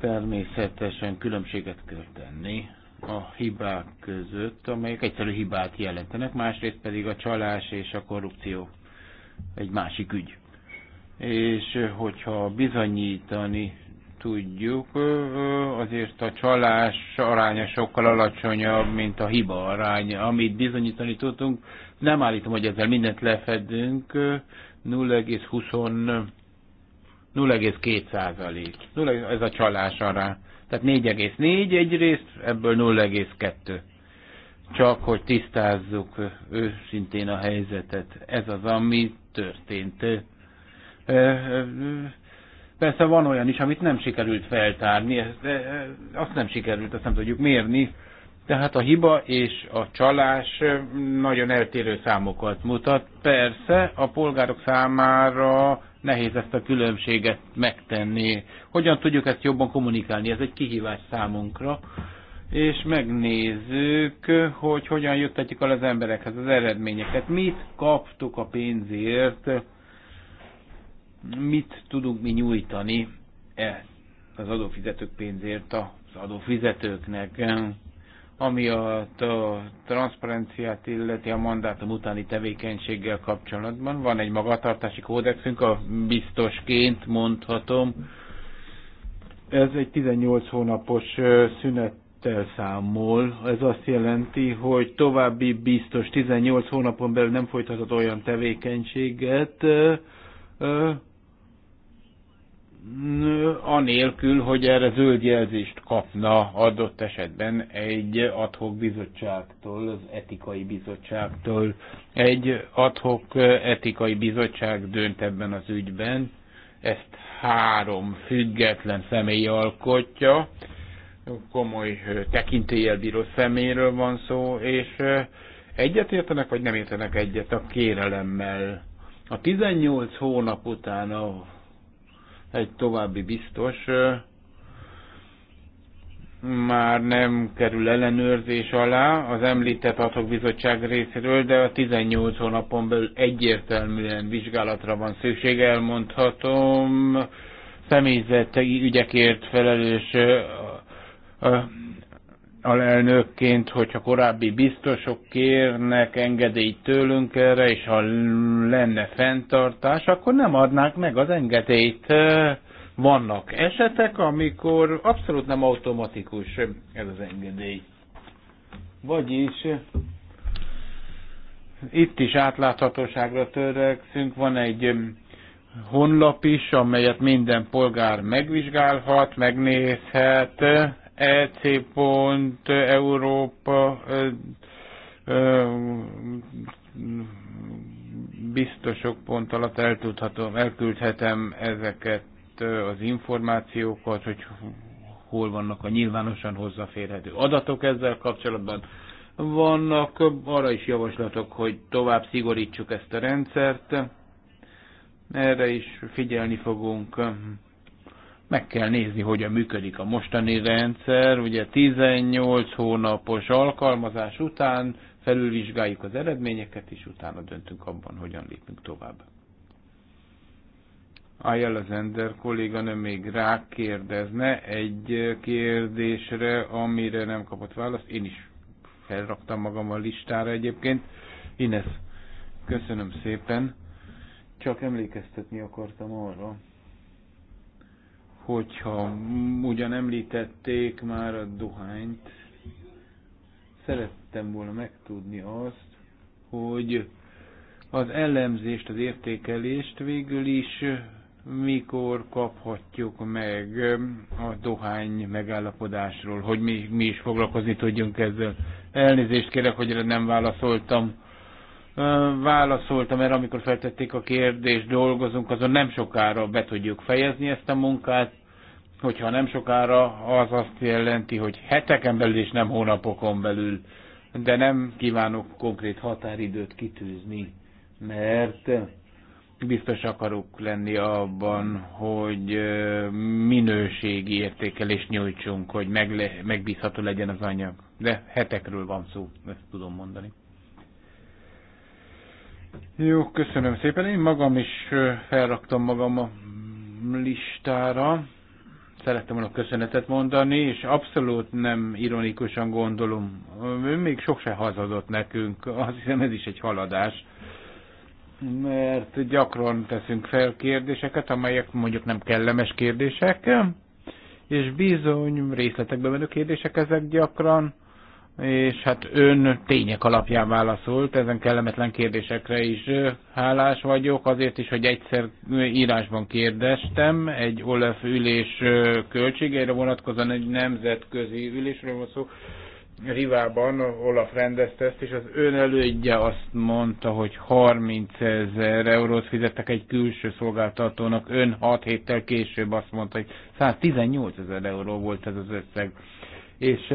Természetesen különbséget kell tenni a hibák között, amelyek egyszerű hibát jelentenek, másrészt pedig a csalás és a korrupció egy másik ügy és eh, hogyha bizonyítani tudjuk, eh, azért a csalás aránya sokkal alacsonyabb, mint a hiba aránya, amit bizonyítani tudtunk. Nem állítom, hogy ezzel mindent lefedünk, 0,20 eh, 0,2 százalék. Ez a csalás arány. Tehát 4,4 egyrészt, ebből 0,2. Csak hogy tisztázzuk őszintén a helyzetet. Ez az, ami történt Persze van olyan is, amit nem sikerült feltárni, ezt, azt nem sikerült, azt nem tudjuk mérni. Tehát a hiba és a csalás nagyon eltérő számokat mutat. Persze a polgárok számára nehéz ezt a különbséget megtenni. Hogyan tudjuk ezt jobban kommunikálni? Ez egy kihívás számunkra. És megnézzük, hogy hogyan juttatjuk el az emberekhez az eredményeket. Mit kaptuk a pénzért? mit tudunk mi nyújtani e az adófizetők pénzért az adófizetőknek, ami a transzparenciát illeti a mandátum utáni tevékenységgel kapcsolatban. Van egy magatartási kódexünk, a biztosként mondhatom. Ez egy 18 hónapos szünet számol. Ez azt jelenti, hogy további biztos 18 hónapon belül nem folytathat olyan tevékenységet, anélkül, hogy erre zöld jelzést kapna adott esetben egy adhok bizottságtól, az etikai bizottságtól. Egy adhok etikai bizottság dönt ebben az ügyben, ezt három független személy alkotja, komoly tekintéllyel bíró személyről van szó, és egyet értenek, vagy nem értenek egyet a kérelemmel. A 18 hónap után a egy további biztos már nem kerül ellenőrzés alá az említett adhok bizottság részéről, de a 18 hónapon belül egyértelműen vizsgálatra van szükség, elmondhatom, személyzeti ügyekért felelős alelnökként, hogyha korábbi biztosok kérnek engedélyt tőlünk erre, és ha lenne fenntartás, akkor nem adnák meg az engedélyt. Vannak esetek, amikor abszolút nem automatikus ez az engedély. Vagyis itt is átláthatóságra törekszünk, van egy honlap is, amelyet minden polgár megvizsgálhat, megnézhet, EC pont, Európa biztosok pont alatt el tudhatom, elküldhetem ezeket az információkat, hogy hol vannak a nyilvánosan hozzáférhető adatok ezzel kapcsolatban. Vannak arra is javaslatok, hogy tovább szigorítsuk ezt a rendszert. Erre is figyelni fogunk meg kell nézni, hogyan működik a mostani rendszer. Ugye 18 hónapos alkalmazás után felülvizsgáljuk az eredményeket, és utána döntünk abban, hogyan lépünk tovább. Ayala kolléga nem még rákérdezne egy kérdésre, amire nem kapott választ. Én is felraktam magam a listára egyébként. Ines, köszönöm szépen. Csak emlékeztetni akartam arra, hogyha ugyan említették már a dohányt, szerettem volna megtudni azt, hogy az elemzést, az értékelést végül is mikor kaphatjuk meg a dohány megállapodásról, hogy mi, mi is foglalkozni tudjunk ezzel. Elnézést kérek, hogy nem válaszoltam válaszoltam erre, amikor feltették a kérdést, dolgozunk, azon nem sokára be tudjuk fejezni ezt a munkát. Hogyha nem sokára, az azt jelenti, hogy heteken belül és nem hónapokon belül, de nem kívánok konkrét határidőt kitűzni, mert biztos akarok lenni abban, hogy minőségi értékelést nyújtsunk, hogy megbízható legyen az anyag. De hetekről van szó, ezt tudom mondani. Jó, köszönöm szépen. Én magam is felraktam magam a listára. Szerettem volna köszönetet mondani, és abszolút nem ironikusan gondolom. Ő még sok se hazadott nekünk. Azt hiszem ez is egy haladás. Mert gyakran teszünk fel kérdéseket, amelyek mondjuk nem kellemes kérdések, és bizony részletekbe menő kérdések ezek gyakran és hát ön tények alapján válaszolt ezen kellemetlen kérdésekre is. Hálás vagyok azért is, hogy egyszer írásban kérdeztem egy OLEF ülés költségeire vonatkozóan egy nemzetközi ülésről van szó. Rivában Olaf rendezte ezt, és az ön elődje azt mondta, hogy 30 ezer eurót fizettek egy külső szolgáltatónak, ön 6 héttel később azt mondta, hogy 118 ezer euró volt ez az összeg. És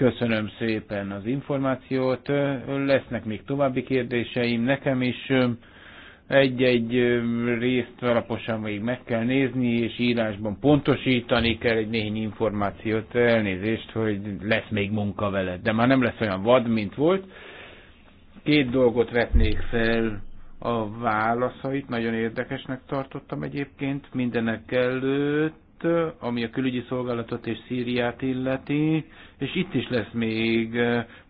Köszönöm szépen az információt. Lesznek még további kérdéseim. Nekem is egy-egy részt alaposan még meg kell nézni, és írásban pontosítani kell egy néhány információt, elnézést, hogy lesz még munka vele, de már nem lesz olyan vad, mint volt. Két dolgot vetnék fel a válaszait, nagyon érdekesnek tartottam egyébként mindenek előtt itt, ami a külügyi szolgálatot és Szíriát illeti, és itt is lesz még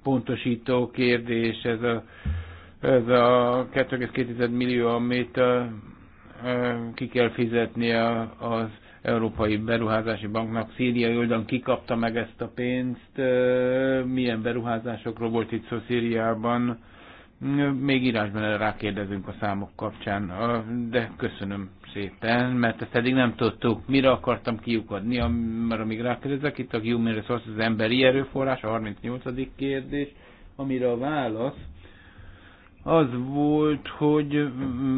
pontosító kérdés, ez a, ez a 2,2 millió, amit ki kell fizetnie az Európai Beruházási Banknak. Szíria oldalon kikapta meg ezt a pénzt, milyen beruházásokról volt itt szó Szíriában. Még írásban rákérdezünk a számok kapcsán, de köszönöm szépen, mert ezt eddig nem tudtuk. Mire akartam kiukadni, mert amíg rákérdezek, itt a Human Resource, az emberi erőforrás, a 38. kérdés, amire a válasz az volt, hogy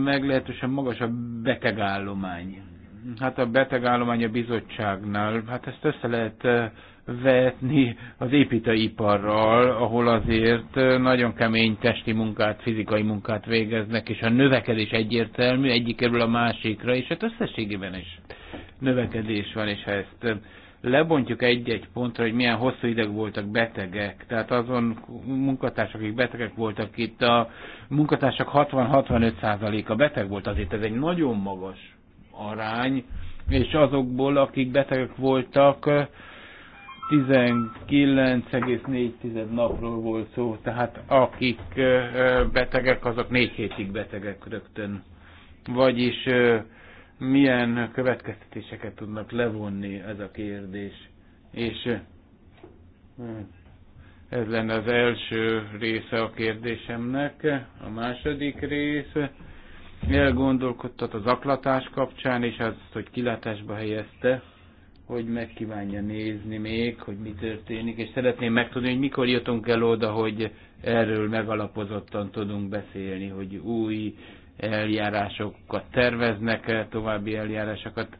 meglehetősen magas a betegállomány. Hát a betegállomány a bizottságnál, hát ezt össze lehet vetni az építőiparral, ahol azért nagyon kemény testi munkát, fizikai munkát végeznek, és a növekedés egyértelmű egyik kerül a másikra, és hát összességében is növekedés van, és ha ezt lebontjuk egy-egy pontra, hogy milyen hosszú ideg voltak betegek, tehát azon munkatársak, akik betegek voltak itt, a munkatársak 60-65%-a beteg volt, azért ez egy nagyon magas arány, és azokból, akik betegek voltak, 19,4 napról volt szó, tehát akik betegek, azok négy hétig betegek rögtön. Vagyis milyen következtetéseket tudnak levonni ez a kérdés. És ez lenne az első része a kérdésemnek. A második rész elgondolkodtat az aklatás kapcsán, és az, hogy kilátásba helyezte hogy megkívánja nézni még, hogy mi történik, és szeretném megtudni, hogy mikor jutunk el oda, hogy erről megalapozottan tudunk beszélni, hogy új eljárásokat terveznek, további eljárásokat.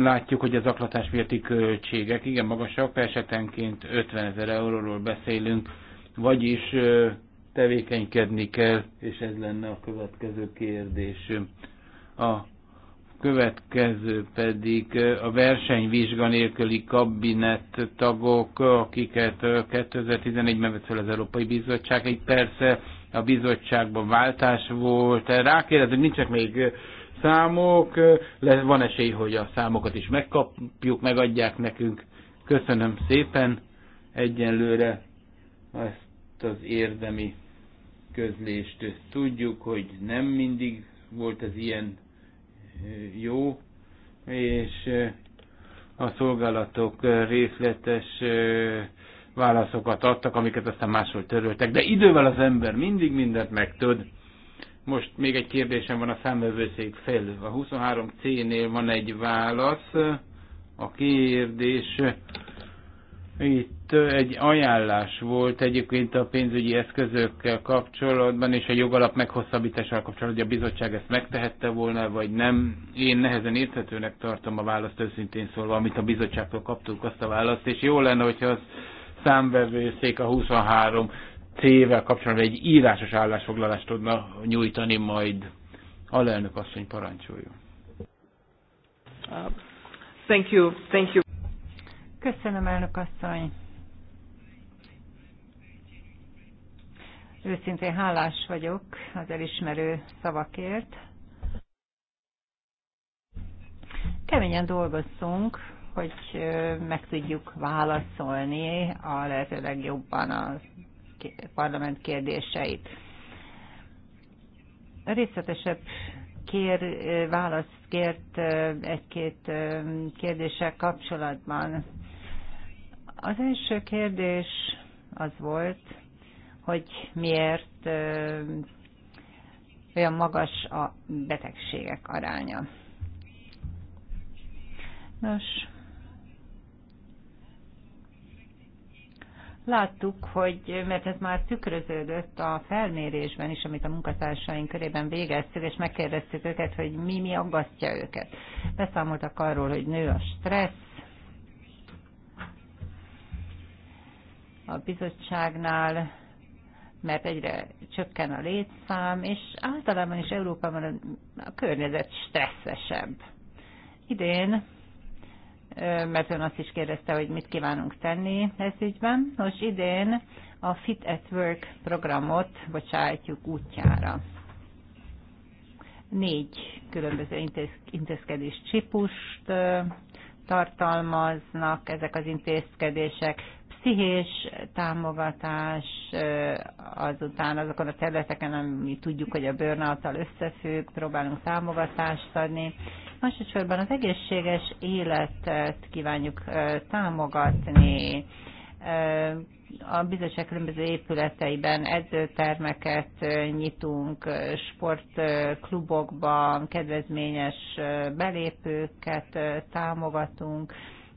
Látjuk, hogy az aklatás miatti költségek igen magasak, esetenként 50 ezer euróról beszélünk, vagyis tevékenykedni kell, és ez lenne a következő kérdés. A következő pedig a versenyvizsga nélküli kabinett tagok, akiket 2011-ben vett fel az Európai Bizottság. Egy persze a bizottságban váltás volt. Rákérdez, hogy nincsenek még számok, van esély, hogy a számokat is megkapjuk, megadják nekünk. Köszönöm szépen egyenlőre ezt az érdemi közlést. Tudjuk, hogy nem mindig volt ez ilyen jó, és a szolgálatok részletes válaszokat adtak, amiket aztán máshol töröltek, de idővel az ember mindig mindent megtud. Most még egy kérdésem van a számövőszék felül. A 23C-nél van egy válasz. A kérdés itt egy ajánlás volt egyébként a pénzügyi eszközökkel kapcsolatban, és a jogalap meghosszabbítással kapcsolatban, hogy a bizottság ezt megtehette volna, vagy nem. Én nehezen érthetőnek tartom a választ őszintén szólva, amit a bizottságtól kaptunk azt a választ, és jó lenne, hogyha az számvevőszék a 23 C-vel kapcsolatban egy írásos állásfoglalást tudna nyújtani majd. Alelnök asszony parancsoljon.
Uh, thank you, thank you. Köszönöm, elnök asszony. Őszintén hálás vagyok az elismerő szavakért. Keményen dolgozzunk, hogy meg tudjuk válaszolni a lehető legjobban a parlament kérdéseit. Részletesebb kér, választ kért egy-két kérdéssel kapcsolatban. Az első kérdés az volt, hogy miért olyan magas a betegségek aránya. Nos, láttuk, hogy mert ez már tükröződött a felmérésben is, amit a munkatársaink körében végeztük, és megkérdeztük őket, hogy mi mi aggasztja őket. Beszámoltak arról, hogy nő a stressz, a bizottságnál mert egyre csökken a létszám, és általában is Európában a környezet stresszesebb. Idén, mert ön azt is kérdezte, hogy mit kívánunk tenni ez ügyben, most idén a Fit at Work programot bocsájtjuk útjára. Négy különböző intézkedés csipust tartalmaznak ezek az intézkedések, pszichés támogatás, azután azokon a területeken, ami tudjuk, hogy a burnout összefügg, próbálunk támogatást adni. Másodszorban az egészséges életet kívánjuk támogatni, a bizottság különböző épületeiben edzőtermeket nyitunk, sportklubokban kedvezményes belépőket támogatunk,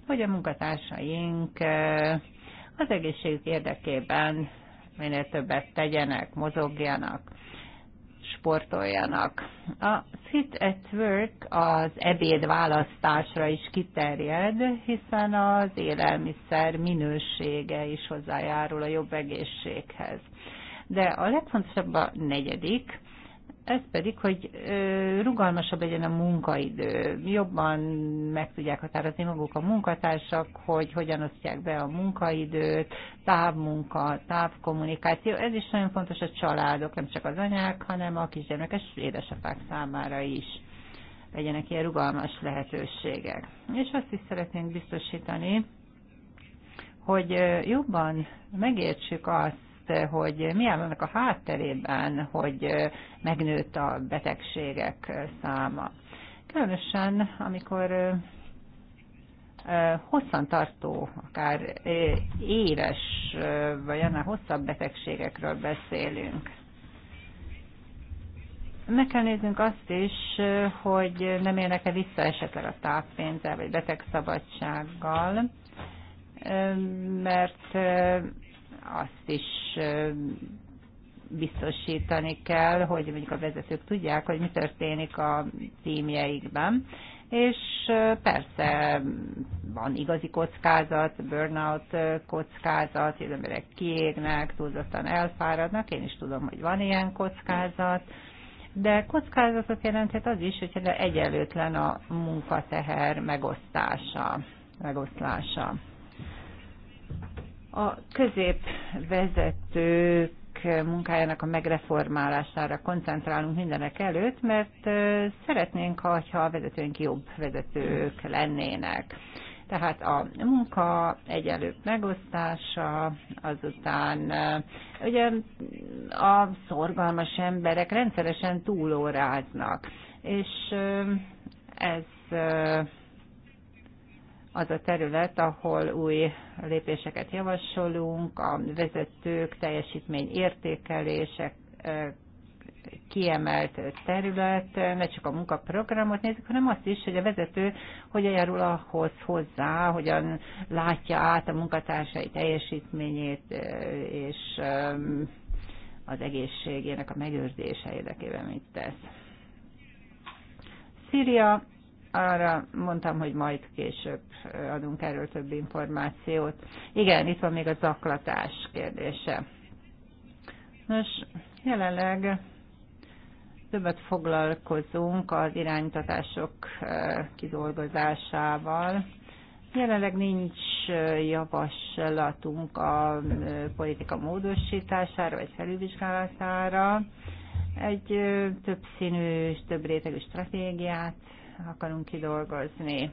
hogy a munkatársaink az egészségük érdekében minél többet tegyenek, mozogjanak, sportoljanak. A Fit at work az ebéd választásra is kiterjed, hiszen az élelmiszer minősége is hozzájárul a jobb egészséghez. De a legfontosabb a negyedik, ez pedig, hogy rugalmasabb legyen a munkaidő, jobban meg tudják határozni maguk a munkatársak, hogy hogyan osztják be a munkaidőt, távmunka, távkommunikáció. Ez is nagyon fontos a családok, nem csak az anyák, hanem a kisgyermekes édesapák számára is legyenek ilyen rugalmas lehetőségek. És azt is szeretnénk biztosítani, hogy jobban megértsük azt, azt, hogy mi áll annak a hátterében, hogy megnőtt a betegségek száma. Különösen, amikor hosszan tartó, akár éves, vagy annál hosszabb betegségekről beszélünk. Meg kell néznünk azt is, hogy nem élnek-e vissza esetleg a táppénzzel, vagy betegszabadsággal, mert azt is biztosítani kell, hogy mondjuk a vezetők tudják, hogy mi történik a címjeikben. És persze van igazi kockázat, burnout kockázat, az emberek kiégnek, túlzottan elfáradnak, én is tudom, hogy van ilyen kockázat, de kockázatot jelenthet az is, hogyha egyenlőtlen a munkateher megosztása, megosztása. A középvezetők munkájának a megreformálására koncentrálunk mindenek előtt, mert szeretnénk, ha a vezetőink jobb vezetők lennének. Tehát a munka egyenlőbb megosztása, azután ugye a szorgalmas emberek rendszeresen túlóráznak, és ez az a terület, ahol új lépéseket javasolunk, a vezetők teljesítmény értékelések kiemelt terület, ne csak a munkaprogramot nézzük, hanem azt is, hogy a vezető hogyan járul ahhoz hozzá, hogyan látja át a munkatársai teljesítményét, és az egészségének a megőrzése érdekében mit tesz. Szíria arra mondtam, hogy majd később adunk erről több információt. Igen, itt van még a zaklatás kérdése. Nos, jelenleg többet foglalkozunk az iránytatások kidolgozásával. Jelenleg nincs javaslatunk a politika módosítására vagy felülvizsgálatára. Egy többszínű, több rétegű stratégiát akarunk kidolgozni.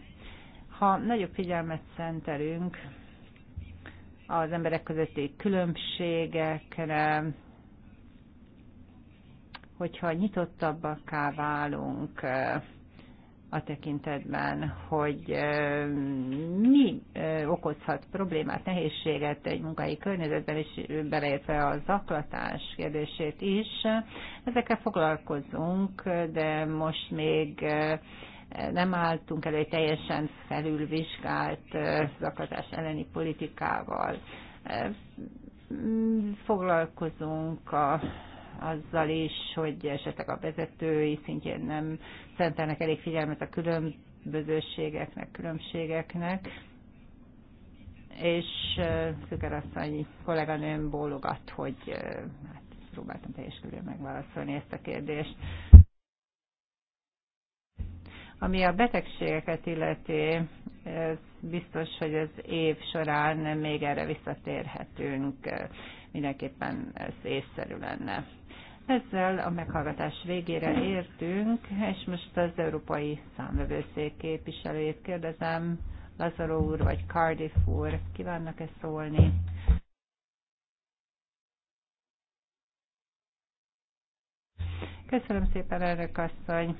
Ha nagyobb figyelmet szentelünk az emberek közötti különbségekre, hogyha nyitottabbakká válunk a tekintetben, hogy mi okozhat problémát, nehézséget egy munkai környezetben, és beleértve a zaklatás kérdését is. Ezekkel foglalkozunk, de most még nem álltunk elő egy teljesen felülvizsgált zaklatás elleni politikával. Foglalkozunk a, azzal is, hogy esetleg a vezetői szintjén nem szentelnek elég figyelmet a különbözőségeknek, különbségeknek, és Szüker asszony kolléganőm bólogat, hogy hát próbáltam teljes körül megválaszolni ezt a kérdést. Ami a betegségeket illeti, ez biztos, hogy az év során még erre visszatérhetünk. Mindenképpen ez észszerű lenne. Ezzel a meghallgatás végére értünk, és most az Európai Számvevőszék képviselőjét kérdezem, Lazaro úr vagy Cardiff úr, kívánnak-e szólni? Köszönöm szépen, elnök asszony!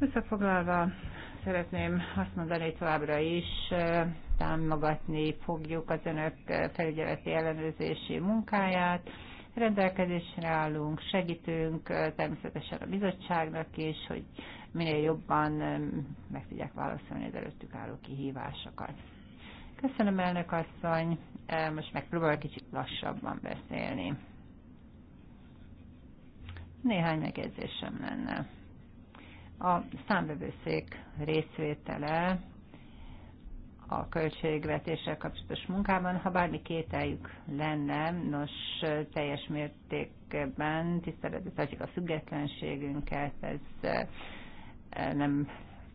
Összefoglalva szeretném azt mondani továbbra is, támogatni fogjuk az önök felügyeleti ellenőrzési munkáját. Rendelkezésre állunk, segítünk természetesen a bizottságnak is, hogy minél jobban meg tudják válaszolni az előttük álló kihívásokat. Köszönöm, elnök asszony. Most megpróbálok kicsit lassabban beszélni. Néhány megjegyzésem lenne. A számbevőszék részvétele a költségvetéssel kapcsolatos munkában, ha bármi kételjük lenne, nos, teljes mértékben tiszteletbe tartjuk a függetlenségünket, ez e, e, nem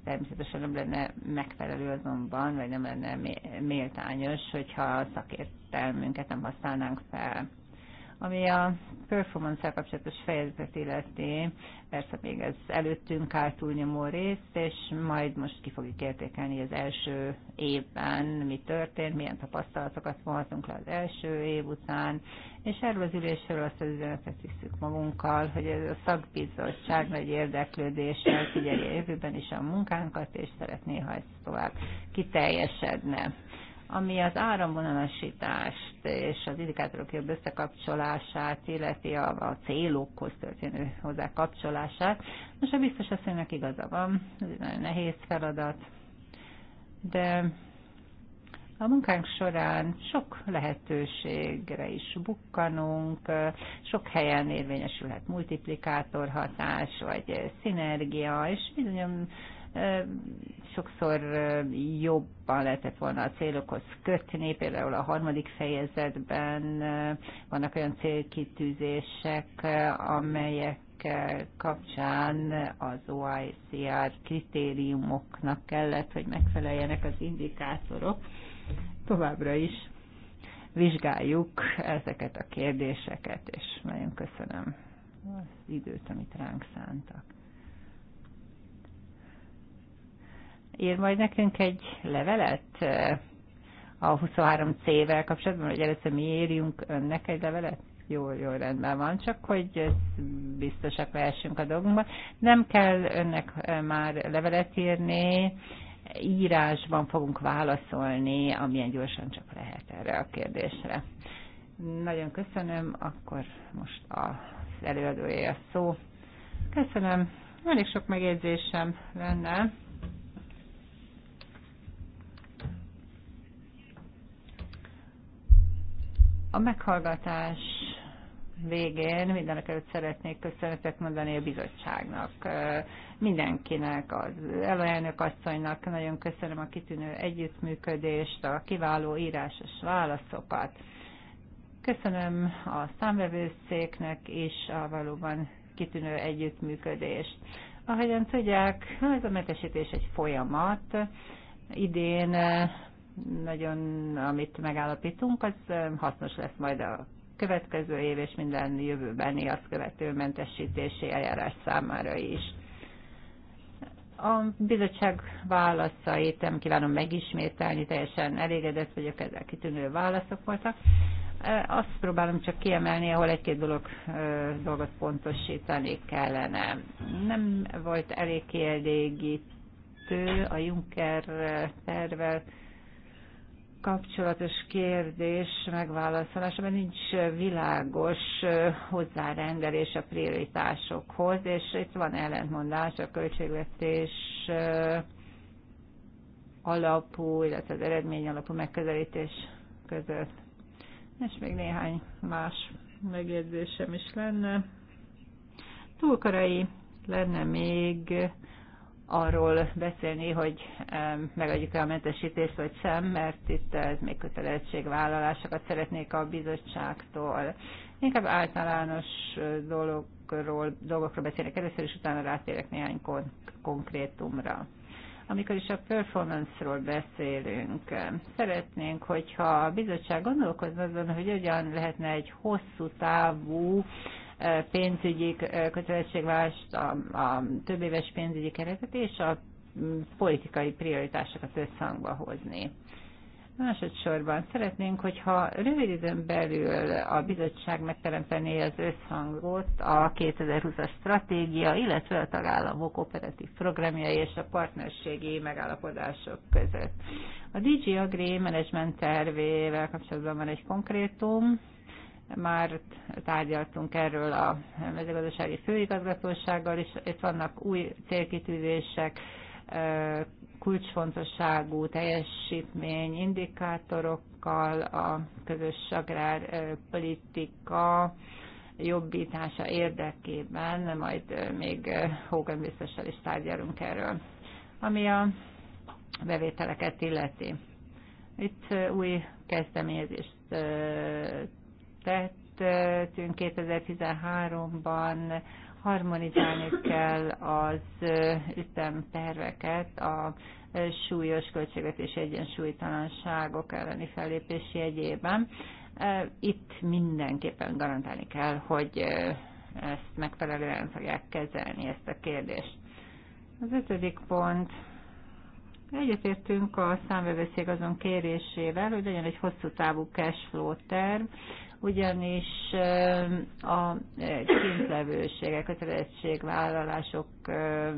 természetesen nem lenne megfelelő azonban, vagy nem lenne méltányos, hogyha a szakértelmünket nem használnánk fel. Ami a performance kapcsolatos fejezet illeti, persze még ez előttünk áll túlnyomó részt, és majd most ki fogjuk értékelni az első évben, mi történt, milyen tapasztalatokat vonhatunk le az első év után, és erről az ülésről azt az üzenetet visszük magunkkal, hogy ez a szakbizottság nagy érdeklődéssel figyelje jövőben is a munkánkat, és szeretné, ha ez tovább kiteljesedne ami az áramvonalasítást és az indikátorok jobb összekapcsolását, illeti a, a célokhoz történő hozzá kapcsolását. Most a biztos asszonynak igaza van, ez egy nagyon nehéz feladat, de a munkánk során sok lehetőségre is bukkanunk, sok helyen érvényesülhet multiplikátor hatás, vagy szinergia, és bizonyos sokszor jobban lehetett volna a célokhoz kötni, például a harmadik fejezetben vannak olyan célkitűzések, amelyek kapcsán az OICR kritériumoknak kellett, hogy megfeleljenek az indikátorok. Továbbra is vizsgáljuk ezeket a kérdéseket, és nagyon köszönöm az időt, amit ránk szántak. ír majd nekünk egy levelet eh, a 23C-vel kapcsolatban, hogy először mi írjunk önnek egy levelet? Jó, jó, rendben van, csak hogy biztosak lehessünk a dolgunkban. Nem kell önnek eh, már levelet írni, írásban fogunk válaszolni, amilyen gyorsan csak lehet erre a kérdésre. Nagyon köszönöm, akkor most az előadója a szó. Köszönöm, elég sok megjegyzésem lenne A meghallgatás végén mindenek előtt szeretnék köszönetet mondani a bizottságnak, mindenkinek, az elnök asszonynak nagyon köszönöm a kitűnő együttműködést, a kiváló írásos válaszokat. Köszönöm a számvevőszéknek is a valóban kitűnő együttműködést. Ahogyan tudják, ez hát a mentesítés egy folyamat. Idén nagyon, amit megállapítunk, az hasznos lesz majd a következő év és minden jövőbeni azt követő mentesítési eljárás számára is. A bizottság válaszait nem kívánom megismételni, teljesen elégedett vagyok, ezzel kitűnő válaszok voltak. Azt próbálom csak kiemelni, ahol egy-két dolog, dolgot pontosítani kellene. Nem volt elég kielégítő a Juncker tervel kapcsolatos kérdés megválaszolásában nincs világos hozzárendelés a prioritásokhoz, és itt van ellentmondás a költségvetés alapú, illetve az eredmény alapú megközelítés között. És még néhány más megjegyzésem is lenne. Túl lenne még arról beszélni, hogy megadjuk-e a mentesítést vagy sem, mert itt ez még kötelezettségvállalásokat szeretnék a bizottságtól. Inkább általános dologról, dolgokról beszélek először, és utána rátérek néhány kon- konkrétumra. Amikor is a performance-ról beszélünk, szeretnénk, hogyha a bizottság gondolkozna azon, hogy hogyan lehetne egy hosszú távú pénzügyi kötelezettségvást, a, a több éves pénzügyi keretet és a politikai prioritásokat összhangba hozni. Másodszorban szeretnénk, hogyha rövid időn belül a bizottság megteremtené az összhangot a 2020-as stratégia, illetve a tagállamok operatív programjai és a partnerségi megállapodások között. A DG Agri menedzsment tervével kapcsolatban van egy konkrétum, már tárgyaltunk erről a mezőgazdasági főigazgatósággal, és itt vannak új célkitűzések, kulcsfontosságú teljesítmény indikátorokkal, a közös agrárpolitika jobbítása érdekében, majd még Hogan biztossal is tárgyalunk erről. Ami a bevételeket illeti. Itt új kezdeményezést tettünk 2013-ban, harmonizálni kell az ütemterveket a súlyos költségvetési egyensúlytalanságok elleni fellépés egyében. E, itt mindenképpen garantálni kell, hogy e, ezt megfelelően fogják kezelni, ezt a kérdést. Az ötödik pont. Egyetértünk a számvevőszék azon kérésével, hogy legyen egy hosszú távú cashflow terv, ugyanis a a kötelezettségvállalások,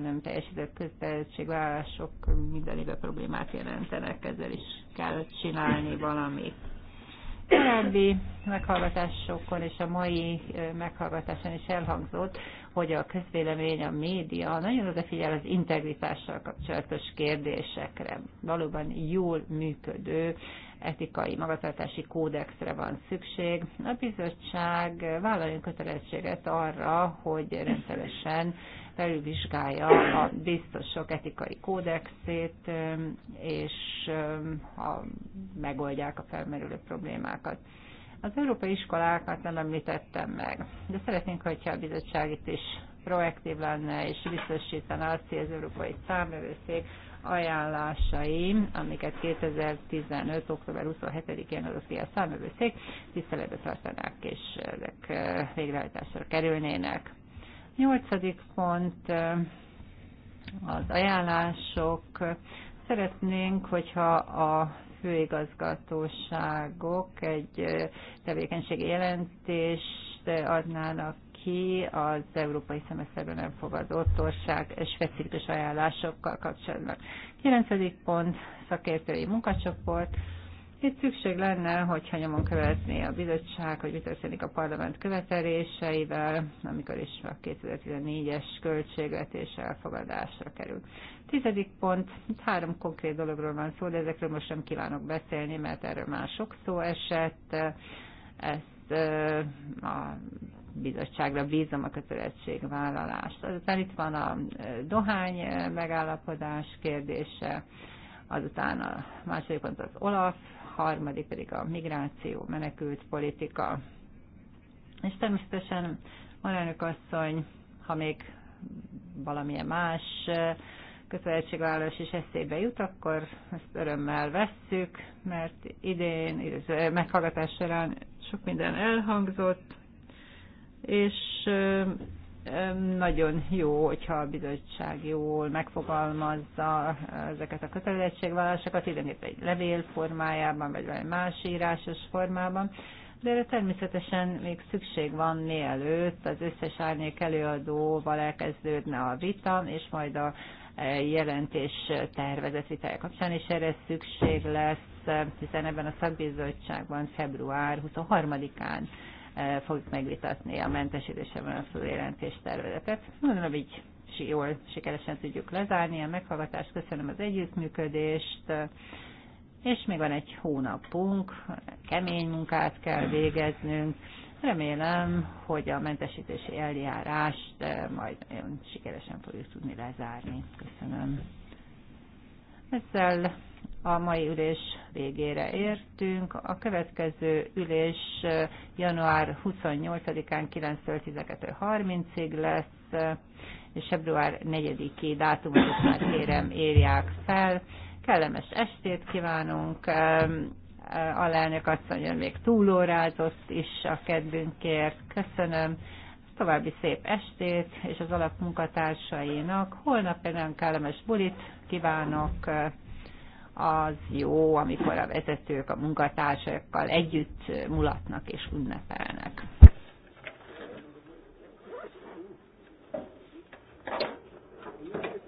nem teljesített kötelezettségvállalások mindenébe problémát jelentenek, ezzel is kell csinálni valamit. Korábbi meghallgatásokon és a mai meghallgatáson is elhangzott, hogy a közvélemény, a média nagyon odafigyel az integritással kapcsolatos kérdésekre. Valóban jól működő etikai magatartási kódexre van szükség. A bizottság vállaljon kötelezettséget arra, hogy rendszeresen felülvizsgálja a biztosok etikai kódexét, és ha megoldják a felmerülő problémákat. Az európai iskolákat nem említettem meg, de szeretnénk, hogyha a bizottság itt is proaktív lenne, és biztosítaná azt, hogy az Európai számlövőszék ajánlásai, amiket 2015. október 27-én adott ki a számlövőszék, tiszteletbe tartanák, és ezek végrehajtásra kerülnének. Nyolcadik pont az ajánlások. Szeretnénk, hogyha a főigazgatóságok egy tevékenységi jelentést adnának ki az európai szemeszterben nem fogadott ország specifikus ajánlásokkal kapcsolatban. 9. pont szakértői munkacsoport itt szükség lenne, hogyha nyomon követné a bizottság, hogy mi történik a parlament követeléseivel, amikor is a 2014-es költségvetés elfogadásra kerül. Tizedik pont, itt három konkrét dologról van szó, de ezekről most nem kívánok beszélni, mert erről már sok szó esett. Ezt a bizottságra bízom a kötelezettségvállalást. Azután itt van a dohány megállapodás kérdése, azután a második pont az Olaf harmadik pedig a migráció, menekült politika. És természetesen önök asszony, ha még valamilyen más eh, kötelezettségvállalás is eszébe jut, akkor ezt örömmel vesszük, mert idén, meghallgatás során sok minden elhangzott, és eh, nagyon jó, hogyha a bizottság jól megfogalmazza ezeket a kötelezettségvállalásokat, illetve egy levél formájában, vagy valami más írásos formában, de erre természetesen még szükség van mielőtt az összes árnyék előadóval elkezdődne a vita, és majd a e, jelentés tervezett vitája kapcsán, és erre szükség lesz, hiszen ebben a szakbizottságban február 23-án fogjuk megvitatni a mentesítésre vonatkozó jelentés tervezetet. Mondom, így jól, sikeresen tudjuk lezárni a meghallgatást. Köszönöm az együttműködést, és még van egy hónapunk, kemény munkát kell végeznünk. Remélem, hogy a mentesítési eljárást majd nagyon sikeresen fogjuk tudni lezárni. Köszönöm. Ezzel a mai ülés végére értünk. A következő ülés január 28-án 9 12.30-ig lesz, és február 4-i dátumot is már kérem érják fel. Kellemes estét kívánunk! A Alelnök asszony ön még túlórázott is a kedvünkért. Köszönöm! további szép estét, és az alapmunkatársainak holnap egy nagyon kellemes bulit kívánok az jó, amikor a vezetők a munkatársakkal együtt mulatnak és ünnepelnek.